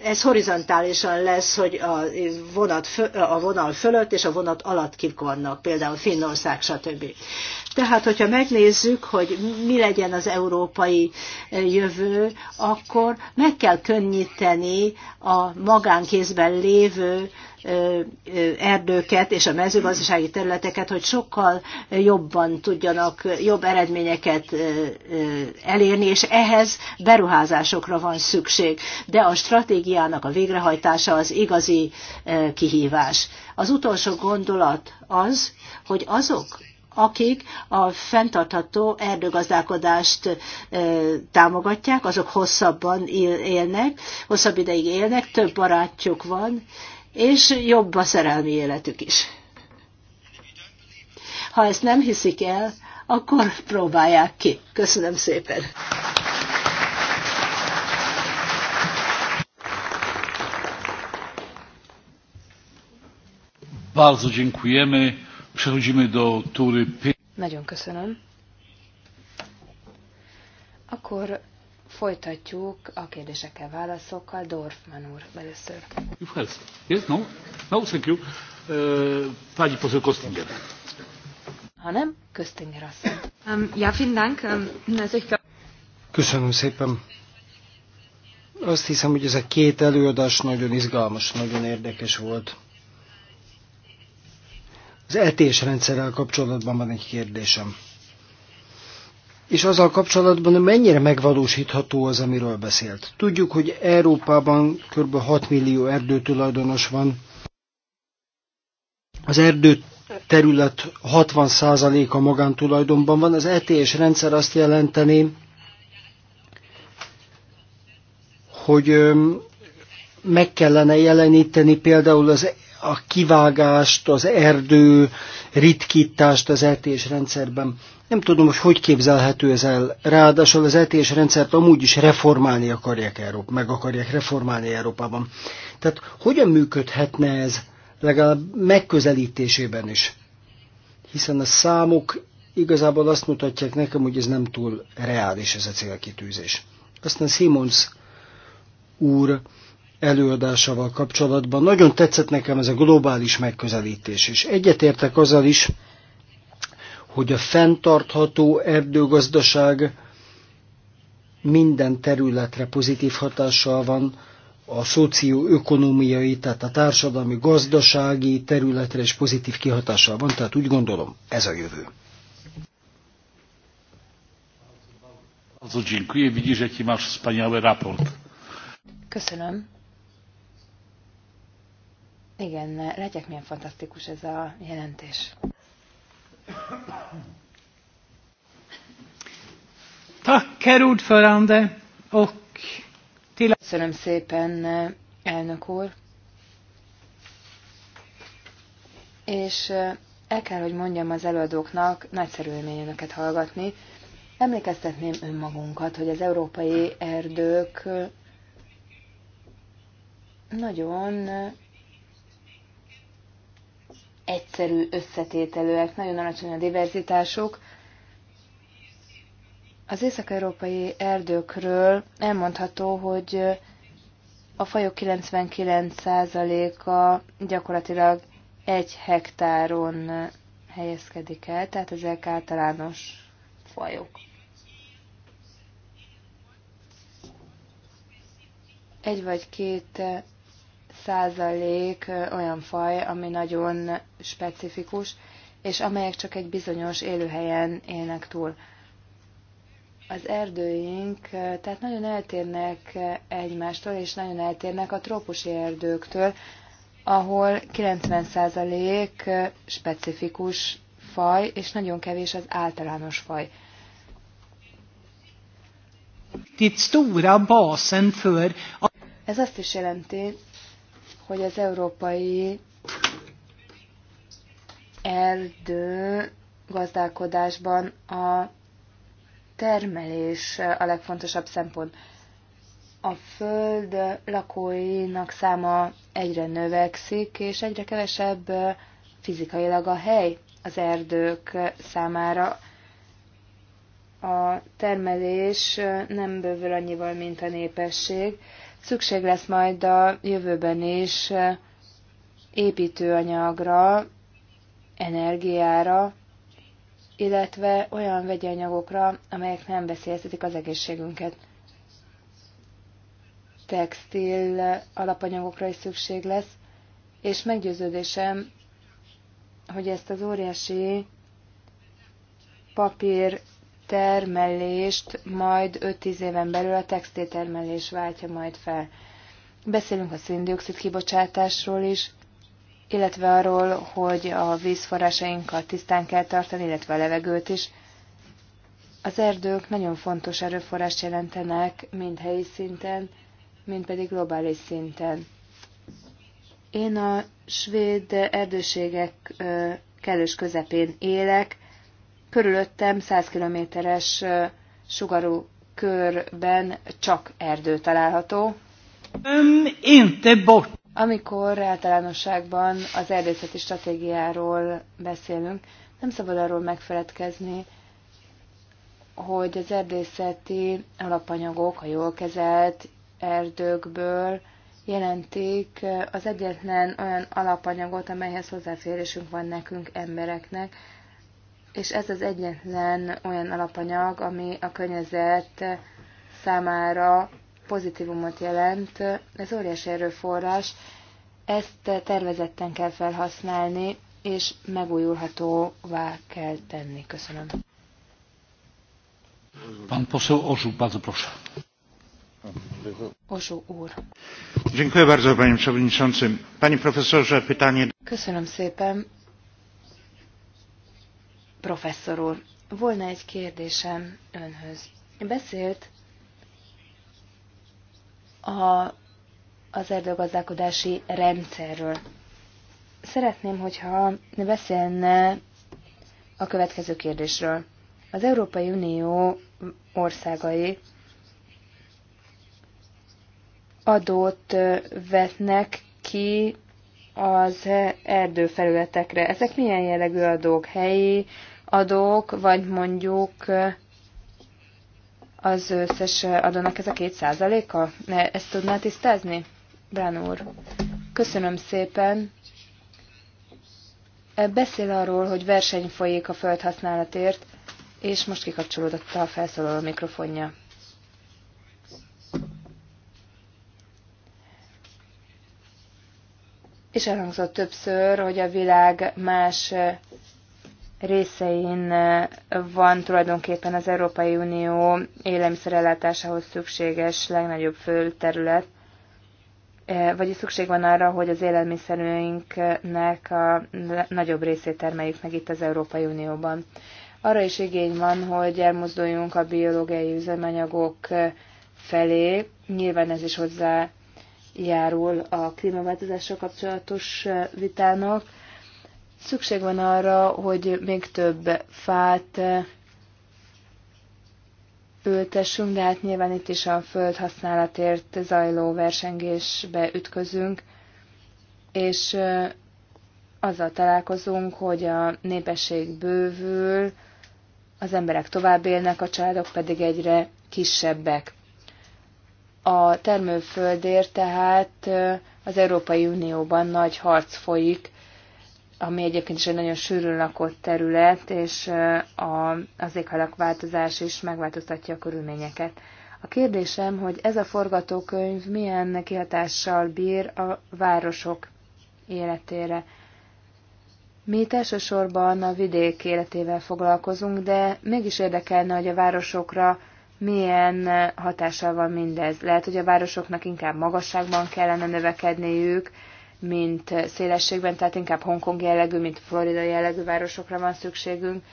ez horizontálisan lesz, hogy a, vonat, a vonal fölött és a vonat alatt kik vannak, például Finnország, stb. Tehát, hogyha megnézzük, hogy mi legyen az európai eh, jövő, akkor meg kell könnyíteni a magánkézben lévő eh, eh, erdőket és a mezőgazdasági területeket, hogy sokkal jobban tudjanak jobb eredményeket elérni, és ehhez beruházásokra van szükség. De a stratégiának a végrehajtása az igazi kihívás. Az utolsó gondolat az, hogy azok akik a fenntartható erdőgazdálkodást támogatják, azok hosszabban élnek, hosszabb ideig élnek, több barátjuk van, és jobb a szerelmi életük is. Ha ezt nem hiszik el, akkor próbálják ki. Köszönöm szépen! Bardzo dziękujemy. Przechodzimy do tury... Nagyon köszönöm. Akkor folytatjuk a kérdésekkel, válaszokkal. Dorfman úr, először. Yes, no? No, thank you. Uh, Pani poseł Kostinger. Ha nem, Köstinger asszony. Um, ja, vielen Dank. Um, Köszönöm szépen. Azt hiszem, hogy ez a két előadás nagyon izgalmas, nagyon érdekes volt. Az LTS rendszerrel kapcsolatban van egy kérdésem. És azzal kapcsolatban, hogy mennyire megvalósítható az, amiről beszélt. Tudjuk, hogy Európában kb. 6 millió erdőtulajdonos van. Az erdő terület 60%-a magántulajdonban van. Az ETS rendszer azt jelenteni, hogy meg kellene jeleníteni például az a kivágást, az erdő ritkítást az etés rendszerben. Nem tudom, hogy hogy képzelhető ez el. Ráadásul az etés rendszert amúgy is reformálni akarják Európa, meg akarják reformálni Európában. Tehát hogyan működhetne ez legalább megközelítésében is? Hiszen a számok igazából azt mutatják nekem, hogy ez nem túl reális ez a célkitűzés. Aztán Simons úr előadásával kapcsolatban. Nagyon tetszett nekem ez a globális megközelítés, és egyetértek azzal is, hogy a fenntartható erdőgazdaság minden területre pozitív hatással van, a szocioökonomiai, tehát a társadalmi, gazdasági területre is pozitív kihatással van, tehát úgy gondolom, ez a jövő. Köszönöm. Igen, legyek milyen fantasztikus ez a jelentés. Tack, herr ok. Köszönöm szépen, elnök úr. És eh, el kell, hogy mondjam az előadóknak, nagyszerű élmény önöket hallgatni. Emlékeztetném önmagunkat, hogy az európai erdők eh, nagyon eh, egyszerű összetételőek, nagyon alacsony a diverzitásuk. Az észak-európai erdőkről elmondható, hogy a fajok 99%-a gyakorlatilag egy hektáron helyezkedik el, tehát ezek általános fajok. Egy vagy két százalék olyan faj, ami nagyon specifikus, és amelyek csak egy bizonyos élőhelyen élnek túl. Az erdőink tehát nagyon eltérnek egymástól, és nagyon eltérnek a trópusi erdőktől, ahol 90% specifikus faj, és nagyon kevés az általános faj. Ez azt is jelenti, hogy az európai erdő gazdálkodásban a termelés a legfontosabb szempont. A föld lakóinak száma egyre növekszik, és egyre kevesebb fizikailag a hely az erdők számára. A termelés nem bővül annyival, mint a népesség, Szükség lesz majd a jövőben is építőanyagra, energiára, illetve olyan vegyi anyagokra, amelyek nem veszélyeztetik az egészségünket. Textil alapanyagokra is szükség lesz, és meggyőződésem, hogy ezt az óriási papír termelést majd 5-10 éven belül a textiltermelés váltja majd fel. Beszélünk a széndiokszid kibocsátásról is, illetve arról, hogy a vízforrásainkat tisztán kell tartani, illetve a levegőt is. Az erdők nagyon fontos erőforrást jelentenek, mind helyi szinten, mind pedig globális szinten. Én a svéd erdőségek kellős közepén élek, körülöttem 100 kilométeres sugarú körben csak erdő található. Amikor általánosságban az erdészeti stratégiáról beszélünk, nem szabad arról megfeledkezni, hogy az erdészeti alapanyagok, a jól kezelt erdőkből jelentik az egyetlen olyan alapanyagot, amelyhez hozzáférésünk van nekünk, embereknek, és ez az egyetlen olyan alapanyag, ami a környezet számára pozitívumot jelent. Ez óriási erőforrás, ezt tervezetten kell felhasználni, és megújulhatóvá kell tenni. Köszönöm. Pan poseł Oszu, bardzo proszę. Oszu úr. Dziękuję bardzo, panie przewodniczący. Panie profesorze, pytanie... Köszönöm szépen professzor úr, volna egy kérdésem önhöz. Beszélt a, az erdőgazdálkodási rendszerről. Szeretném, hogyha beszélne a következő kérdésről. Az Európai Unió országai adót vetnek ki az erdőfelületekre. Ezek milyen jellegű adók? Helyi, adók, vagy mondjuk az összes adónak ez a két százaléka? Ezt tudná tisztázni? Brán úr, köszönöm szépen. Beszél arról, hogy verseny folyik a földhasználatért, és most kikapcsolódott a felszólaló mikrofonja. És elhangzott többször, hogy a világ más részein van tulajdonképpen az Európai Unió élelmiszerellátásához szükséges legnagyobb földterület, vagyis szükség van arra, hogy az élelmiszerünknek a nagyobb részét termeljük meg itt az Európai Unióban. Arra is igény van, hogy elmozduljunk a biológiai üzemanyagok felé. Nyilván ez is hozzájárul a klímaváltozással kapcsolatos vitának Szükség van arra, hogy még több fát eh, ültessünk, de hát nyilván itt is a használatért zajló versengésbe ütközünk, és eh, azzal találkozunk, hogy a népesség bővül, az emberek tovább élnek, a családok pedig egyre kisebbek. A termőföldért tehát eh, az Európai Unióban nagy harc folyik, ami egyébként is egy nagyon sűrűn lakott terület, és a, az változás is megváltoztatja a körülményeket. A kérdésem, hogy ez a forgatókönyv milyen kihatással bír a városok életére. Mi elsősorban a vidék életével foglalkozunk, de mégis érdekelne, hogy a városokra milyen hatással van mindez. Lehet, hogy a városoknak inkább magasságban kellene növekedniük, mint szélességben, tehát inkább Hongkong jellegű, mint Florida jellegű városokra van szükségünk.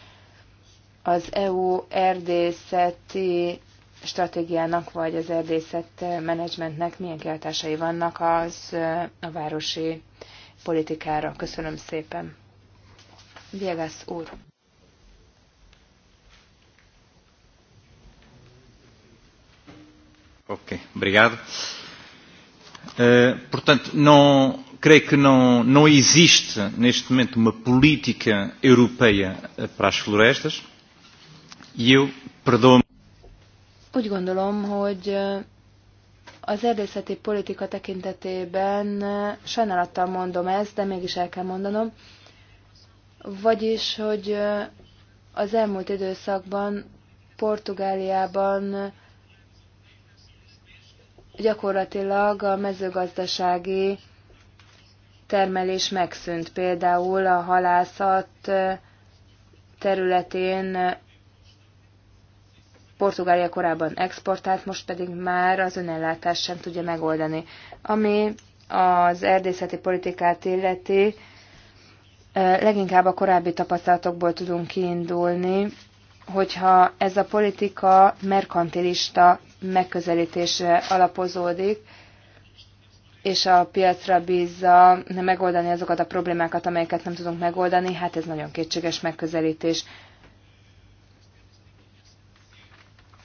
Az EU erdészeti stratégiának, vagy az erdészet menedzsmentnek milyen kihatásai vannak az a városi politikára. Köszönöm szépen. Viegas úr. Oké, okay. brigád. Eh, portanto, não, creio que não, não existe neste momento uma política europeia eh, para as florestas e eu perdoo me Úgy gondolom, hogy eh, az erdészeti politika tekintetében sajnálattal mondom ezt, de mégis el kell mondanom, vagyis, hogy az elmúlt időszakban Portugáliában gyakorlatilag a mezőgazdasági termelés megszűnt. Például a halászat területén Portugália korábban exportált, most pedig már az önellátás sem tudja megoldani. Ami az erdészeti politikát illeti, leginkább a korábbi tapasztalatokból tudunk kiindulni, hogyha ez a politika merkantilista megközelítésre alapozódik, és a piacra bízza megoldani azokat a problémákat, amelyeket nem tudunk megoldani, hát ez nagyon kétséges megközelítés.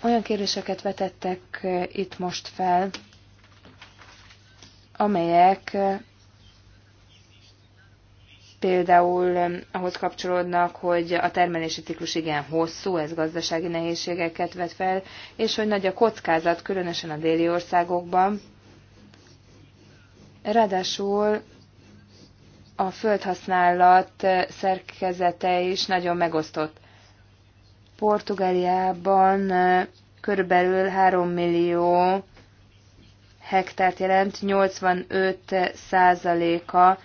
Olyan kérdéseket vetettek eh, itt most fel, amelyek eh, például ahhoz kapcsolódnak, hogy a termelési ciklus igen hosszú, ez gazdasági nehézségeket vet fel, és hogy nagy a kockázat, különösen a déli országokban. Ráadásul a földhasználat eh, szerkezete is nagyon megosztott. Portugáliában eh, körülbelül 3 millió hektárt jelent, 85 százaléka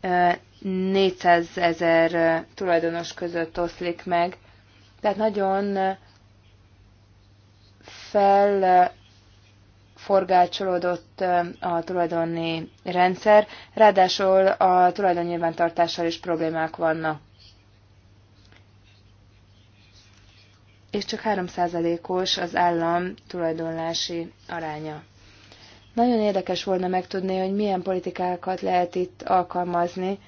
eh, 400 ezer tulajdonos között oszlik meg. Tehát nagyon felforgácsolódott a tulajdoni rendszer, ráadásul a nyilvántartással is problémák vannak. És csak 3%-os az állam tulajdonlási aránya. Nagyon érdekes volna megtudni, hogy milyen politikákat lehet itt alkalmazni,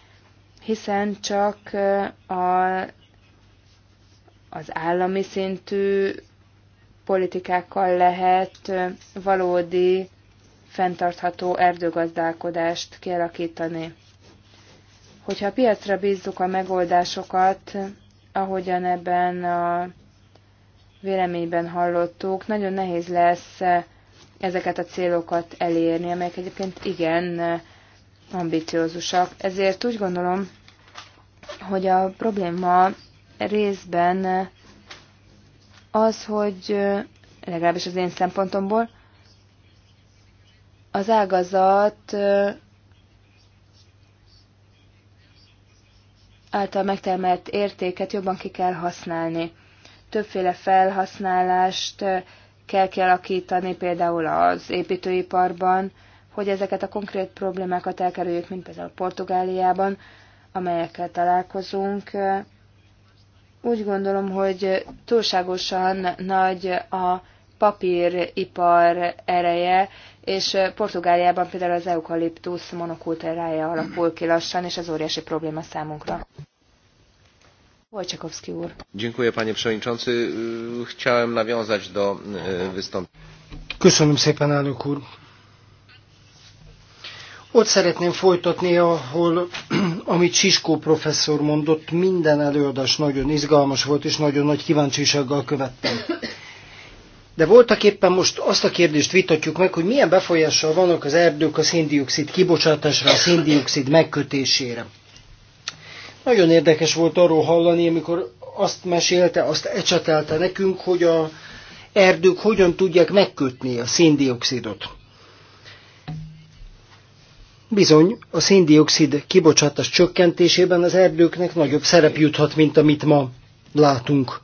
hiszen csak a, az állami szintű politikákkal lehet valódi, fenntartható erdőgazdálkodást kialakítani. Hogyha a piacra bízzuk a megoldásokat, ahogyan ebben a véleményben hallottuk, nagyon nehéz lesz ezeket a célokat elérni, amelyek egyébként igen ambiciózusak. Ezért úgy gondolom, hogy a probléma részben az, hogy legalábbis az én szempontomból, az ágazat által megtermelt értéket jobban ki kell használni. Többféle felhasználást kell kialakítani, például az építőiparban, hogy ezeket a konkrét problémákat elkerüljük, mint például Portugáliában, amelyekkel találkozunk. Úgy gondolom, hogy túlságosan nagy a papíripar ereje, és Portugáliában például az eukaliptusz monokultúrája alakul ki lassan, és ez óriási probléma számunkra. Wojciechowski úr. Dziękuję panie przewodniczący. Chciałem nawiązać do e, wystąpienia. Köszönöm szépen, elnök úr. Ott szeretném folytatni, ahol, amit Siskó professzor mondott, minden előadás nagyon izgalmas volt, és nagyon nagy kíváncsisággal követtem. De voltak éppen most azt a kérdést vitatjuk meg, hogy milyen befolyással vannak az erdők a széndiokszid kibocsátásra, a széndiokszid megkötésére. Nagyon érdekes volt arról hallani, amikor azt mesélte, azt ecsetelte nekünk, hogy a erdők hogyan tudják megkötni a széndiokszidot. Bizony, a széndiokszid kibocsátás csökkentésében az erdőknek nagyobb szerep juthat, mint amit ma látunk.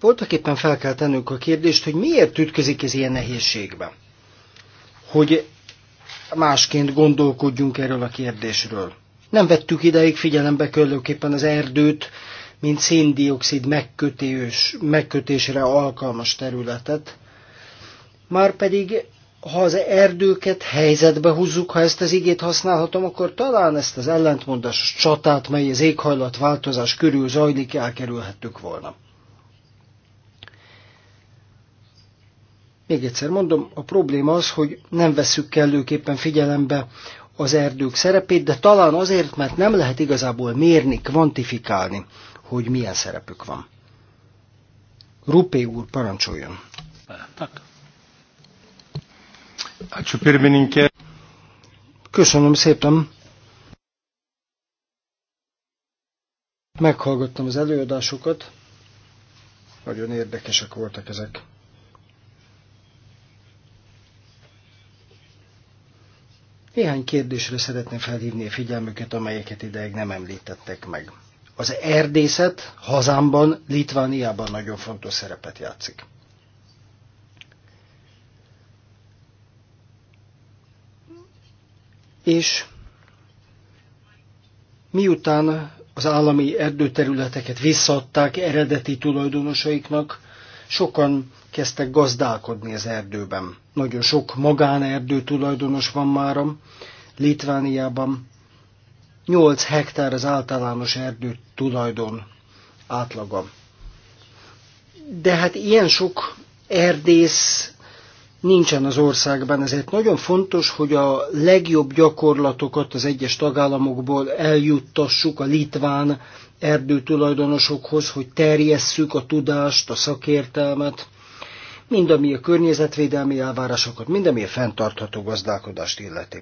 Voltak éppen fel kell tennünk a kérdést, hogy miért ütközik ez ilyen nehézségbe? Hogy másként gondolkodjunk erről a kérdésről. Nem vettük ideig figyelembe kellőképpen az erdőt, mint széndiokszid megkötés, megkötésre alkalmas területet. Márpedig, ha az erdőket helyzetbe húzzuk, ha ezt az igét használhatom, akkor talán ezt az ellentmondásos csatát, mely az éghajlatváltozás körül zajlik, elkerülhettük volna. Még egyszer mondom, a probléma az, hogy nem vesszük kellőképpen figyelembe az erdők szerepét, de talán azért, mert nem lehet igazából mérni, kvantifikálni hogy milyen szerepük van. Rupé úr, parancsoljon! Köszönöm szépen! Meghallgattam az előadásokat, nagyon érdekesek voltak ezek. Néhány kérdésre szeretném felhívni a figyelmüket, amelyeket ideig nem említettek meg. Az erdészet hazámban, Litvániában nagyon fontos szerepet játszik. És miután az állami erdőterületeket visszaadták eredeti tulajdonosaiknak, sokan kezdtek gazdálkodni az erdőben. Nagyon sok magánerdő tulajdonos van máram Litvániában, 8 hektár az általános erdő tulajdon átlaga. De hát ilyen sok erdész nincsen az országban, ezért nagyon fontos, hogy a legjobb gyakorlatokat az egyes tagállamokból eljuttassuk a litván erdőtulajdonosokhoz, hogy terjesszük a tudást, a szakértelmet, mind ami a környezetvédelmi elvárásokat, mind ami a fenntartható gazdálkodást illeti.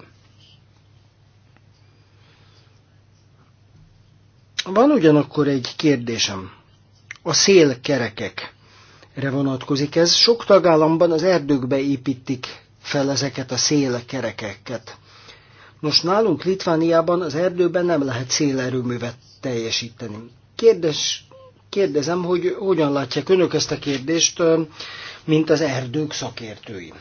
Van ugyanakkor egy kérdésem. A szélkerekekre vonatkozik ez. Sok tagállamban az erdőkbe építik fel ezeket a szélkerekeket. Nos, nálunk Litvániában az erdőben nem lehet szélerőművet teljesíteni. Kérdés, kérdezem, hogy hogyan látják önök ezt a kérdést, mint az erdők szakértői.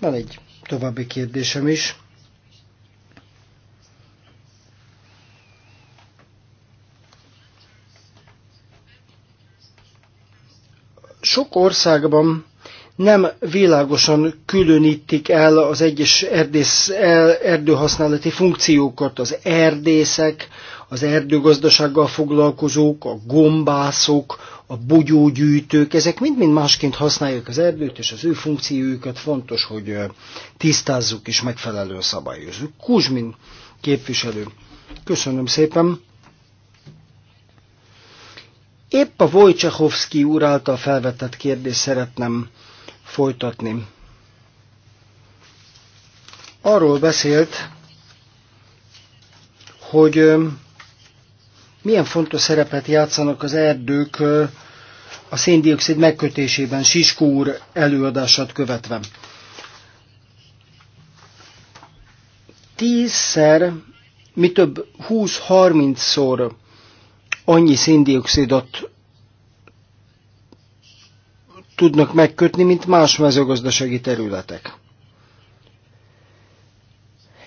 Van egy további kérdésem is. Sok országban nem világosan különítik el az egyes erdész, erdőhasználati funkciókat, az erdészek, az erdőgazdasággal foglalkozók, a gombászok, a bugyógyűjtők, ezek mind-mind másként használják az erdőt, és az ő funkciójukat fontos, hogy tisztázzuk és megfelelően szabályozzuk. Kuzsmin képviselő, köszönöm szépen. Épp a Wojciechowski úr által felvetett kérdést szeretném folytatni. Arról beszélt, hogy milyen fontos szerepet játszanak az erdők a széndiokszid megkötésében, Siskó úr előadását követve. Tízszer, mi több, húsz-harmincszor szor annyi széndiokszidot tudnak megkötni, mint más mezőgazdasági területek.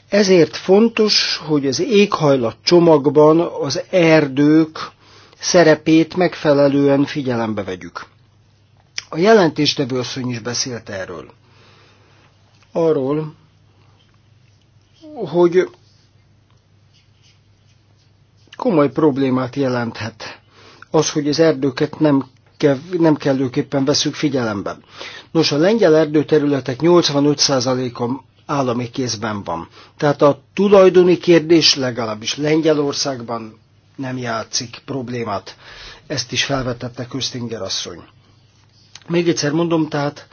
Ezért fontos, hogy az éghajlat csomagban az erdők szerepét megfelelően figyelembe vegyük. A jelentéstevő asszony is beszélt erről. Arról, hogy komoly problémát jelenthet az, hogy az erdőket nem nem kellőképpen veszük figyelembe. Nos, a lengyel erdőterületek 85%-a állami kézben van. Tehát a tulajdoni kérdés legalábbis Lengyelországban nem játszik problémát. Ezt is felvetette Köztinger asszony. Még egyszer mondom, tehát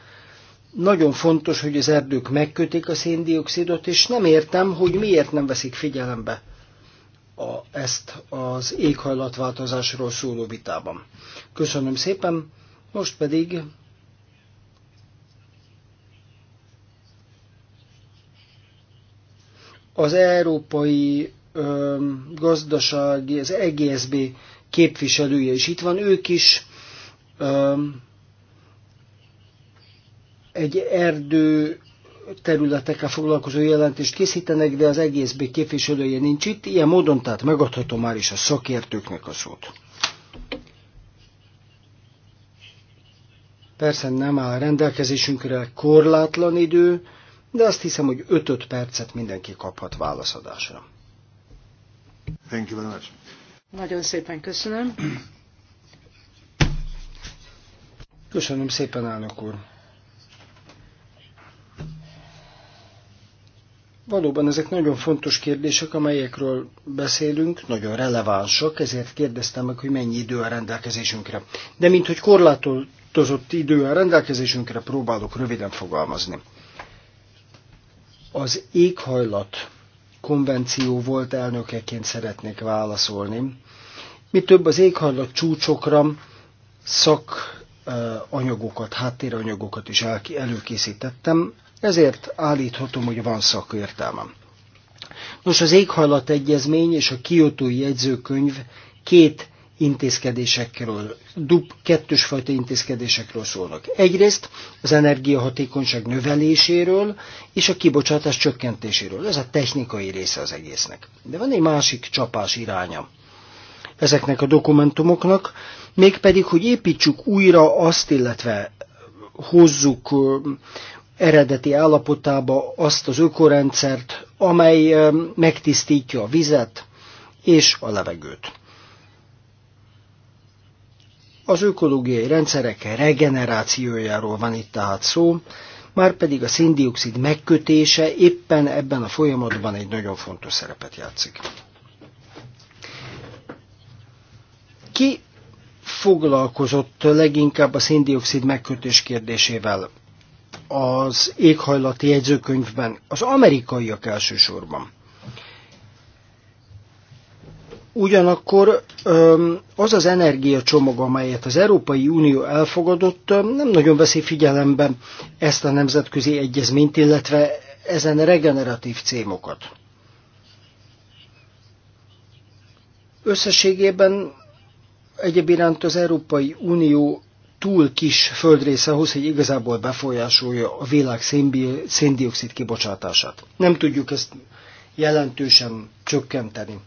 nagyon fontos, hogy az erdők megkötik a széndiokszidot, és nem értem, hogy miért nem veszik figyelembe a, ezt az éghajlatváltozásról szóló vitában. Köszönöm szépen, most pedig az európai ö, gazdasági, az EGSB képviselője is itt van, ők is ö, egy erdő területekkel foglalkozó jelentést készítenek, de az B képviselője nincs itt, ilyen módon tehát megadhatom már is a szakértőknek a szót. Persze nem áll rendelkezésünkre korlátlan idő, de azt hiszem, hogy 5-5 percet mindenki kaphat válaszadásra. Thank you very much. Nagyon szépen köszönöm. Köszönöm szépen, elnök úr. Valóban ezek nagyon fontos kérdések, amelyekről beszélünk, nagyon relevánsak, ezért kérdeztem meg, hogy mennyi idő a rendelkezésünkre. De mint hogy korlátozott idő a rendelkezésünkre, próbálok röviden fogalmazni. Az éghajlat konvenció volt elnökeként szeretnék válaszolni. Mi több az éghajlat csúcsokra szak eh, anyagokat, háttéranyagokat is előkészítettem, ezért állíthatom, hogy van szakértelmem. Nos, az éghajlategyezmény és a kiotói jegyzőkönyv két intézkedésekről, dub, kettős fajta intézkedésekről szólnak. Egyrészt az energiahatékonyság növeléséről és a kibocsátás csökkentéséről. Ez a technikai része az egésznek. De van egy másik csapás iránya ezeknek a dokumentumoknak, mégpedig, hogy építsük újra azt, illetve hozzuk eredeti állapotába azt az ökorendszert, amely megtisztítja a vizet és a levegőt. Az ökológiai rendszerek regenerációjáról van itt tehát szó, már pedig a széndiokszid megkötése éppen ebben a folyamatban egy nagyon fontos szerepet játszik. Ki foglalkozott leginkább a széndiokszid megkötés kérdésével az éghajlati jegyzőkönyvben, az amerikaiak elsősorban. Ugyanakkor az az energiacsomag, amelyet az Európai Unió elfogadott, nem nagyon veszi figyelembe ezt a nemzetközi egyezményt, illetve ezen regeneratív cémokat. Összességében egyéb iránt az Európai Unió túl kis földrész ahhoz, hogy igazából befolyásolja a világ széndiokszid kibocsátását. Nem tudjuk ezt jelentősen csökkenteni.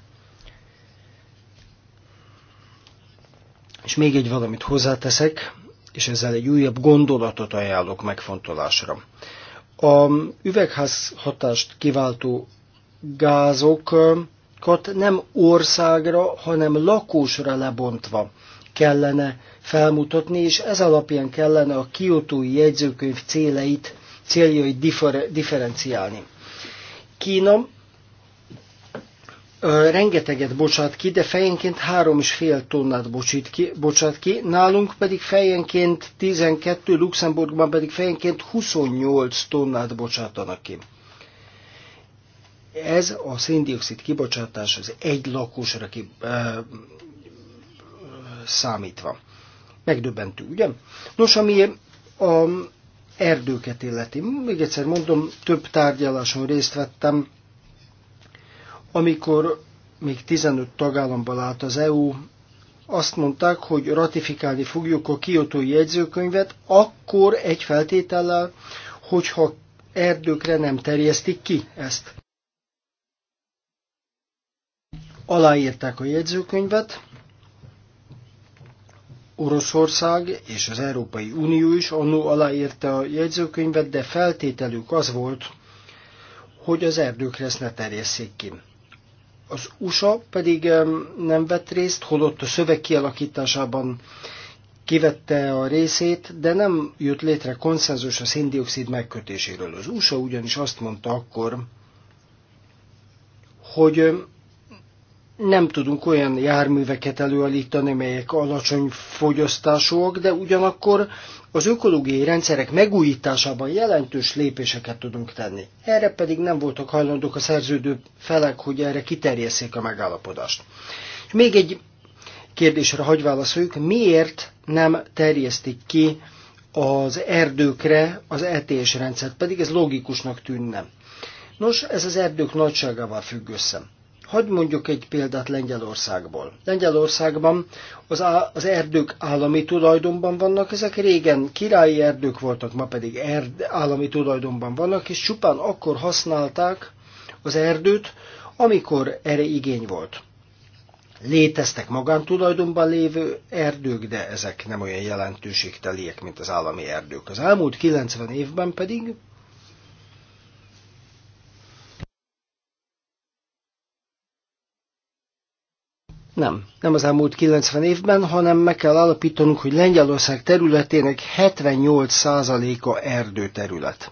És még egy valamit hozzáteszek, és ezzel egy újabb gondolatot ajánlok megfontolásra. A üvegházhatást kiváltó gázokat nem országra, hanem lakósra lebontva kellene felmutatni, és ez alapján kellene a kiotói jegyzőkönyv céleit, céljait differ, differenciálni. Kína rengeteget bocsát ki, de fejenként 3,5 tonnát bocsít ki, bocsát ki, nálunk pedig fejenként 12, Luxemburgban pedig fejenként 28 tonnát bocsátanak ki. Ez a széndiokszid kibocsátás az egy lakosra ki, ö, számítva. Megdöbbentő, ugye? Nos, ami a erdőket illeti. Még egyszer mondom, több tárgyaláson részt vettem, amikor még 15 tagállamban állt az EU, azt mondták, hogy ratifikálni fogjuk a kiotói jegyzőkönyvet, akkor egy feltétellel, hogyha erdőkre nem terjesztik ki ezt. Aláírták a jegyzőkönyvet, Oroszország és az Európai Unió is annó aláírta a jegyzőkönyvet, de feltételük az volt, hogy az erdőkre ezt ne terjesszék ki. Az USA pedig nem vett részt, holott a szöveg kialakításában kivette a részét, de nem jött létre konszenzus a széndiokszid megkötéséről. Az USA ugyanis azt mondta akkor, hogy nem tudunk olyan járműveket előállítani, melyek alacsony fogyasztásúak, de ugyanakkor az ökológiai rendszerek megújításában jelentős lépéseket tudunk tenni. Erre pedig nem voltak hajlandók a szerződő felek, hogy erre kiterjesszék a megállapodást. Még egy kérdésre hagy válaszoljuk, miért nem terjesztik ki az erdőkre az ETS rendszert, pedig ez logikusnak tűnne. Nos, ez az erdők nagyságával függ össze. Hadd mondjuk egy példát Lengyelországból. Lengyelországban az, az erdők állami tulajdonban vannak, ezek régen királyi erdők voltak, ma pedig erd, állami tulajdonban vannak, és csupán akkor használták az erdőt, amikor erre igény volt. Léteztek magántulajdonban lévő erdők, de ezek nem olyan jelentőségteliek, mint az állami erdők. Az elmúlt 90 évben pedig Nem, nem az elmúlt 90 évben, hanem meg kell alapítanunk, hogy Lengyelország területének 78%-a erdőterület.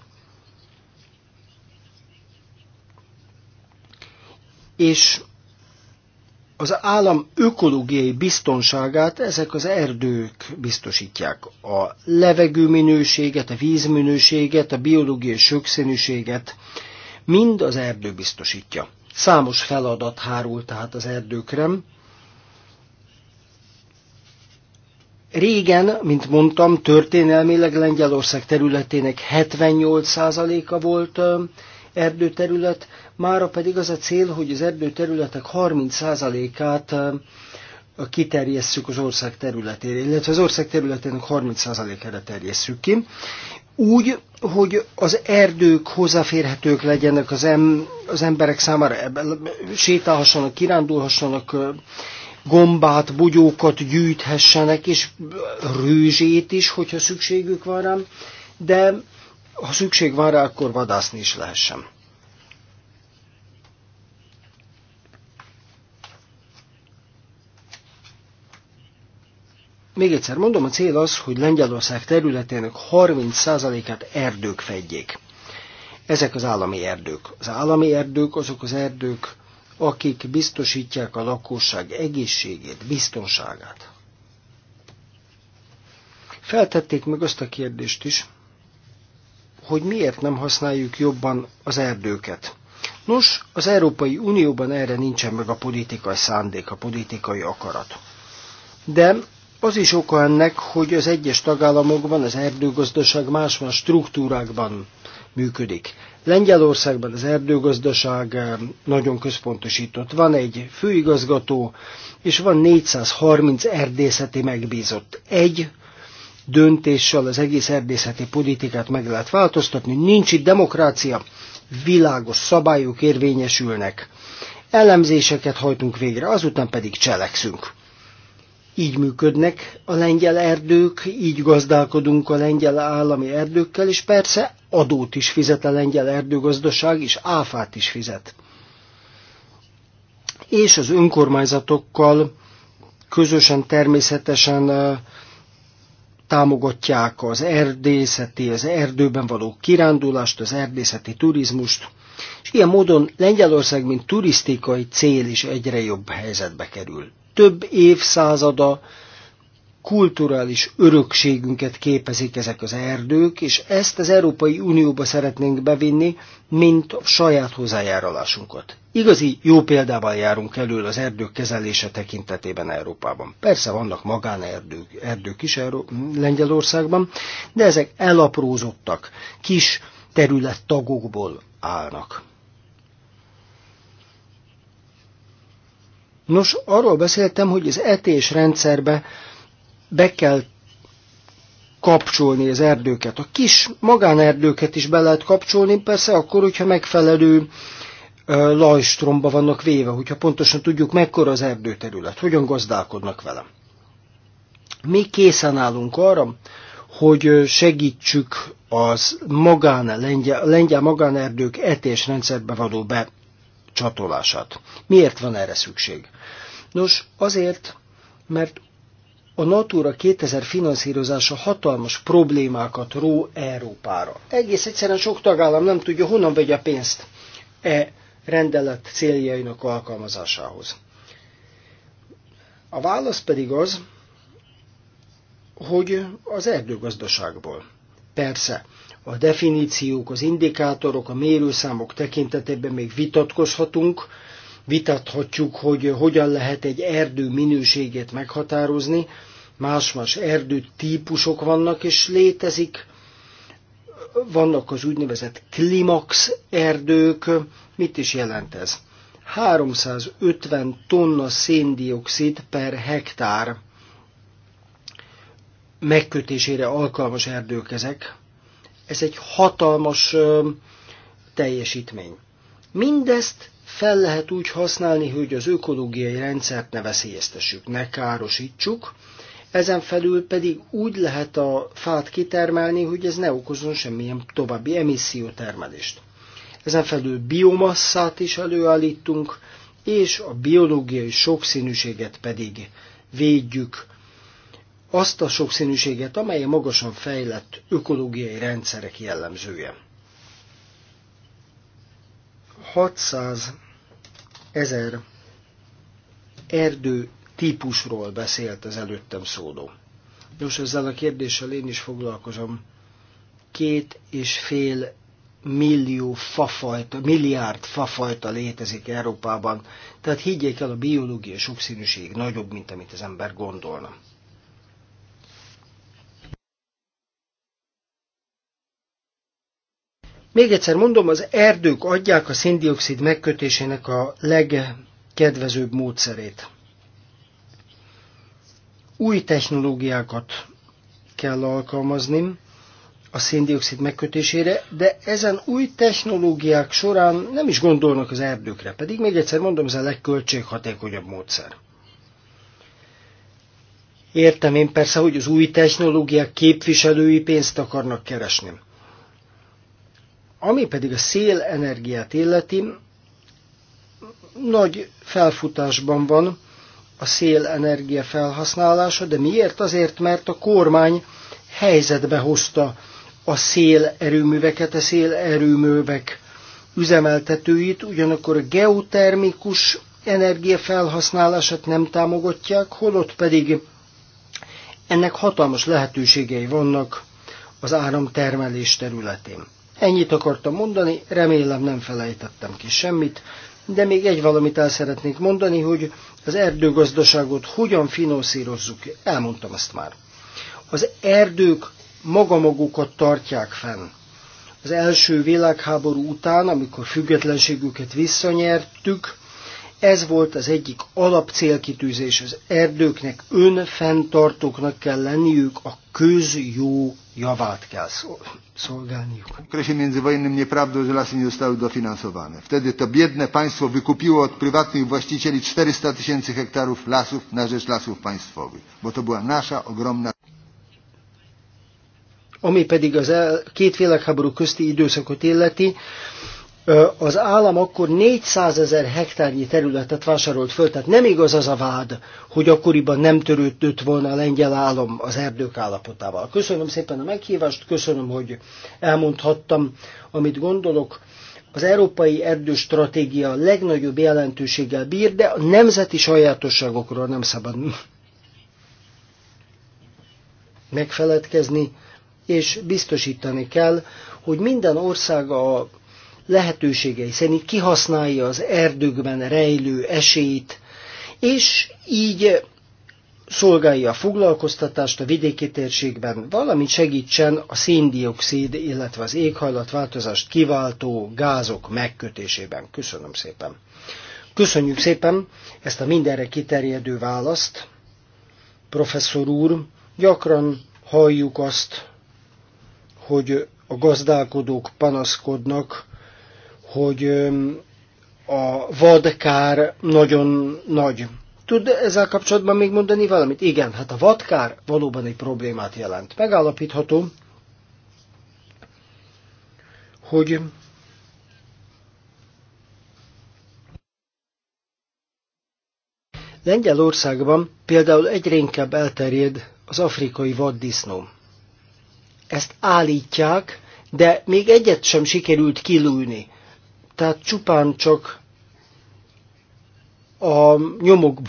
És az állam ökológiai biztonságát ezek az erdők biztosítják. A levegő minőséget, a vízminőséget, a biológiai sökszínűséget mind az erdő biztosítja. Számos feladat hárul tehát az erdőkre, Régen, mint mondtam, történelmileg Lengyelország területének 78%-a volt erdőterület, mára pedig az a cél, hogy az erdőterületek 30%-át kiterjesszük az ország területére, illetve az ország területének 30%-ára terjesszük ki. Úgy, hogy az erdők hozzáférhetők legyenek az, em, az emberek számára, sétálhassanak, kirándulhassanak, gombát, bogyókat gyűjthessenek, és rűzsét is, hogyha szükségük van rám, de ha szükség van rá, akkor vadászni is lehessen. Még egyszer mondom, a cél az, hogy Lengyelország területének 30%-át erdők fedjék. Ezek az állami erdők. Az állami erdők azok az erdők, akik biztosítják a lakosság egészségét, biztonságát. Feltették meg azt a kérdést is, hogy miért nem használjuk jobban az erdőket. Nos, az Európai Unióban erre nincsen meg a politikai szándék, a politikai akarat. De az is oka ennek, hogy az egyes tagállamokban az erdőgazdaság más-más struktúrákban működik. Lengyelországban az erdőgazdaság eh, nagyon központosított. Van egy főigazgató, és van 430 erdészeti megbízott. Egy döntéssel az egész erdészeti politikát meg lehet változtatni. Nincs itt demokrácia, világos szabályok érvényesülnek. Elemzéseket hajtunk végre, azután pedig cselekszünk. Így működnek a lengyel erdők, így gazdálkodunk a lengyel állami erdőkkel, és persze adót is fizet a lengyel erdőgazdaság, és áfát is fizet. És az önkormányzatokkal közösen természetesen támogatják az erdészeti, az erdőben való kirándulást, az erdészeti turizmust, és ilyen módon Lengyelország, mint turisztikai cél is egyre jobb helyzetbe kerül. Több évszázada kulturális örökségünket képezik ezek az erdők, és ezt az Európai Unióba szeretnénk bevinni, mint a saját hozzájárulásunkat. Igazi jó példával járunk elől az erdők kezelése tekintetében Európában. Persze vannak magánerdők erdők is Euró- Lengyelországban, de ezek elaprózottak, kis területtagokból állnak. Nos, arról beszéltem, hogy az etés rendszerbe be kell kapcsolni az erdőket. A kis magánerdőket is be lehet kapcsolni, persze akkor, hogyha megfelelő lajstromba vannak véve, hogyha pontosan tudjuk, mekkora az erdőterület, hogyan gazdálkodnak vele. Mi készen állunk arra, hogy segítsük az magán, lengyel, lengyel magánerdők etésrendszerbe való becsatolását. Miért van erre szükség? Nos, azért, mert a Natura 2000 finanszírozása hatalmas problémákat ró Európára. Egész egyszerűen sok tagállam nem tudja, honnan vegye a pénzt e rendelet céljainak alkalmazásához. A válasz pedig az, hogy az erdőgazdaságból. Persze, a definíciók, az indikátorok, a mérőszámok tekintetében még vitatkozhatunk, vitathatjuk, hogy hogyan lehet egy erdő minőségét meghatározni, más-más erdő típusok vannak, és létezik, vannak az úgynevezett klimax erdők. Mit is jelent ez? 350 tonna széndiokszid per hektár megkötésére alkalmas erdők ezek. Ez egy hatalmas ö, teljesítmény. Mindezt fel lehet úgy használni, hogy az ökológiai rendszert ne veszélyeztessük, ne károsítsuk, ezen felül pedig úgy lehet a fát kitermelni, hogy ez ne okozon semmilyen további emissziótermelést. Ezen felül biomasszát is előállítunk, és a biológiai sokszínűséget pedig védjük, azt a sokszínűséget, amely a magasan fejlett ökológiai rendszerek jellemzője. 600 ezer erdő típusról beszélt az előttem szóló. Nos, ezzel a kérdéssel én is foglalkozom. Két és fél millió fafajta, milliárd fafajta létezik Európában, tehát higgyék el, a biológiai sokszínűség nagyobb, mint amit az ember gondolna. Még egyszer mondom, az erdők adják a szindioxid megkötésének a legkedvezőbb módszerét. Új technológiákat kell alkalmazni a széndiokszid megkötésére, de ezen új technológiák során nem is gondolnak az erdőkre, pedig még egyszer mondom, ez a legköltséghatékonyabb módszer. Értem én persze, hogy az új technológiák képviselői pénzt akarnak keresni. Ami pedig a szélenergiát illeti, nagy felfutásban van, a szélenergia felhasználása, de miért? Azért, mert a kormány helyzetbe hozta a szélerőműveket, a szélerőművek üzemeltetőit, ugyanakkor a geotermikus energia felhasználását nem támogatják, holott pedig ennek hatalmas lehetőségei vannak az áramtermelés területén. Ennyit akartam mondani, remélem nem felejtettem ki semmit de még egy valamit el szeretnék mondani, hogy az erdőgazdaságot hogyan finanszírozzuk. Elmondtam ezt már. Az erdők maga magukat tartják fenn. Az első világháború után, amikor függetlenségüket visszanyertük, ez volt az egyik alapcélkitűzés, az erdőknek önfenntartóknak kell lenniük, a közjó javát kell szolgálniuk. W okresie międzywojennym nieprawdą, że lasy nie zostały dofinansowane. Wtedy to biedne państwo wykupiło od prywatnych właścicieli 400 tysięcy hektarów lasów na rzecz lasów państwowych, bo to była nasza ogromna... Ami pedig az el, két világháború közti időszakot illeti, az állam akkor 400 ezer hektárnyi területet vásárolt föl, tehát nem igaz az a vád, hogy akkoriban nem törődött volna a lengyel állam az erdők állapotával. Köszönöm szépen a meghívást, köszönöm, hogy elmondhattam, amit gondolok. Az európai erdőstratégia legnagyobb jelentőséggel bír, de a nemzeti sajátosságokról nem szabad megfeledkezni, és biztosítani kell, hogy minden ország a lehetőségei szerint kihasználja az erdőkben rejlő esélyt, és így szolgálja a foglalkoztatást a vidéki térségben, valamint segítsen a széndiokszid, illetve az éghajlatváltozást kiváltó gázok megkötésében. Köszönöm szépen. Köszönjük szépen ezt a mindenre kiterjedő választ, professzor úr. Gyakran halljuk azt, hogy a gazdálkodók panaszkodnak, hogy a vadkár nagyon nagy. Tud ezzel kapcsolatban még mondani valamit? Igen, hát a vadkár valóban egy problémát jelent. Megállapítható, hogy Lengyelországban például egyre inkább elterjed az afrikai vaddisznó. Ezt állítják, de még egyet sem sikerült kilújni tehát csupán csak a nyomok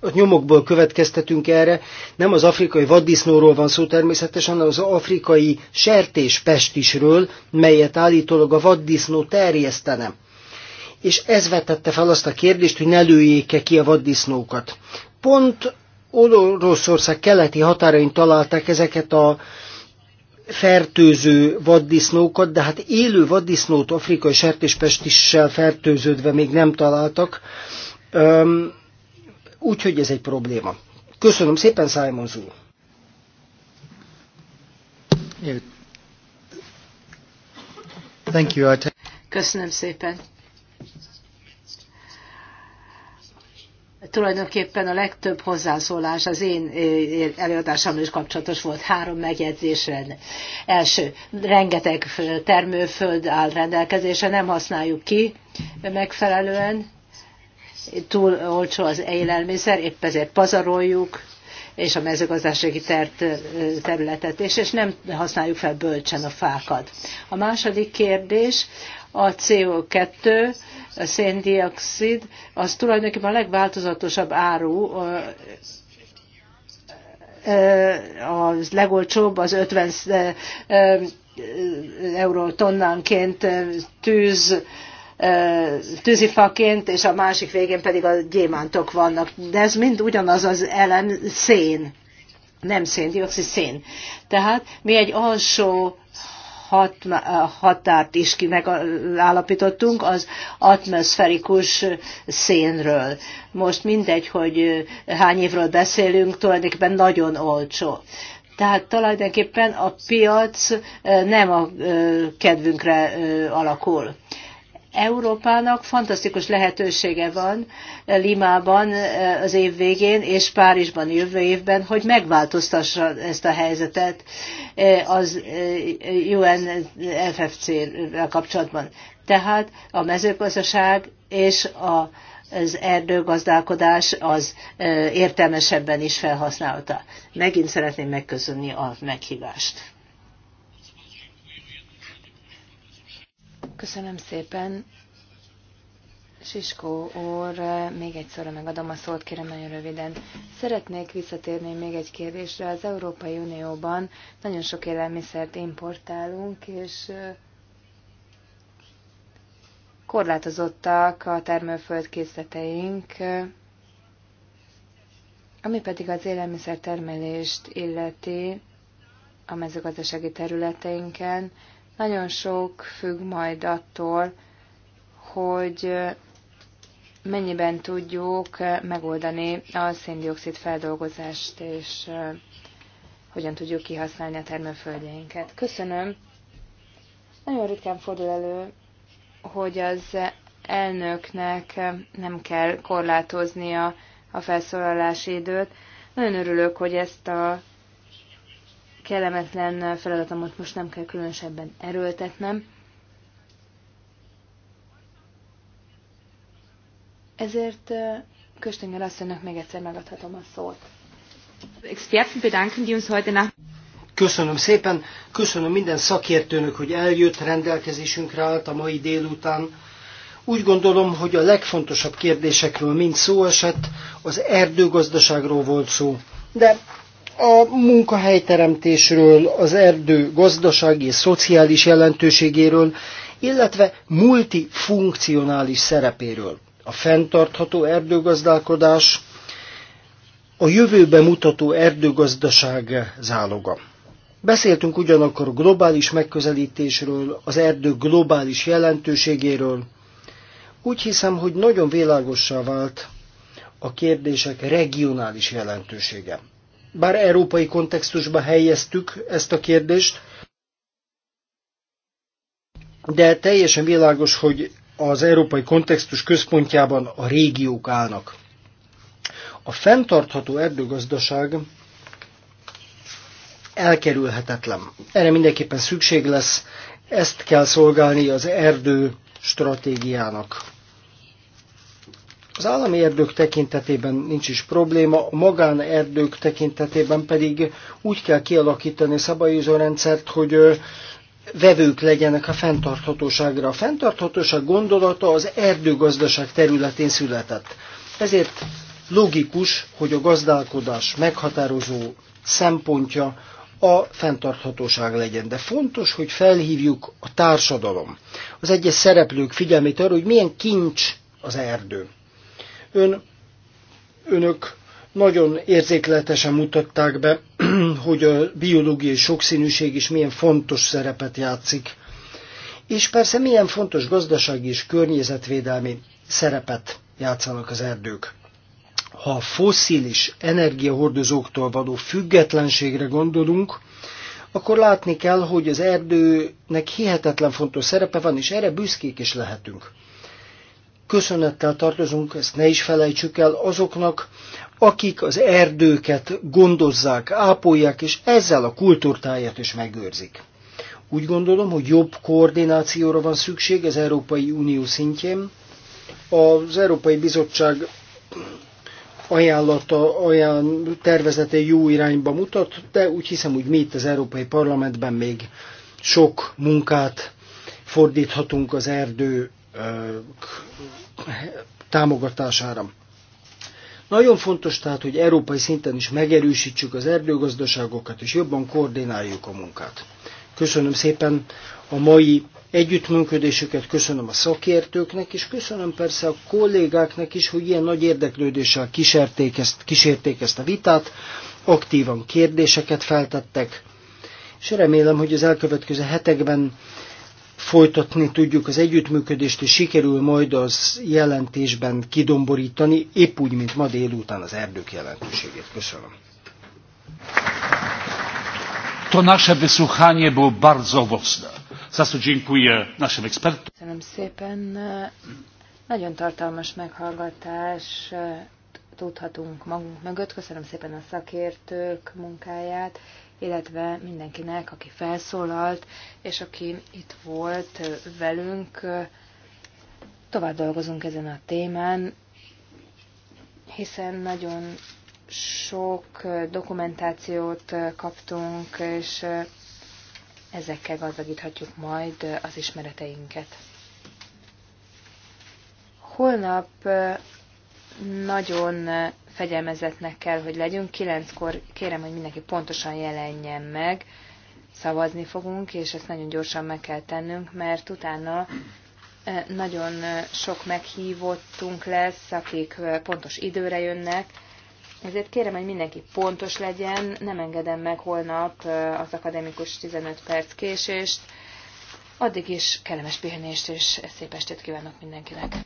a nyomokból következtetünk erre, nem az afrikai vaddisznóról van szó természetesen, hanem az afrikai sertéspestisről, melyet állítólag a vaddisznó terjesztene. És ez vetette fel azt a kérdést, hogy ne lőjék-e ki a vaddisznókat. Pont Oroszország keleti határain találták ezeket a fertőző vaddisznókat, de hát élő vaddisznót afrikai sertéspestissel fertőződve még nem találtak. Úgyhogy ez egy probléma. Köszönöm szépen, Simon Zú. Thank you. Köszönöm szépen. tulajdonképpen a legtöbb hozzászólás az én eh, előadásommal is kapcsolatos volt, három megjegyzésre. Első, rengeteg termőföld áll rendelkezésre, nem használjuk ki megfelelően, túl olcsó az élelmiszer, épp ezért pazaroljuk, és a mezőgazdasági tert, területet, és, és nem használjuk fel bölcsen a fákat. A második kérdés a CO2, széndiokszid, az tulajdonképpen a legváltozatosabb áru, a legolcsóbb az 50 euró tonnánként tűz, tűzifaként, és a másik végén pedig a gyémántok vannak. De ez mind ugyanaz az elem szén, nem szén, dioxid szén. Tehát mi egy alsó hat, eh, határt is ki megállapítottunk az atmoszferikus szénről. Most mindegy, hogy eh, hány évről beszélünk, tulajdonképpen nagyon olcsó. Tehát tulajdonképpen a piac eh, nem a kedvünkre alakul. Európának fantasztikus lehetősége van eh, Limában eh, az év végén, és Párizsban jövő évben, hogy megváltoztassa ezt a helyzetet eh, az UNFFC-vel kapcsolatban. Tehát a mezőgazdaság és a az erdőgazdálkodás az értelmesebben is felhasználta. Megint szeretném megköszönni a meghívást. Köszönöm szépen. Siskó úr, még egyszerre megadom a szót, kérem nagyon röviden. Szeretnék visszatérni még egy kérdésre. Az Európai Unióban nagyon sok élelmiszert importálunk, és korlátozottak a termőföld készleteink, ami pedig az élelmiszer termelést illeti a mezőgazdasági területeinken. Nagyon sok függ majd attól, hogy mennyiben tudjuk megoldani a széndiokszid feldolgozást, és hogyan tudjuk kihasználni a termőföldjeinket. Köszönöm. Nagyon ritkán fordul elő, hogy az elnöknek nem kell korlátoznia a felszólalási időt. Nagyon örülök, hogy ezt a kellemetlen feladatomat most nem kell különösebben erőltetnem. Ezért Köstinger asszonynak még egyszer megadhatom a szót. Experten bedanken, uns Köszönöm szépen, köszönöm minden szakértőnök, hogy eljött, rendelkezésünkre állt a mai délután. Úgy gondolom, hogy a legfontosabb kérdésekről mind szó esett, az erdőgazdaságról volt szó, de a munkahelyteremtésről, az erdő gazdasági és szociális jelentőségéről, illetve multifunkcionális szerepéről. A fenntartható erdőgazdálkodás a jövőbe mutató erdőgazdaság záloga. Beszéltünk ugyanakkor globális megközelítésről, az erdő globális jelentőségéről. Úgy hiszem, hogy nagyon világossá vált a kérdések regionális jelentősége bár európai kontextusba helyeztük ezt a kérdést, de teljesen világos, hogy az európai kontextus központjában a régiók állnak. A fenntartható erdőgazdaság elkerülhetetlen. Erre mindenképpen szükség lesz, ezt kell szolgálni az erdő stratégiának. Az állami erdők tekintetében nincs is probléma, a magánerdők tekintetében pedig úgy kell kialakítani szabályozó rendszert, hogy vevők legyenek a fenntarthatóságra. A fenntarthatóság gondolata az erdőgazdaság területén született. Ezért logikus, hogy a gazdálkodás meghatározó szempontja a fenntarthatóság legyen. De fontos, hogy felhívjuk a társadalom, az egyes szereplők figyelmét arra, hogy milyen kincs az erdő. Ön, önök nagyon érzékletesen mutatták be, hogy a biológiai sokszínűség is milyen fontos szerepet játszik. És persze milyen fontos gazdasági és környezetvédelmi szerepet játszanak az erdők. Ha a fosszilis energiahordozóktól való függetlenségre gondolunk, akkor látni kell, hogy az erdőnek hihetetlen fontos szerepe van, és erre büszkék is lehetünk köszönettel tartozunk, ezt ne is felejtsük el, azoknak, akik az erdőket gondozzák, ápolják, és ezzel a kultúrtáját is megőrzik. Úgy gondolom, hogy jobb koordinációra van szükség az Európai Unió szintjén. Az Európai Bizottság ajánlata, olyan tervezete jó irányba mutat, de úgy hiszem, hogy mi itt az Európai Parlamentben még sok munkát fordíthatunk az erdő támogatására. Nagyon fontos tehát, hogy európai szinten is megerősítsük az erdőgazdaságokat, és jobban koordináljuk a munkát. Köszönöm szépen a mai együttműködésüket, köszönöm a szakértőknek, és köszönöm persze a kollégáknak is, hogy ilyen nagy érdeklődéssel kísérték ezt, kísérték ezt a vitát, aktívan kérdéseket feltettek, és remélem, hogy az elkövetkező hetekben folytatni tudjuk az együttműködést, és sikerül majd az jelentésben kidomborítani, épp úgy, mint ma délután az erdők jelentőségét. Köszönöm. To nasze wysłuchanie było bardzo owocne. Za co dziękuję naszym ekspertom. Köszönöm szépen. Nagyon tartalmas meghallgatás tudhatunk magunk mögött. Köszönöm szépen a szakértők munkáját illetve mindenkinek, aki felszólalt, és aki itt volt velünk. Tovább dolgozunk ezen a témán, hiszen nagyon sok dokumentációt kaptunk, és ezekkel gazdagíthatjuk majd az ismereteinket. Holnap nagyon fegyelmezetnek kell, hogy legyünk. Kilenckor kérem, hogy mindenki pontosan jelenjen meg. Szavazni fogunk, és ezt nagyon gyorsan meg kell tennünk, mert utána eh, nagyon eh, sok meghívottunk lesz, akik eh, pontos időre jönnek. Ezért kérem, hogy mindenki pontos legyen, nem engedem meg holnap az akademikus 15 perc késést Addig is kellemes pihenést és szép estét kívánok mindenkinek.